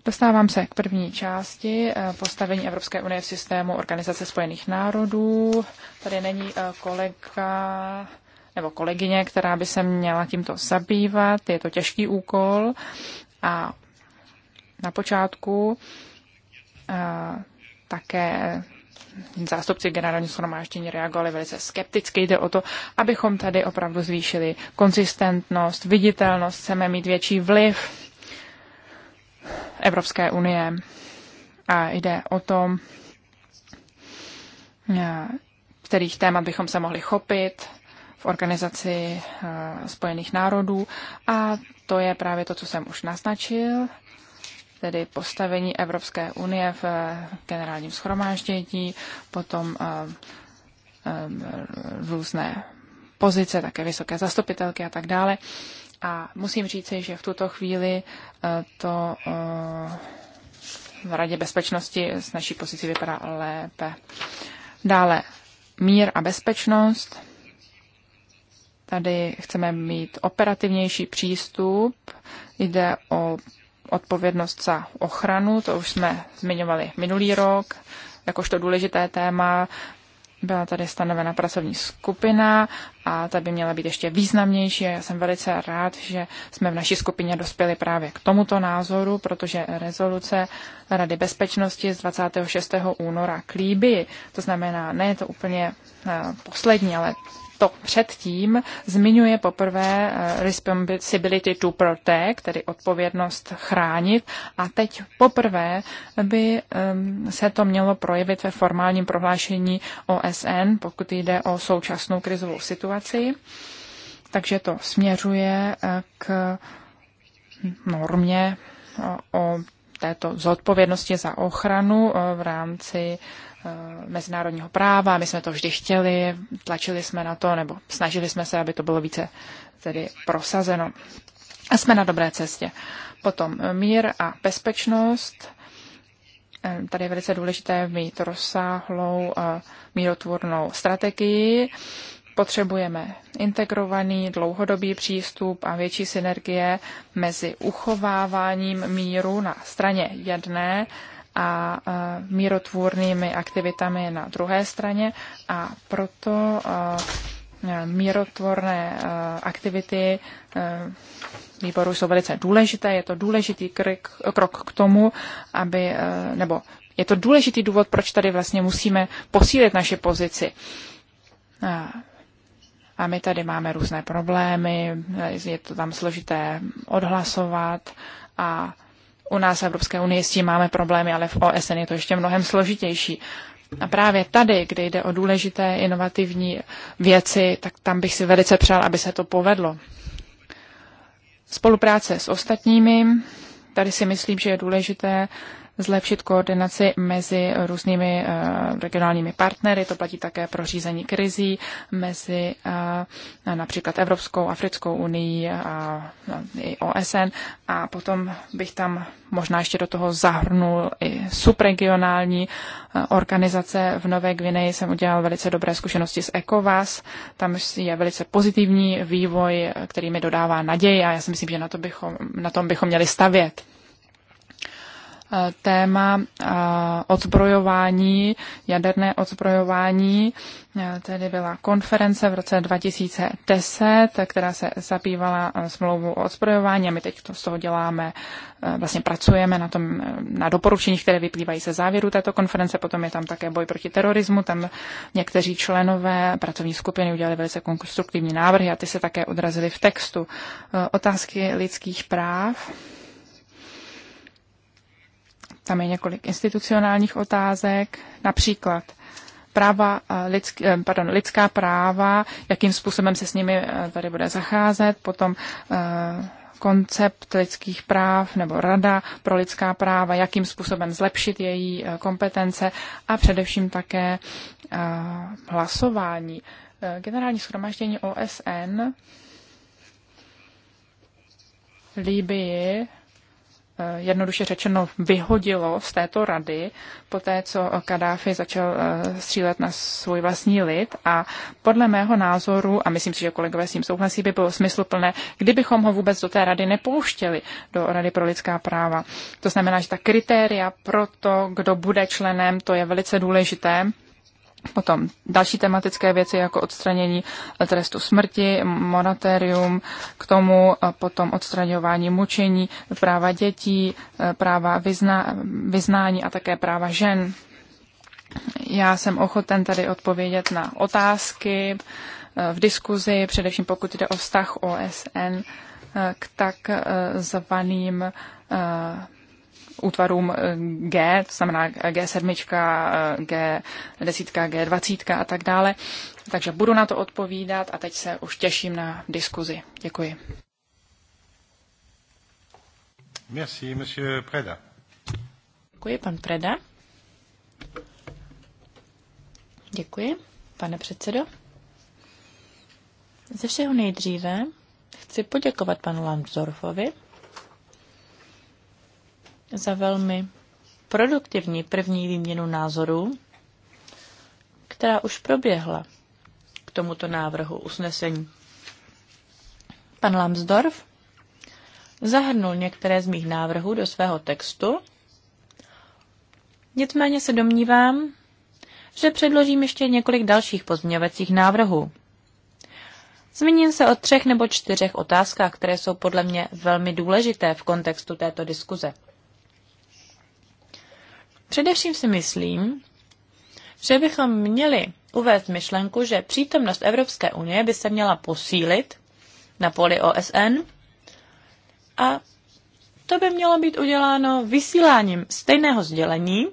Dostávám se k první části eh, postavení Evropské unie v systému Organizace spojených národů. Tady není eh, kolega nebo kolegyně, která by se měla tímto zabývat. Je to těžký úkol a na počátku eh, také zástupci generálního shromáždění reagovali velice skepticky. Jde o to, abychom tady opravdu zvýšili konzistentnost, viditelnost, chceme mít větší vliv Evropské unie. A jde o to, eh, kterých témat bychom se mohli chopit v organizaci eh, Spojených národů. A to je právě to, co jsem už naznačil, tedy postavení Evropské unie v eh, generálním schromáždění, potom různé pozice, také vysoké zastupitelky a tak dále. A musím říci, že v tuto chvíli eh, to eh, v Radě bezpečnosti z naší pozici vypadá lépe. Dále mír a bezpečnost. Tady chceme mít operativnější přístup. Jde o odpovědnost za ochranu, to už jsme zmiňovali minulý rok, jakožto důležité téma. Byla tady stanovena pracovní skupina a ta by měla být ještě významnější. Já jsem velice rád, že jsme v naší skupině dospěli právě k tomuto názoru, protože rezoluce Rady bezpečnosti z 26. února k Líbii, to znamená, ne je to úplně eh, poslední, ale to předtím zmiňuje poprvé eh, responsibility to protect, tedy odpovědnost chránit, a teď poprvé by eh, se to mělo projevit ve formálním prohlášení OSN, pokud jde o současnou krizovou situaci. Takže to směřuje eh, k normě o této zodpovědnosti za ochranu v rámci Eh, mezinárodního práva. My jsme to vždy chtěli, tlačili jsme na to, nebo snažili jsme se, aby to bylo více tedy prosazeno. A jsme na dobré cestě. Potom mír a bezpečnost. Eh, tady je velice důležité mít rozsáhlou eh, mírotvornou strategii. Potřebujeme integrovaný dlouhodobý přístup a větší synergie mezi uchováváním míru na straně jedné a e, mírotvůrnými aktivitami na druhé straně a proto e, mírotvorné e, aktivity výboru jsou velice důležité. Je to důležitý krok k tomu, aby, nebo je to důležitý důvod, proč tady vlastně musíme posílit naše pozici. A my tady máme různé problémy, je to tam složité odhlasovat a u nás v Evropské unii s tím máme problémy, ale v OSN je to ještě mnohem složitější. A právě tady, kde jde o důležité inovativní věci, tak tam bych si velice přál, aby se to povedlo. Spolupráce s ostatními, tady si myslím, že je důležité uh, zlepšit koordinaci mezi různými eh, regionálními partnery, to platí také pro řízení krizí mezi eh, například Evropskou, Africkou unii a i OSN a potom bych tam možná ještě do toho zahrnul i subregionální eh, organizace v Nové Gvineji. Jsem udělal velice dobré zkušenosti s ECOWAS. Tam je velice pozitivní vývoj, který mi dodává naději a já si myslím, že na, to bychom, na tom bychom měli stavět. Eh, téma eh, odzbrojování, jaderné odzbrojování. Eh, tedy byla konference v roce 2010, která se zabývala smlouvou o odzbrojování a my teď to z toho děláme, vlastně pracujeme na, tom, na doporučeních, které vyplývají ze závěru této konference. Potom je tam také boj proti terorismu, tam někteří členové pracovní skupiny udělali velice konstruktivní návrhy a ty se také odrazily v textu. Otázky lidských práv. Tam je několik institucionálních otázek, například práva, eh, lidsk, eh, pardon, lidská práva, jakým způsobem se s nimi eh, tady bude zacházet, potom koncept lidských práv nebo rada pro lidská práva, jakým způsobem zlepšit její kompetence a především také hlasování. Generální schromaždění OSN Líbii Eh, jednoduše řečeno vyhodilo z této rady, po té, co Kadáfi začal eh, střílet na svůj vlastní lid. A podle mého názoru, a myslím si, že kolegové s tím souhlasí, by bylo smysluplné, kdybychom ho vůbec do té rady nepouštěli, do Rady pro lidská práva. To znamená, že ta kritéria pro to, kdo bude členem, to je velice důležité. Potom další tematické věci jako odstranění trestu smrti, monatérium k tomu potom odstraňování mučení, práva dětí, e, práva vyzna, vyznání a také práva žen. Já jsem ochoten tady odpovědět na otázky e, v diskuzi, především pokud jde o vztah OSN e, k takzvaným útvarům eh, G, to znamená G7, G10, G20 a tak dále. Takže budu na to odpovídat a teď se už těším na diskuzi. Děkuji. Merci, monsieur Preda. Děkuji, pan Preda. Děkuji, pane předsedo. Ze všeho nejdříve chci poděkovat panu Lambsdorfovi za velmi produktivní první výměnu názorů, která už proběhla k tomuto návrhu usnesení. Pan Lambsdorff zahrnul některé z mých návrhů do svého textu, nicméně se domnívám, že předložím ještě několik dalších pozměňovacích návrhů. Zmíním se o třech nebo čtyřech otázkách, které jsou podle mě velmi důležité v kontextu této diskuze. Především si myslím, že bychom měli uvést myšlenku, že přítomnost Evropské unie by se měla posílit na poli OSN a to by mělo být uděláno vysíláním stejného sdělení,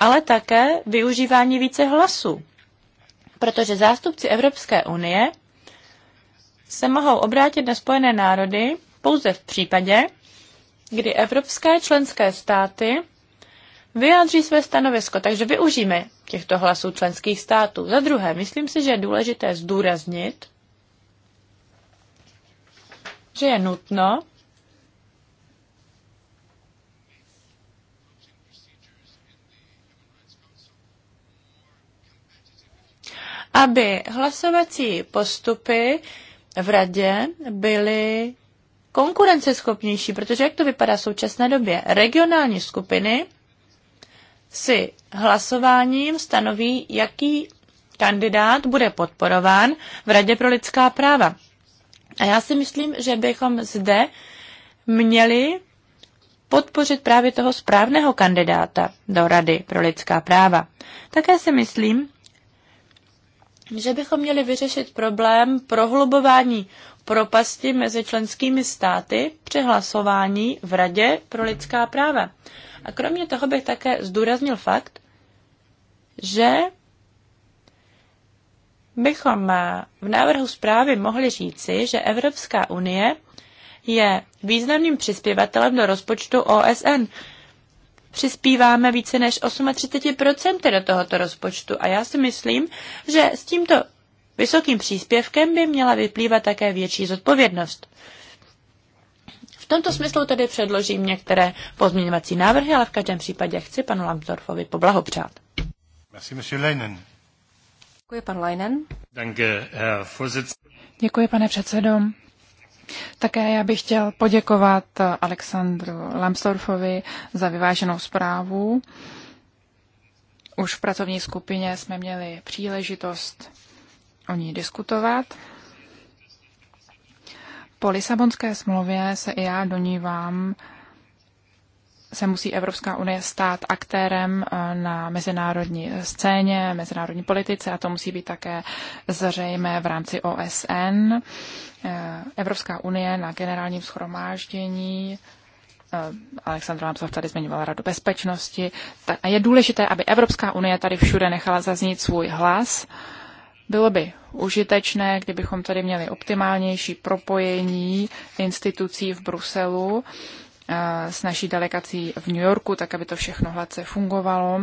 ale také využívání více hlasů, protože zástupci Evropské unie se mohou obrátit na Spojené národy pouze v případě, kdy evropské členské státy vyjádří své stanovisko, takže využijeme těchto hlasů členských států. Za druhé, myslím si, že je důležité zdůraznit, že je nutno aby hlasovací postupy v radě byly konkurenceschopnější, protože jak to vypadá v současné době? Regionální skupiny si hlasováním stanoví, jaký kandidát bude podporován v Radě pro lidská práva. A já si myslím, že bychom zde měli podpořit právě toho správného kandidáta do Rady pro lidská práva. Také si myslím, že bychom měli vyřešit problém prohlubování propasti mezi členskými státy při hlasování v Radě pro lidská práva. A kromě toho bych také zdůraznil fakt, že bychom v návrhu zprávy mohli říci, že Evropská unie je významným přispěvatelem do rozpočtu OSN. Přispíváme více než 38% do tohoto rozpočtu a já si myslím, že s tímto vysokým příspěvkem by měla vyplývat také větší zodpovědnost. V tomto smyslu tedy předložím některé pozměňovací návrhy, ale v každém případě chci panu Lambsdorfovi poblahopřát. Merci, monsieur Leinen. Děkuji, pan Leinen. Danke, Herr Děkuji, pane předsedo. Také já bych chtěl poděkovat Alexandru Lambsdorfovi za vyváženou zprávu. Už v pracovní skupině jsme měli příležitost o ní diskutovat po Lisabonské smlouvě se i já donívám, se musí Evropská unie stát aktérem eh, na mezinárodní scéně, mezinárodní politice a to musí být také zřejmé v rámci OSN. Eh, Evropská unie na generálním schromáždění eh, Alexandra Lamsov tady zmiňovala Radu bezpečnosti. A je důležité, aby Evropská unie tady všude nechala zaznít svůj hlas. Uh, bylo by užitečné, kdybychom tady měli optimálnější propojení institucí v Bruselu eh, s naší delegací v New Yorku, tak aby to všechno hladce fungovalo.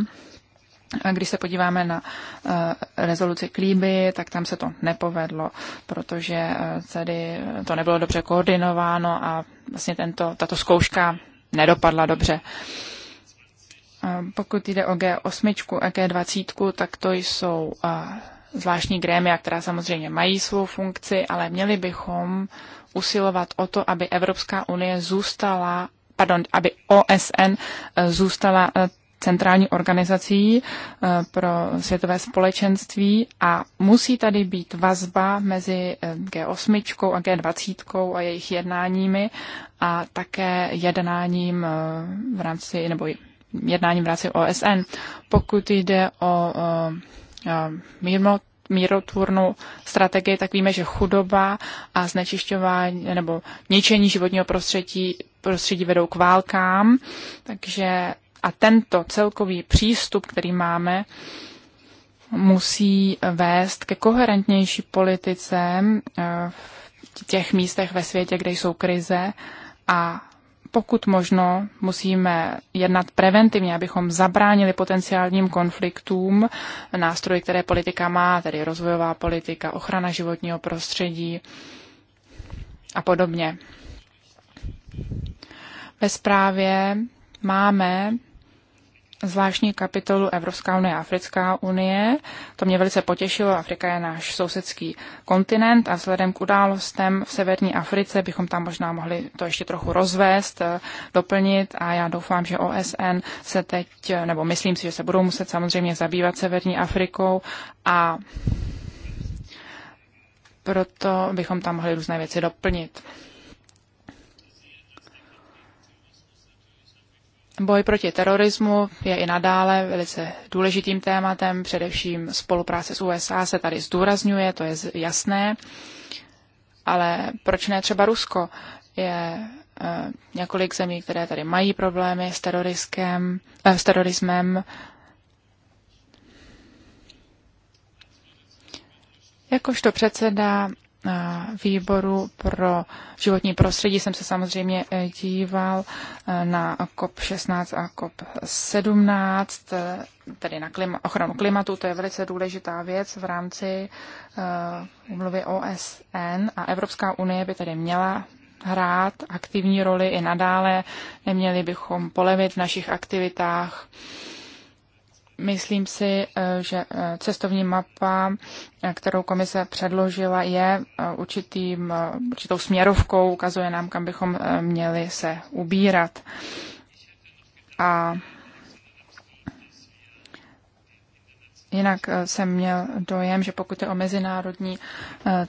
A když se podíváme na eh, rezoluci Klíby, tak tam se to nepovedlo, protože eh, tady to nebylo dobře koordinováno a vlastně tento, tato zkouška nedopadla dobře. Pokud jde o G8 a G20, tak to jsou zvláštní grémia, která samozřejmě mají svou funkci, ale měli bychom usilovat o to, aby Evropská unie zůstala, pardon, aby OSN eh, zůstala eh, centrální organizací eh, pro světové společenství a musí tady být vazba mezi G8 a G20 a jejich jednáními a také jednáním v rámci, nebo jednáním v rámci OSN. Pokud jde o mírno, mírotvornou strategii, tak víme, že chudoba a znečišťování nebo ničení životního prostředí, prostředí vedou k válkám. Takže a tento celkový přístup, který máme, musí vést ke koherentnější politice e, v těch místech ve světě, kde jsou krize a pokud možno musíme jednat preventivně, abychom zabránili potenciálním konfliktům nástroje, které politika má, tedy rozvojová politika, ochrana životního prostředí a podobně. Ve zprávě máme zvláštní kapitolu Evropská unie a Africká unie. To mě velice potěšilo. Afrika je náš sousedský kontinent a vzhledem k událostem v severní Africe bychom tam možná mohli to ještě trochu rozvést, eh, doplnit a já doufám, že OSN se teď, eh, nebo myslím si, že se budou muset samozřejmě zabývat severní Afrikou a proto bychom tam mohli různé věci doplnit. Boj proti terorismu je i nadále velice důležitým tématem, především spolupráce s USA se tady zdůrazňuje, to je jasné. Ale proč ne třeba Rusko? Je eh, několik zemí, které tady mají problémy s, teroriskem, eh, s terorismem. Jakožto předseda výboru pro životní prostředí jsem se samozřejmě eh, díval eh, na COP16 a COP17, eh, tedy na klima, ochranu klimatu. To je velice důležitá věc v rámci umluvy OSN a Evropská unie by tedy měla hrát aktivní roli i nadále. Neměli bychom polevit v našich aktivitách Myslím si, eh, že eh, cestovní mapa, eh, kterou komise předložila, je určitým, určitou směrovkou, ukazuje nám, kam bychom měli se ubírat. A Jinak jsem měl dojem, že pokud je o Mezinárodní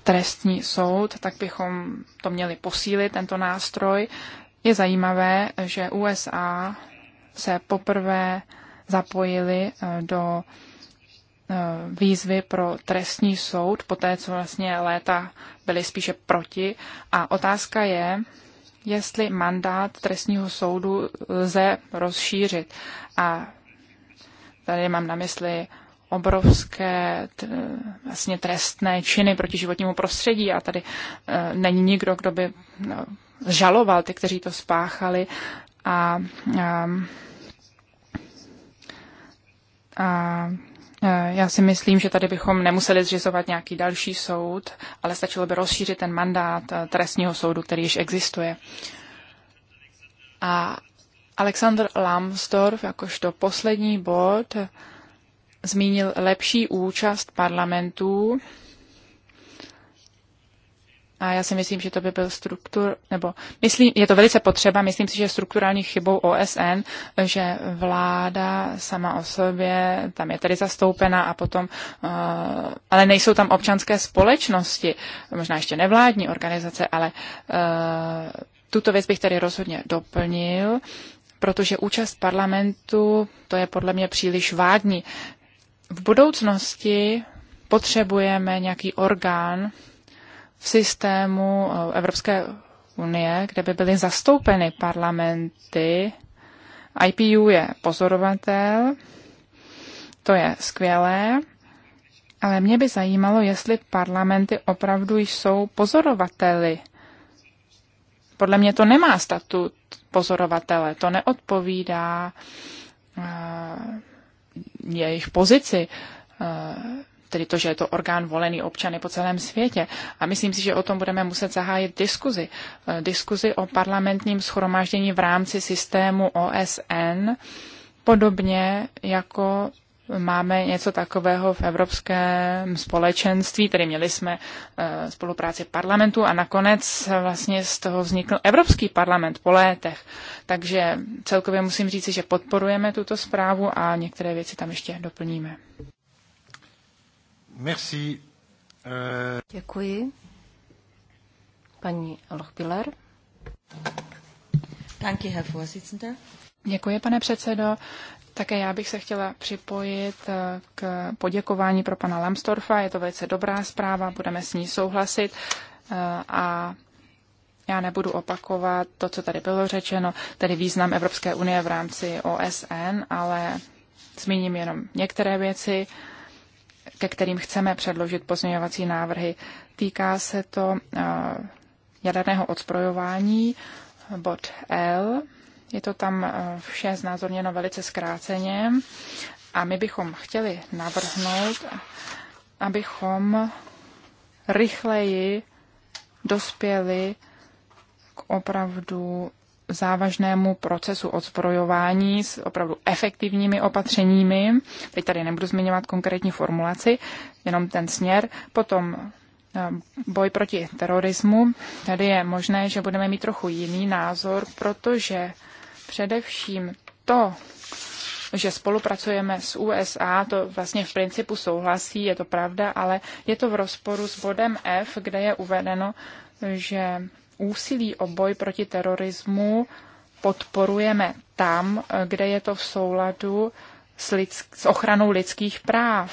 trestní soud, tak bychom to měli posílit, tento nástroj. Je zajímavé, že USA se poprvé zapojili eh, do eh, výzvy pro trestní soud, po té, co vlastně léta byly spíše proti. A otázka je, jestli mandát trestního soudu lze rozšířit. A tady mám na mysli obrovské vlastně trestné činy proti životnímu prostředí a tady e, není nikdo, kdo by no, žaloval ty, kteří to spáchali a, a ehm, a e, já si myslím, že tady bychom nemuseli zřizovat nějaký další soud, ale stačilo by rozšířit ten mandát e, trestního soudu, který již existuje. A Alexander Lambsdorff jakožto poslední bod zmínil lepší účast parlamentů a já si myslím, že to by byl struktur, nebo myslím, je to velice potřeba, myslím si, že strukturální chybou OSN, že vláda sama o sobě tam je tedy zastoupena a potom, eh, ale nejsou tam občanské společnosti, možná ještě nevládní organizace, ale eh, tuto věc bych tady rozhodně doplnil, protože účast parlamentu, to je podle mě příliš vágní. V budoucnosti potřebujeme nějaký orgán, v systému eh, Evropské unie, kde by byly zastoupeny parlamenty. IPU je pozorovatel, to je skvělé, ale mě by zajímalo, jestli parlamenty opravdu jsou pozorovateli. Podle mě to nemá statut pozorovatele, to neodpovídá uh, jejich pozici. Uh, tedy to, že je to orgán volený občany po celém světě. A myslím si, že o tom budeme muset zahájit diskuzi. Eh, diskuzi o parlamentním schromáždění v rámci systému OSN, podobně jako máme něco takového v evropském společenství, tedy měli jsme eh, spolupráci parlamentu a nakonec vlastně z toho vznikl Evropský parlament po létech. Takže celkově musím říci, že podporujeme tuto zprávu a některé věci tam ještě doplníme. Merci. Euh, Děkuji. Paní Lochbiller. Danke, Herr Vorsitzender. Děkuji, pane předsedo. Také já bych se chtěla připojit eh, k poděkování pro pana Lamstorfa. Je to velice dobrá zpráva, budeme s ní souhlasit eh, a já nebudu opakovat to, co tady bylo řečeno, tedy význam Evropské unie v rámci OSN, ale zmíním jenom některé věci ke kterým chceme předložit pozměňovací návrhy. Týká se to eh, jaderného odzbrojování, bod L. Je to tam eh, vše znázorněno velice zkráceně a my bychom chtěli navrhnout, abychom rychleji dospěli k opravdu závažnému procesu odzbrojování s opravdu efektivními opatřeními. Teď tady nebudu zmiňovat konkrétní formulaci, jenom ten směr. Potom eh, boj proti terorismu. Tady je možné, že budeme mít trochu jiný názor, protože především to, že spolupracujeme s USA, to vlastně v principu souhlasí, je to pravda, ale je to v rozporu s bodem F, kde je uvedeno, že úsilí o boj proti terorismu podporujeme tam, kde je to v souladu s, lidsk- s ochranou lidských práv.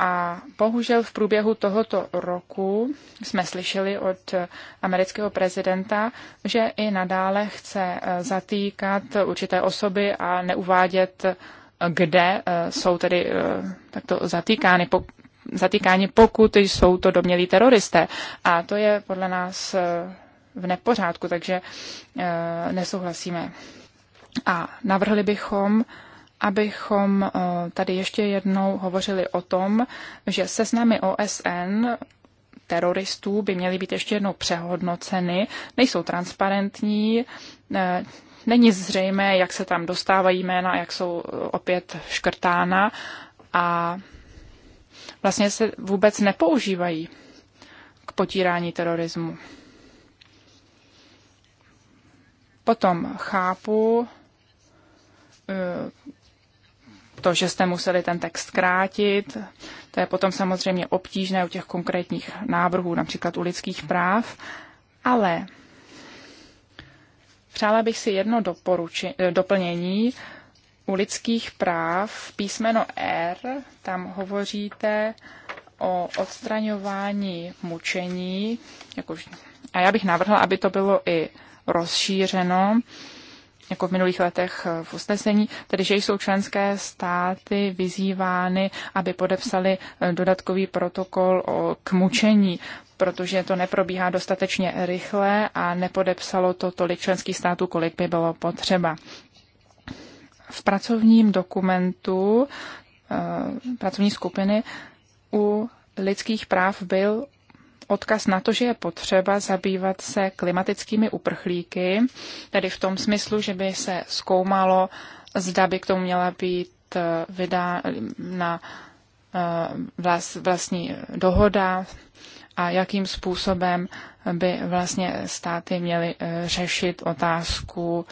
A bohužel v průběhu tohoto roku jsme slyšeli od amerického prezidenta, že i nadále chce eh, zatýkat určité osoby a neuvádět, eh, kde eh, jsou tedy takto zatýkány zatýkáni, pokud jsou to domělí teroristé. A to je podle nás eh, v nepořádku, takže eh, nesouhlasíme. A navrhli bychom, abychom eh, tady ještě jednou hovořili o tom, že seznamy OSN teroristů by měly být ještě jednou přehodnoceny, nejsou transparentní, není zřejmé, jak se tam dostávají jména, jak jsou opět škrtána a vlastně se vůbec nepoužívají k potírání terorismu. Potom chápu eh, to, že jste museli ten text krátit. To je potom samozřejmě obtížné u těch konkrétních návrhů, například u lidských práv. Ale přála bych si jedno doporuči- eh, doplnění, u lidských práv písmeno R, tam hovoříte o odstraňování mučení. Jako, a já bych navrhla, aby to bylo i rozšířeno, jako v minulých letech eh, v usnesení, tedy že jsou členské státy vyzývány, aby podepsali eh, dodatkový protokol k mučení, protože to neprobíhá dostatečně rychle a nepodepsalo to tolik členských států, kolik by bylo potřeba v pracovním dokumentu eh, pracovní skupiny u lidských práv byl odkaz na to, že je potřeba zabývat se klimatickými uprchlíky, tedy v tom smyslu, že by se zkoumalo, zda by k tomu měla být eh, vydána eh, vlastní dohoda a jakým způsobem by vlastně státy měly řešit otázku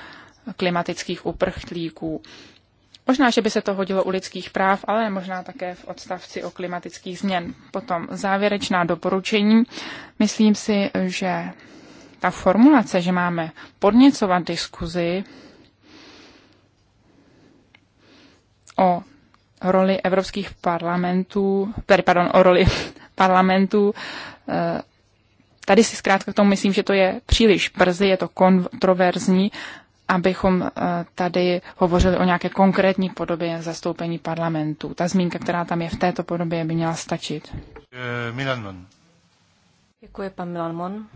klimatických uprchlíků. Možná, že by se to hodilo u lidských práv, ale možná také v odstavci o klimatických změn. Potom závěrečná doporučení. Myslím si, že ta formulace, že máme podněcovat diskuzi o roli evropských parlamentů, tedy pardon, o roli *laughs* parlamentů, eh, tady si zkrátka k tomu myslím, že to je příliš brzy, je to kontroverzní abychom eh, tady hovořili o nějaké konkrétní podobě zastoupení parlamentu. Ta zmínka, která tam je v této podobě, by měla stačit. Eh, Milan Mon. Děkuji, pan Milan Mon.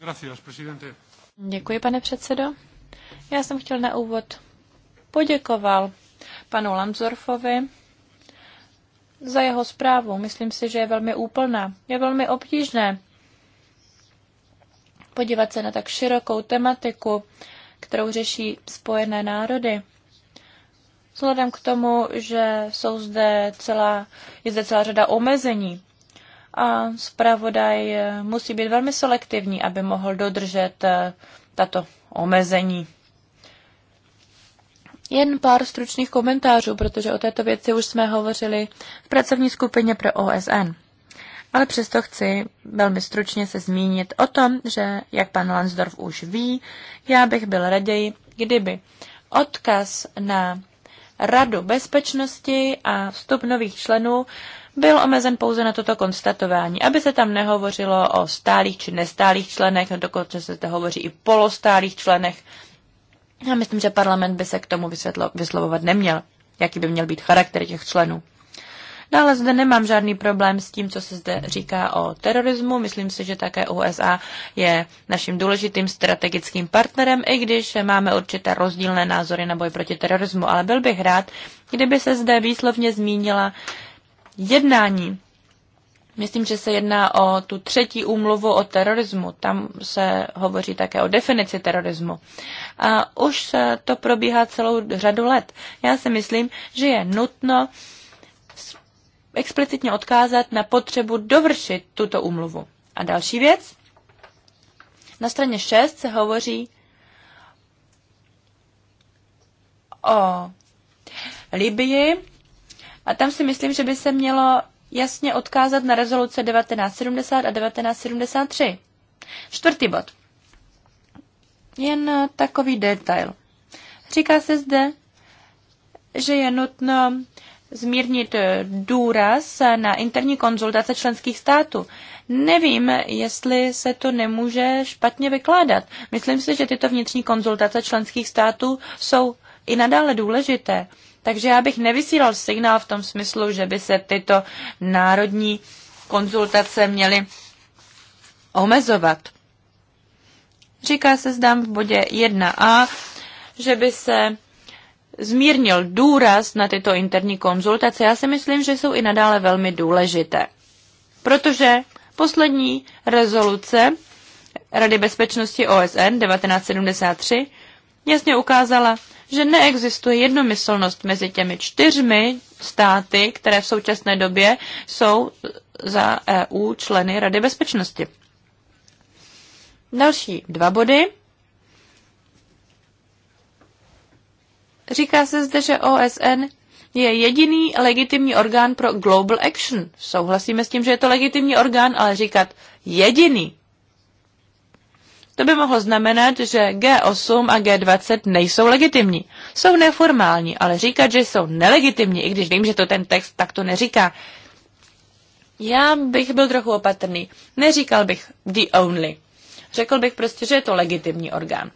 Gracias, presidente. Děkuji, pane předsedo. Já jsem chtěl na úvod poděkoval panu Lamzorfovi za jeho zprávu. Myslím si, že je velmi úplná. Je velmi obtížné podívat se na tak širokou tematiku, kterou řeší Spojené národy. Vzhledem k tomu, že jsou zde celá, je zde celá řada omezení a zpravodaj musí být velmi selektivní, aby mohl dodržet eh, tato omezení. Jen pár stručných komentářů, protože o této věci už jsme hovořili v pracovní skupině pro OSN ale přesto chci velmi stručně se zmínit o tom, že, jak pan Lansdorf už ví, já bych byl raději, kdyby odkaz na Radu bezpečnosti a vstup nových členů byl omezen pouze na toto konstatování, aby se tam nehovořilo o stálých či nestálých členech, dokonce se to hovoří i polostálých členech. Já myslím, že parlament by se k tomu vysvětlo, vyslovovat neměl, jaký by měl být charakter těch členů. Dále no, zde nemám žádný problém s tím, co se zde říká o terorismu. Myslím si, že také USA je naším důležitým strategickým partnerem, i když máme určité rozdílné názory na boj proti terorismu. Ale byl bych rád, kdyby se zde výslovně zmínila jednání Myslím, že se jedná o tu třetí úmluvu o terorismu. Tam se hovoří také o definici terorismu. A už to probíhá celou řadu let. Já si myslím, že je nutno explicitně odkázat na potřebu dovršit tuto umluvu. A další věc. Na straně 6 se hovoří o Libii a tam si myslím, že by se mělo jasně odkázat na rezoluce 1970 a 1973. Čtvrtý bod. Jen takový detail. Říká se zde, že je nutno zmírnit eh, důraz na interní konzultace členských států. Nevím, jestli se to nemůže špatně vykládat. Myslím si, že tyto vnitřní konzultace členských států jsou i nadále důležité. Takže já bych nevysílal signál v tom smyslu, že by se tyto národní konzultace měly omezovat. Říká se zdám v bodě 1a, že by se zmírnil důraz na tyto interní konzultace, já si myslím, že jsou i nadále velmi důležité. Protože poslední rezoluce Rady bezpečnosti OSN 1973 jasně ukázala, že neexistuje jednomyslnost mezi těmi čtyřmi státy, které v současné době jsou za EU členy Rady bezpečnosti. Další dva body Říká se zde, že OSN je jediný legitimní orgán pro global action. Souhlasíme s tím, že je to legitimní orgán, ale říkat jediný. To by mohlo znamenat, že G8 a G20 nejsou legitimní. Jsou neformální, ale říkat, že jsou nelegitimní, i když vím, že to ten text takto neříká. Já bych byl trochu opatrný. Neříkal bych the only. Řekl bych prostě, že je to legitimní orgán.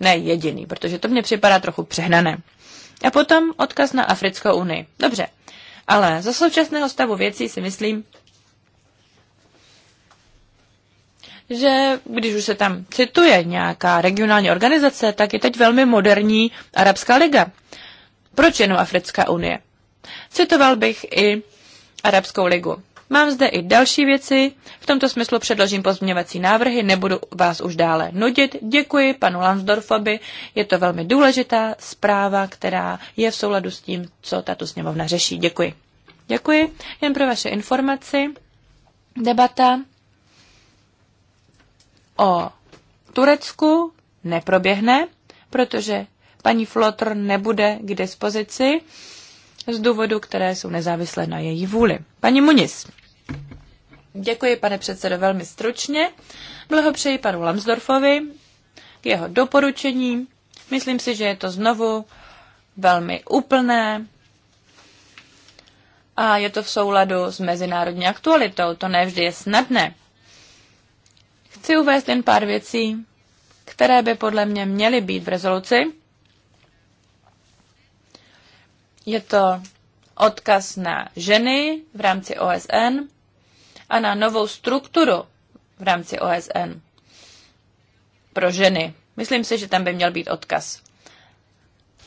Ne jediný, protože to mně připadá trochu přehnané. A potom odkaz na Africkou unii. Dobře, ale za současného stavu věcí si myslím, že když už se tam cituje nějaká regionální organizace, tak je teď velmi moderní Arabská liga. Proč jenom Africká unie? Citoval bych i Arabskou ligu. Mám zde i další věci. V tomto smyslu předložím pozměňovací návrhy, nebudu vás už dále nudit. Děkuji panu Lansdorfovi. Je to velmi důležitá zpráva, která je v souladu s tím, co tato sněmovna řeší. Děkuji. Děkuji. Jen pro vaše informaci. Debata o Turecku neproběhne, protože paní Flotr nebude k dispozici z důvodu, které jsou nezávislé na její vůli. Paní Muniz. Děkuji, pane předsedo, velmi stručně. Blahopřeji panu Lamsdorfovi k jeho doporučení. Myslím si, že je to znovu velmi úplné a je to v souladu s mezinárodní aktualitou. To nevždy je snadné. Chci uvést jen pár věcí, které by podle mě měly být v rezoluci. Je to odkaz na ženy v rámci OSN a na novou strukturu v rámci OSN pro ženy. Myslím si, že tam by měl být odkaz.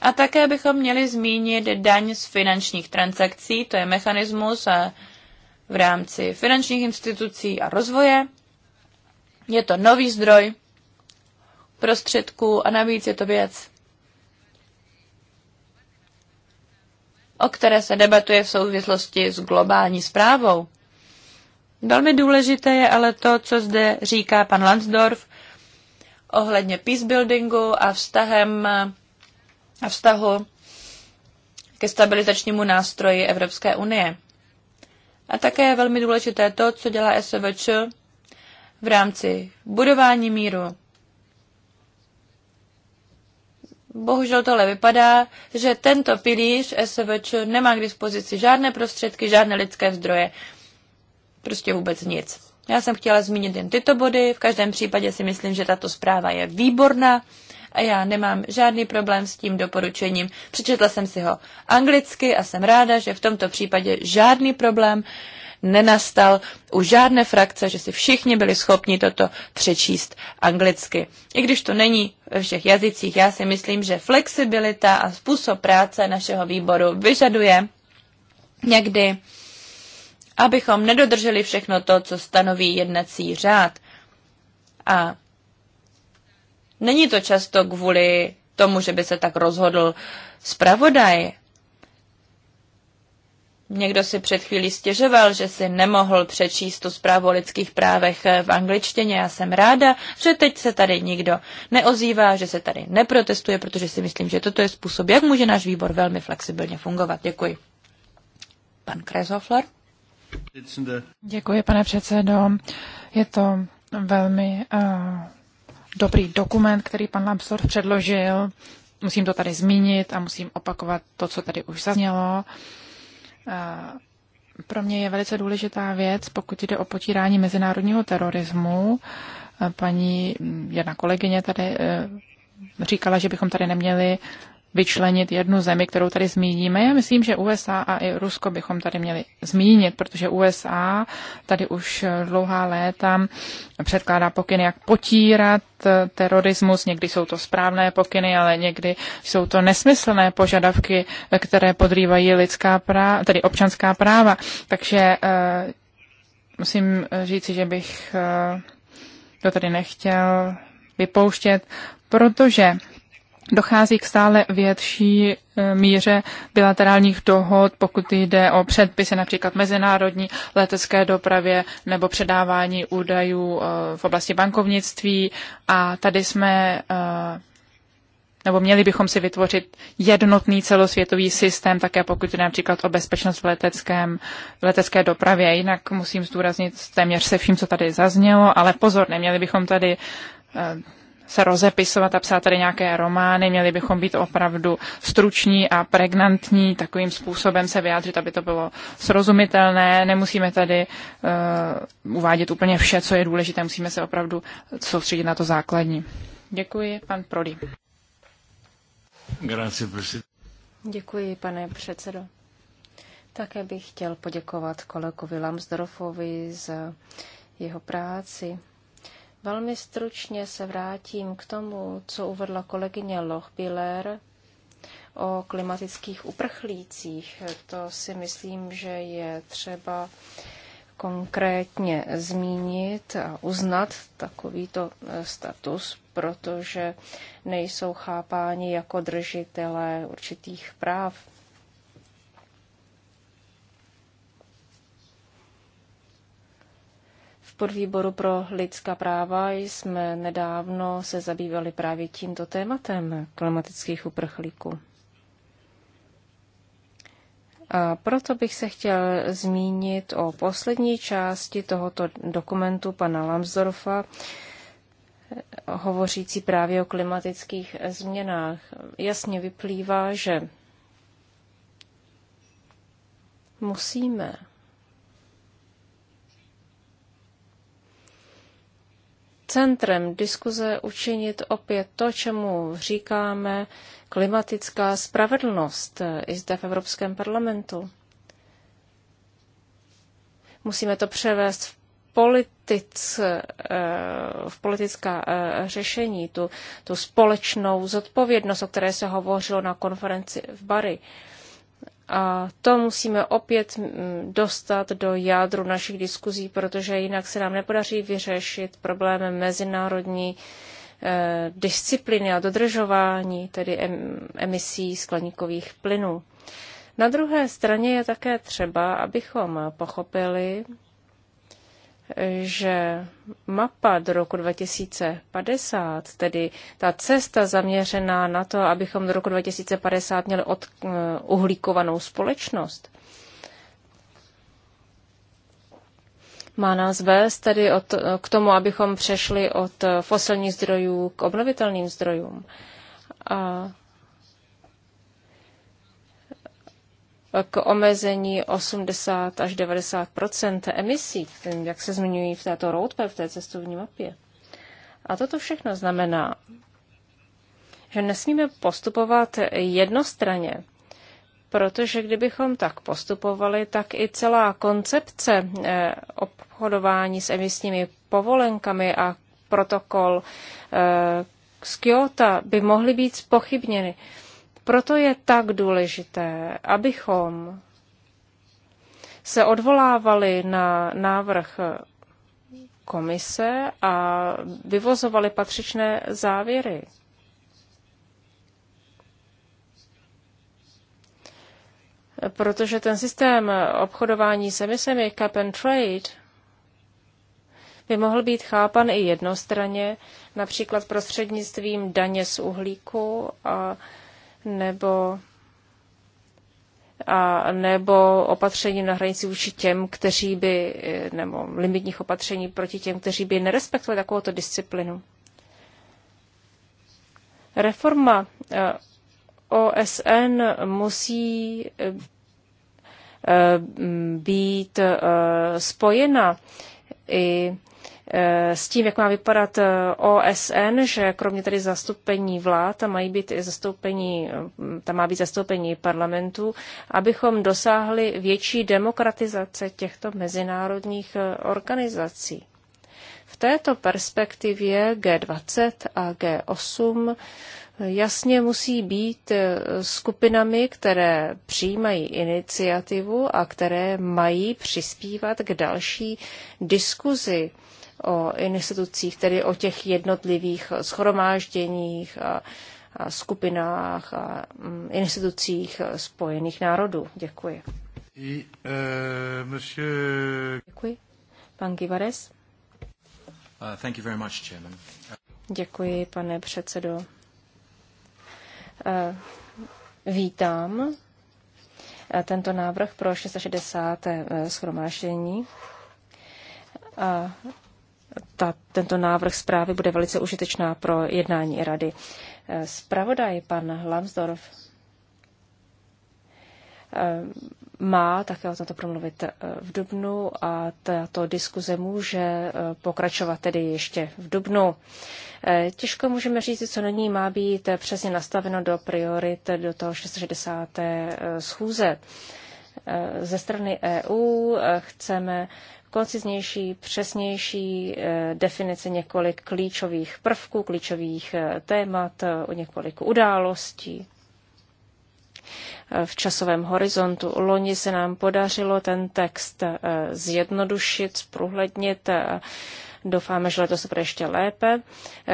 A také bychom měli zmínit daň z finančních transakcí, to je mechanismus v rámci finančních institucí a rozvoje. Je to nový zdroj prostředků a navíc je to věc, o které se debatuje v souvislosti s globální zprávou. Velmi důležité je ale to, co zde říká pan Lansdorf ohledně peacebuildingu a vztahem a vztahu ke stabilizačnímu nástroji Evropské unie. A také je velmi důležité to, co dělá SVČ v rámci budování míru, bohužel tohle vypadá, že tento pilíř SVČ nemá k dispozici žádné prostředky, žádné lidské zdroje, prostě vůbec nic. Já jsem chtěla zmínit jen tyto body, v každém případě si myslím, že tato zpráva je výborná a já nemám žádný problém s tím doporučením. Přečetla jsem si ho anglicky a jsem ráda, že v tomto případě žádný problém uh, nenastal u žádné frakce, že si všichni byli schopni toto přečíst anglicky. I když to není ve všech jazycích, já si myslím, že flexibilita a způsob práce našeho výboru vyžaduje někdy, abychom nedodrželi všechno to, co stanoví jednací řád. A není to často kvůli tomu, že by se tak rozhodl zpravodaj, Někdo si před chvílí stěžoval, že si nemohl přečíst tu zprávu o lidských právech v angličtině. Já jsem ráda, že teď se tady nikdo neozývá, že se tady neprotestuje, protože si myslím, že toto je způsob, jak může náš výbor velmi flexibilně fungovat. Děkuji. Pan Kresofler. Děkuji, pane předsedo. Je to velmi uh, dobrý dokument, který pan Lambsdorff předložil. Musím to tady zmínit a musím opakovat to, co tady už zaznělo. Uh, Eh, pro mě je velice důležitá věc, pokud jde o potírání mezinárodního terorismu. Eh, paní hm, jedna kolegyně tady eh, říkala, že bychom tady neměli vyčlenit jednu zemi, kterou tady zmíníme. Já myslím, že USA a i Rusko bychom tady měli zmínit, protože USA tady už dlouhá léta předkládá pokyny, jak potírat terorismus. Někdy jsou to správné pokyny, ale někdy jsou to nesmyslné požadavky, které podrývají lidská práva, tedy občanská práva. Takže uh, musím říci, že bych uh, to tady nechtěl vypouštět, protože dochází k stále větší e, míře bilaterálních dohod, pokud jde o předpisy například mezinárodní letecké dopravě nebo předávání údajů e, v oblasti bankovnictví. A tady jsme e, nebo měli bychom si vytvořit jednotný celosvětový systém, také pokud jde například o bezpečnost v, leteckém, v letecké dopravě. Jinak musím zdůraznit téměř se vším, co tady zaznělo, ale pozor, neměli bychom tady se rozepisovat a psát tady nějaké romány, měli bychom být opravdu struční a pregnantní, takovým způsobem se vyjádřit, aby to bylo srozumitelné. Nemusíme tady uh, uvádět úplně vše, co je důležité, musíme se opravdu soustředit na to základní. Děkuji, pan Prodi. Děkuji, pane předsedo. Také bych chtěl poděkovat kolegovi Lamsdorfovi za jeho práci Velmi stručně se vrátím k tomu, co uvedla kolegyně Lochbiller o klimatických uprchlících. To si myslím, že je třeba konkrétně zmínit a uznat takovýto eh, status, protože nejsou chápáni jako držitelé určitých práv. podvýboru pro lidská práva jsme nedávno se zabývali právě tímto tématem klimatických uprchlíků. A proto bych se chtěl zmínit o poslední části tohoto dokumentu pana Lambsdorfa, hovořící právě o klimatických změnách. Jasně vyplývá, že musíme centrem diskuze učinit opět to, čemu říkáme klimatická spravedlnost eh, i zde v Evropském parlamentu. Musíme to převést v, politic, eh, v politická eh, řešení, tu, tu společnou zodpovědnost, o které se hovořilo na konferenci v Bari. A to musíme opět mm, dostat do jádru našich diskuzí, protože jinak se nám nepodaří vyřešit problém mezinárodní eh, disciplíny a dodržování, tedy emisí skleníkových plynů. Na druhé straně je také třeba, abychom pochopili, že mapa do roku 2050, tedy ta cesta zaměřená na to, abychom do roku 2050 měli od, eh, uhlíkovanou společnost, má nás vést tedy od, eh, k tomu, abychom přešli od eh, fosilních zdrojů k obnovitelným zdrojům. A k omezení 80 až 90 emisí, jak se zmiňují v této roadmap, v té cestovní mapě. A toto všechno znamená, že nesmíme postupovat jednostranně, protože kdybychom tak postupovali, tak i celá koncepce eh, obchodování s emisními povolenkami a protokol eh, z Kyoto by mohly být spochybněny. Proto je tak důležité, abychom se odvolávali na návrh komise a vyvozovali patřičné závěry. Protože ten systém obchodování s emisemi cap and trade by mohl být chápan i jednostranně, například prostřednictvím daně z uhlíku a nebo a nebo opatření na hranici vůči těm, kteří by, eh, nebo limitních opatření proti těm, kteří by nerespektovali takovouto disciplinu. Reforma eh, OSN musí eh, být spojena i s tím, jak má vypadat eh, OSN, že kromě tedy zastoupení vlád, tam, mají být zastoupení, eh, tam má být zastoupení parlamentů, abychom dosáhli větší demokratizace těchto mezinárodních eh, organizací. V této perspektivě G20 a G8 jasně musí být skupinami, které přijímají iniciativu a které mají přispívat k další diskuzi o institucích, tedy o těch jednotlivých schromážděních a, a skupinách a mm, institucích Spojených národů. Děkuji. I, uh, monsieur... Děkuji. Pan Givares. Uh, thank you very much, Chairman. Uh, Děkuji, pane předsedo. Uh, vítám eh, tento návrh pro 660. schromáždění. A ta, tento návrh zprávy bude velice užitečná pro jednání rady. Spravodaj eh, pan Lambsdorff eh, má také o tomto promluvit eh, v Dubnu a tato diskuze může pokračovat tedy ještě v Dubnu. Těžko můžeme říct, co na ní má být přesně nastaveno do priorit do toho 60. schůze. Ze strany EU chceme konciznější, přesnější eh, definice několik klíčových prvků, klíčových eh, témat, eh, o několik událostí. V časovém horizontu loni se nám podařilo ten text zjednodušit, zprůhlednit Doufáme, že letos to bude ještě lépe.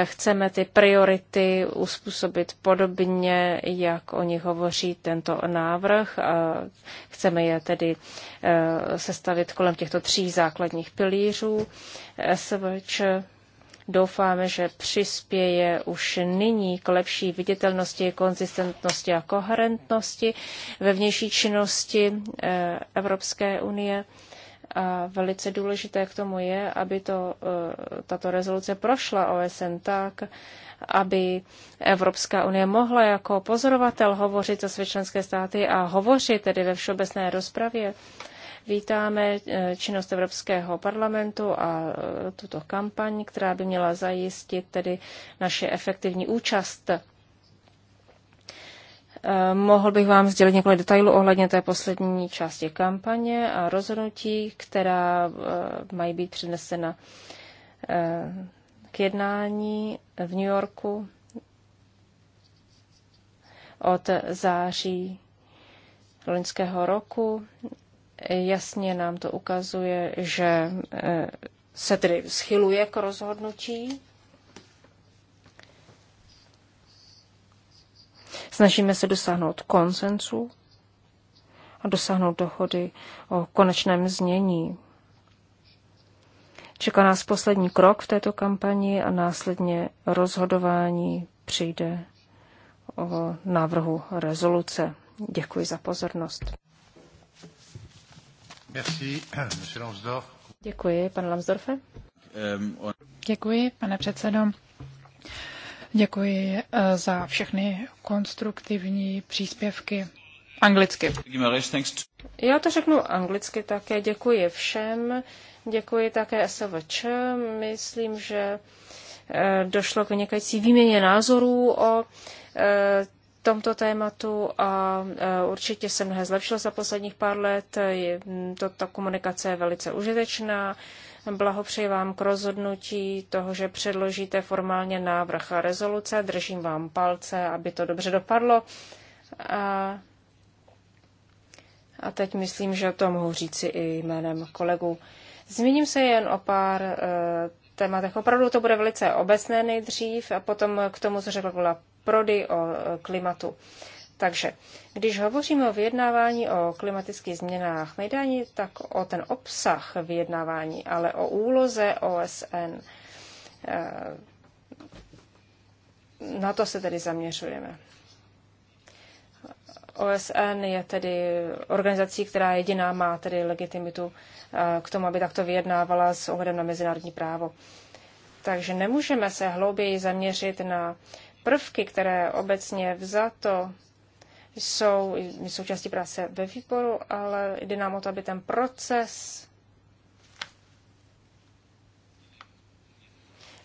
Chceme ty priority uspůsobit podobně, jak o nich hovoří tento návrh. Chceme je tedy eh, sestavit kolem těchto tří základních pilířů. SVČ Doufáme, že přispěje už nyní k lepší viditelnosti, konzistentnosti a koherentnosti ve vnější činnosti eh, Evropské unie a velice důležité k tomu je, aby to, e, tato rezoluce prošla OSN tak, aby Evropská unie mohla jako pozorovatel hovořit za své členské státy a hovořit tedy ve všeobecné rozpravě. Vítáme e, činnost Evropského parlamentu a e, tuto kampaň, která by měla zajistit tedy naše efektivní účast Mohl bych vám sdělit několik detailů ohledně té poslední části kampaně a rozhodnutí, která eh, mají být přinesena eh, k jednání v New Yorku od září loňského roku. Jasně nám to ukazuje, že eh, se tedy schyluje k rozhodnutí Snažíme se dosáhnout konsensu a dosáhnout dohody o konečném znění. Čeká nás poslední krok v této kampani a následně rozhodování přijde o návrhu rezoluce. Děkuji za pozornost. Merci, Děkuji, pane Lamsdorfe. Um, Děkuji, pane předsedo. Děkuji eh, za všechny konstruktivní příspěvky anglicky. Já to řeknu anglicky také. Děkuji všem. Děkuji také SVČ. Myslím, že eh, došlo k vynikající výměně názorů o eh, tomto tématu a určitě se mnohé zlepšilo za posledních pár let. Je, mm, to, ta komunikace je velice užitečná. Blahopřeji vám k rozhodnutí toho, že předložíte formálně návrh a rezoluce. Držím vám palce, aby to dobře dopadlo. A, a teď myslím, že to mohu říci i jménem kolegů. Zmíním se jen o pár e, tématech. Opravdu to bude velice obecné nejdřív a potom k tomu, co řekla Prody o e, klimatu. E, takže když hovoříme o vyjednávání o klimatických změnách, nejde ani tak o ten obsah vyjednávání, ale o úloze OSN. Eh, na to se tedy zaměřujeme. OSN je tedy organizací, která jediná má tedy legitimitu eh, k tomu, aby takto vyjednávala s ohledem na mezinárodní právo. Takže nemůžeme se hlouběji zaměřit na prvky, které obecně vzato jsou součástí práce ve výboru, ale jde nám o to, aby ten proces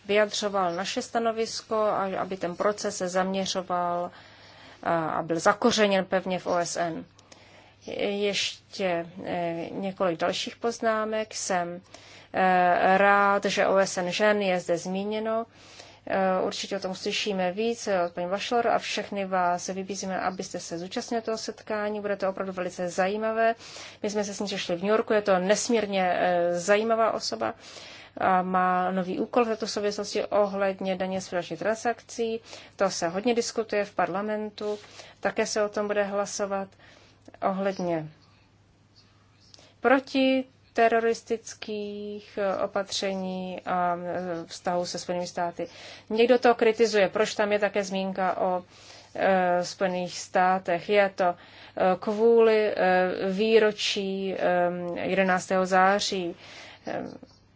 vyjadřoval naše stanovisko a aby ten proces se zaměřoval a byl zakořeněn pevně v OSN. Ještě e, několik dalších poznámek. Jsem e, rád, že OSN žen je zde zmíněno. Eh, určitě o tom slyšíme víc eh, od paní Vašlor a všechny vás vybízíme, abyste se zúčastnili toho setkání. Bude to opravdu velice zajímavé. My jsme se s ní sešli v New Yorku, je to nesmírně eh, zajímavá osoba. A má nový úkol v této souvislosti ohledně daně z finančních transakcí. To se hodně diskutuje v parlamentu. Také se o tom bude hlasovat ohledně proti teroristických eh, opatření a eh, vztahu se Spojenými státy. Někdo to kritizuje, proč tam je také zmínka o eh, Spojených státech. Je to kvůli výročí 11. září.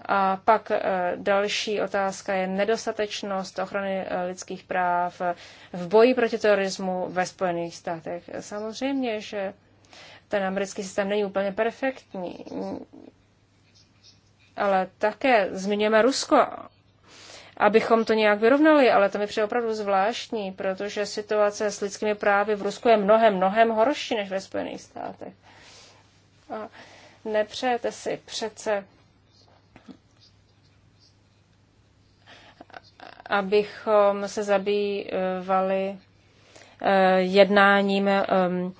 A pak další otázka je nedostatečnost ochrany lidských práv v boji proti terorismu ve Spojených státech. Samozřejmě, že ten americký systém není úplně perfektní, ale také zmiňujeme Rusko, abychom to nějak vyrovnali, ale to mi přijde opravdu zvláštní, protože situace s lidskými právy v Rusku je mnohem, mnohem horší než ve Spojených státech. A nepřejete si přece, abychom se zabývali eh, jednáním ehm,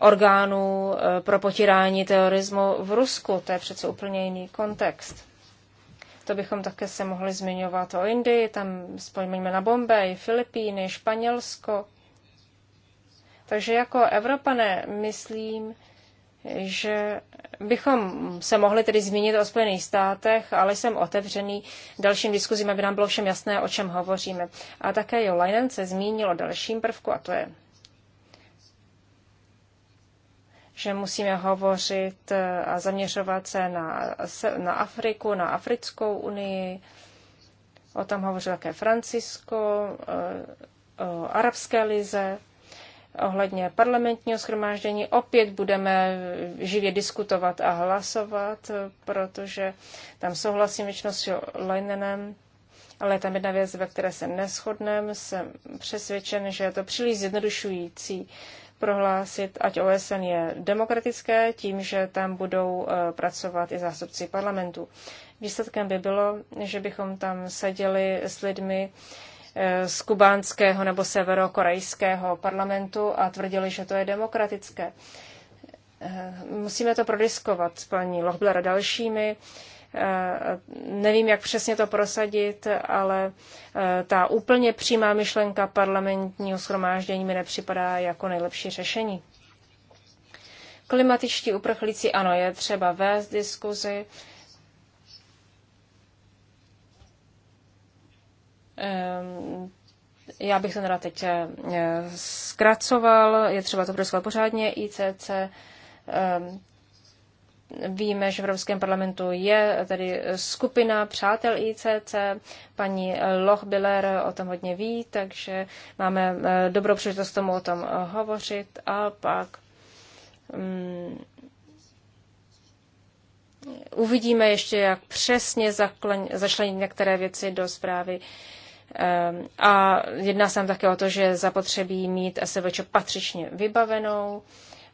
orgánů eh, pro potírání terorismu v Rusku. To je přece úplně jiný kontext. To bychom také se mohli zmiňovat o Indii, tam vzpomeňme na Bombay, Filipíny, Španělsko. Takže jako Evropané myslím, že bychom se mohli tedy zmínit o Spojených státech, ale jsem otevřený dalším diskuzím, aby nám bylo všem jasné, o čem hovoříme. A také Jo Leinen se zmínil o dalším prvku, a to je že musíme hovořit eh, a zaměřovat se na, na Afriku, na Africkou unii. O tom hovořil také Francisko, eh, o Arabské lize. Ohledně parlamentního schromáždění opět budeme živě diskutovat a hlasovat, eh, protože tam souhlasím většinou s Leinenem, ale je tam jedna věc, ve které se neschodneme. Jsem přesvědčen, že je to příliš zjednodušující prohlásit, ať OSN je demokratické, tím, že tam budou eh, pracovat i zástupci parlamentu. Výsledkem by bylo, že bychom tam seděli s lidmi eh, z kubánského nebo severokorejského parlamentu a tvrdili, že to je demokratické. Eh, musíme to prodiskovat s paní Lochbler a dalšími Eh, nevím, jak přesně to prosadit, ale eh, ta úplně přímá myšlenka parlamentního schromáždění mi nepřipadá jako nejlepší řešení. Klimatičtí uprchlíci, ano, je třeba vést diskuzi. Ehm, já bych to teda teď eh, zkracoval, je třeba to prosovat pořádně, ICC, Víme, že v Evropském parlamentu je tedy skupina přátel ICC, paní Lochbiller o tom hodně ví, takže máme eh, dobrou příležitost tomu o tom eh, hovořit a pak um, uvidíme ještě, jak přesně zašlenit některé věci do zprávy. Um, a jedná se nám také o to, že zapotřebí mít SVČ patřičně vybavenou. Um,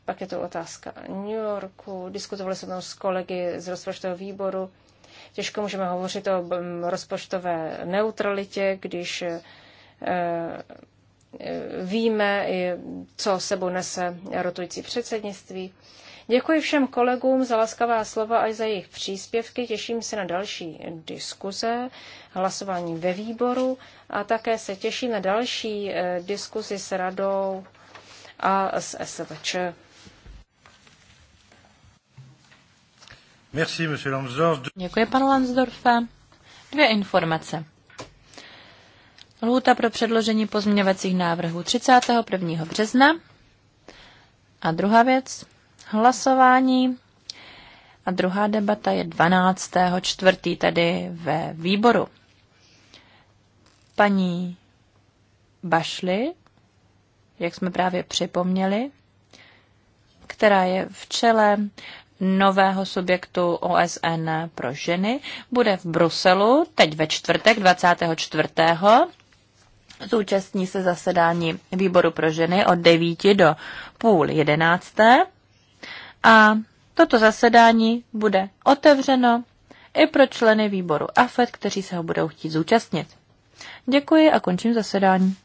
pak je to otázka New Yorku. Diskutovali jsme tam s kolegy z rozpočtového výboru. Těžko můžeme hovořit o mm, rozpočtové neutralitě, když eh, eh, víme, co sebou nese rotující předsednictví. Děkuji všem kolegům za laskavá slova a za jejich příspěvky. Těším se na další diskuze, hlasování ve výboru a také se těším na další eh, diskuzi s radou a s SVČ. Merci, monsieur Lansdorf. Děkuji, panu Lansdorfe. Dvě informace. Lhůta pro předložení pozměňovacích návrhů 31. března. A druhá věc, hlasování. A druhá debata je 12. čtvrtý, tedy ve výboru. Paní Bašli, jak jsme právě připomněli, která je v čele nového subjektu OSN pro ženy bude v Bruselu teď ve čtvrtek 24. Zúčastní se zasedání výboru pro ženy od 9 do půl jedenácté a toto zasedání bude otevřeno i pro členy výboru AFED, kteří se ho budou chtít zúčastnit. Děkuji a končím zasedání.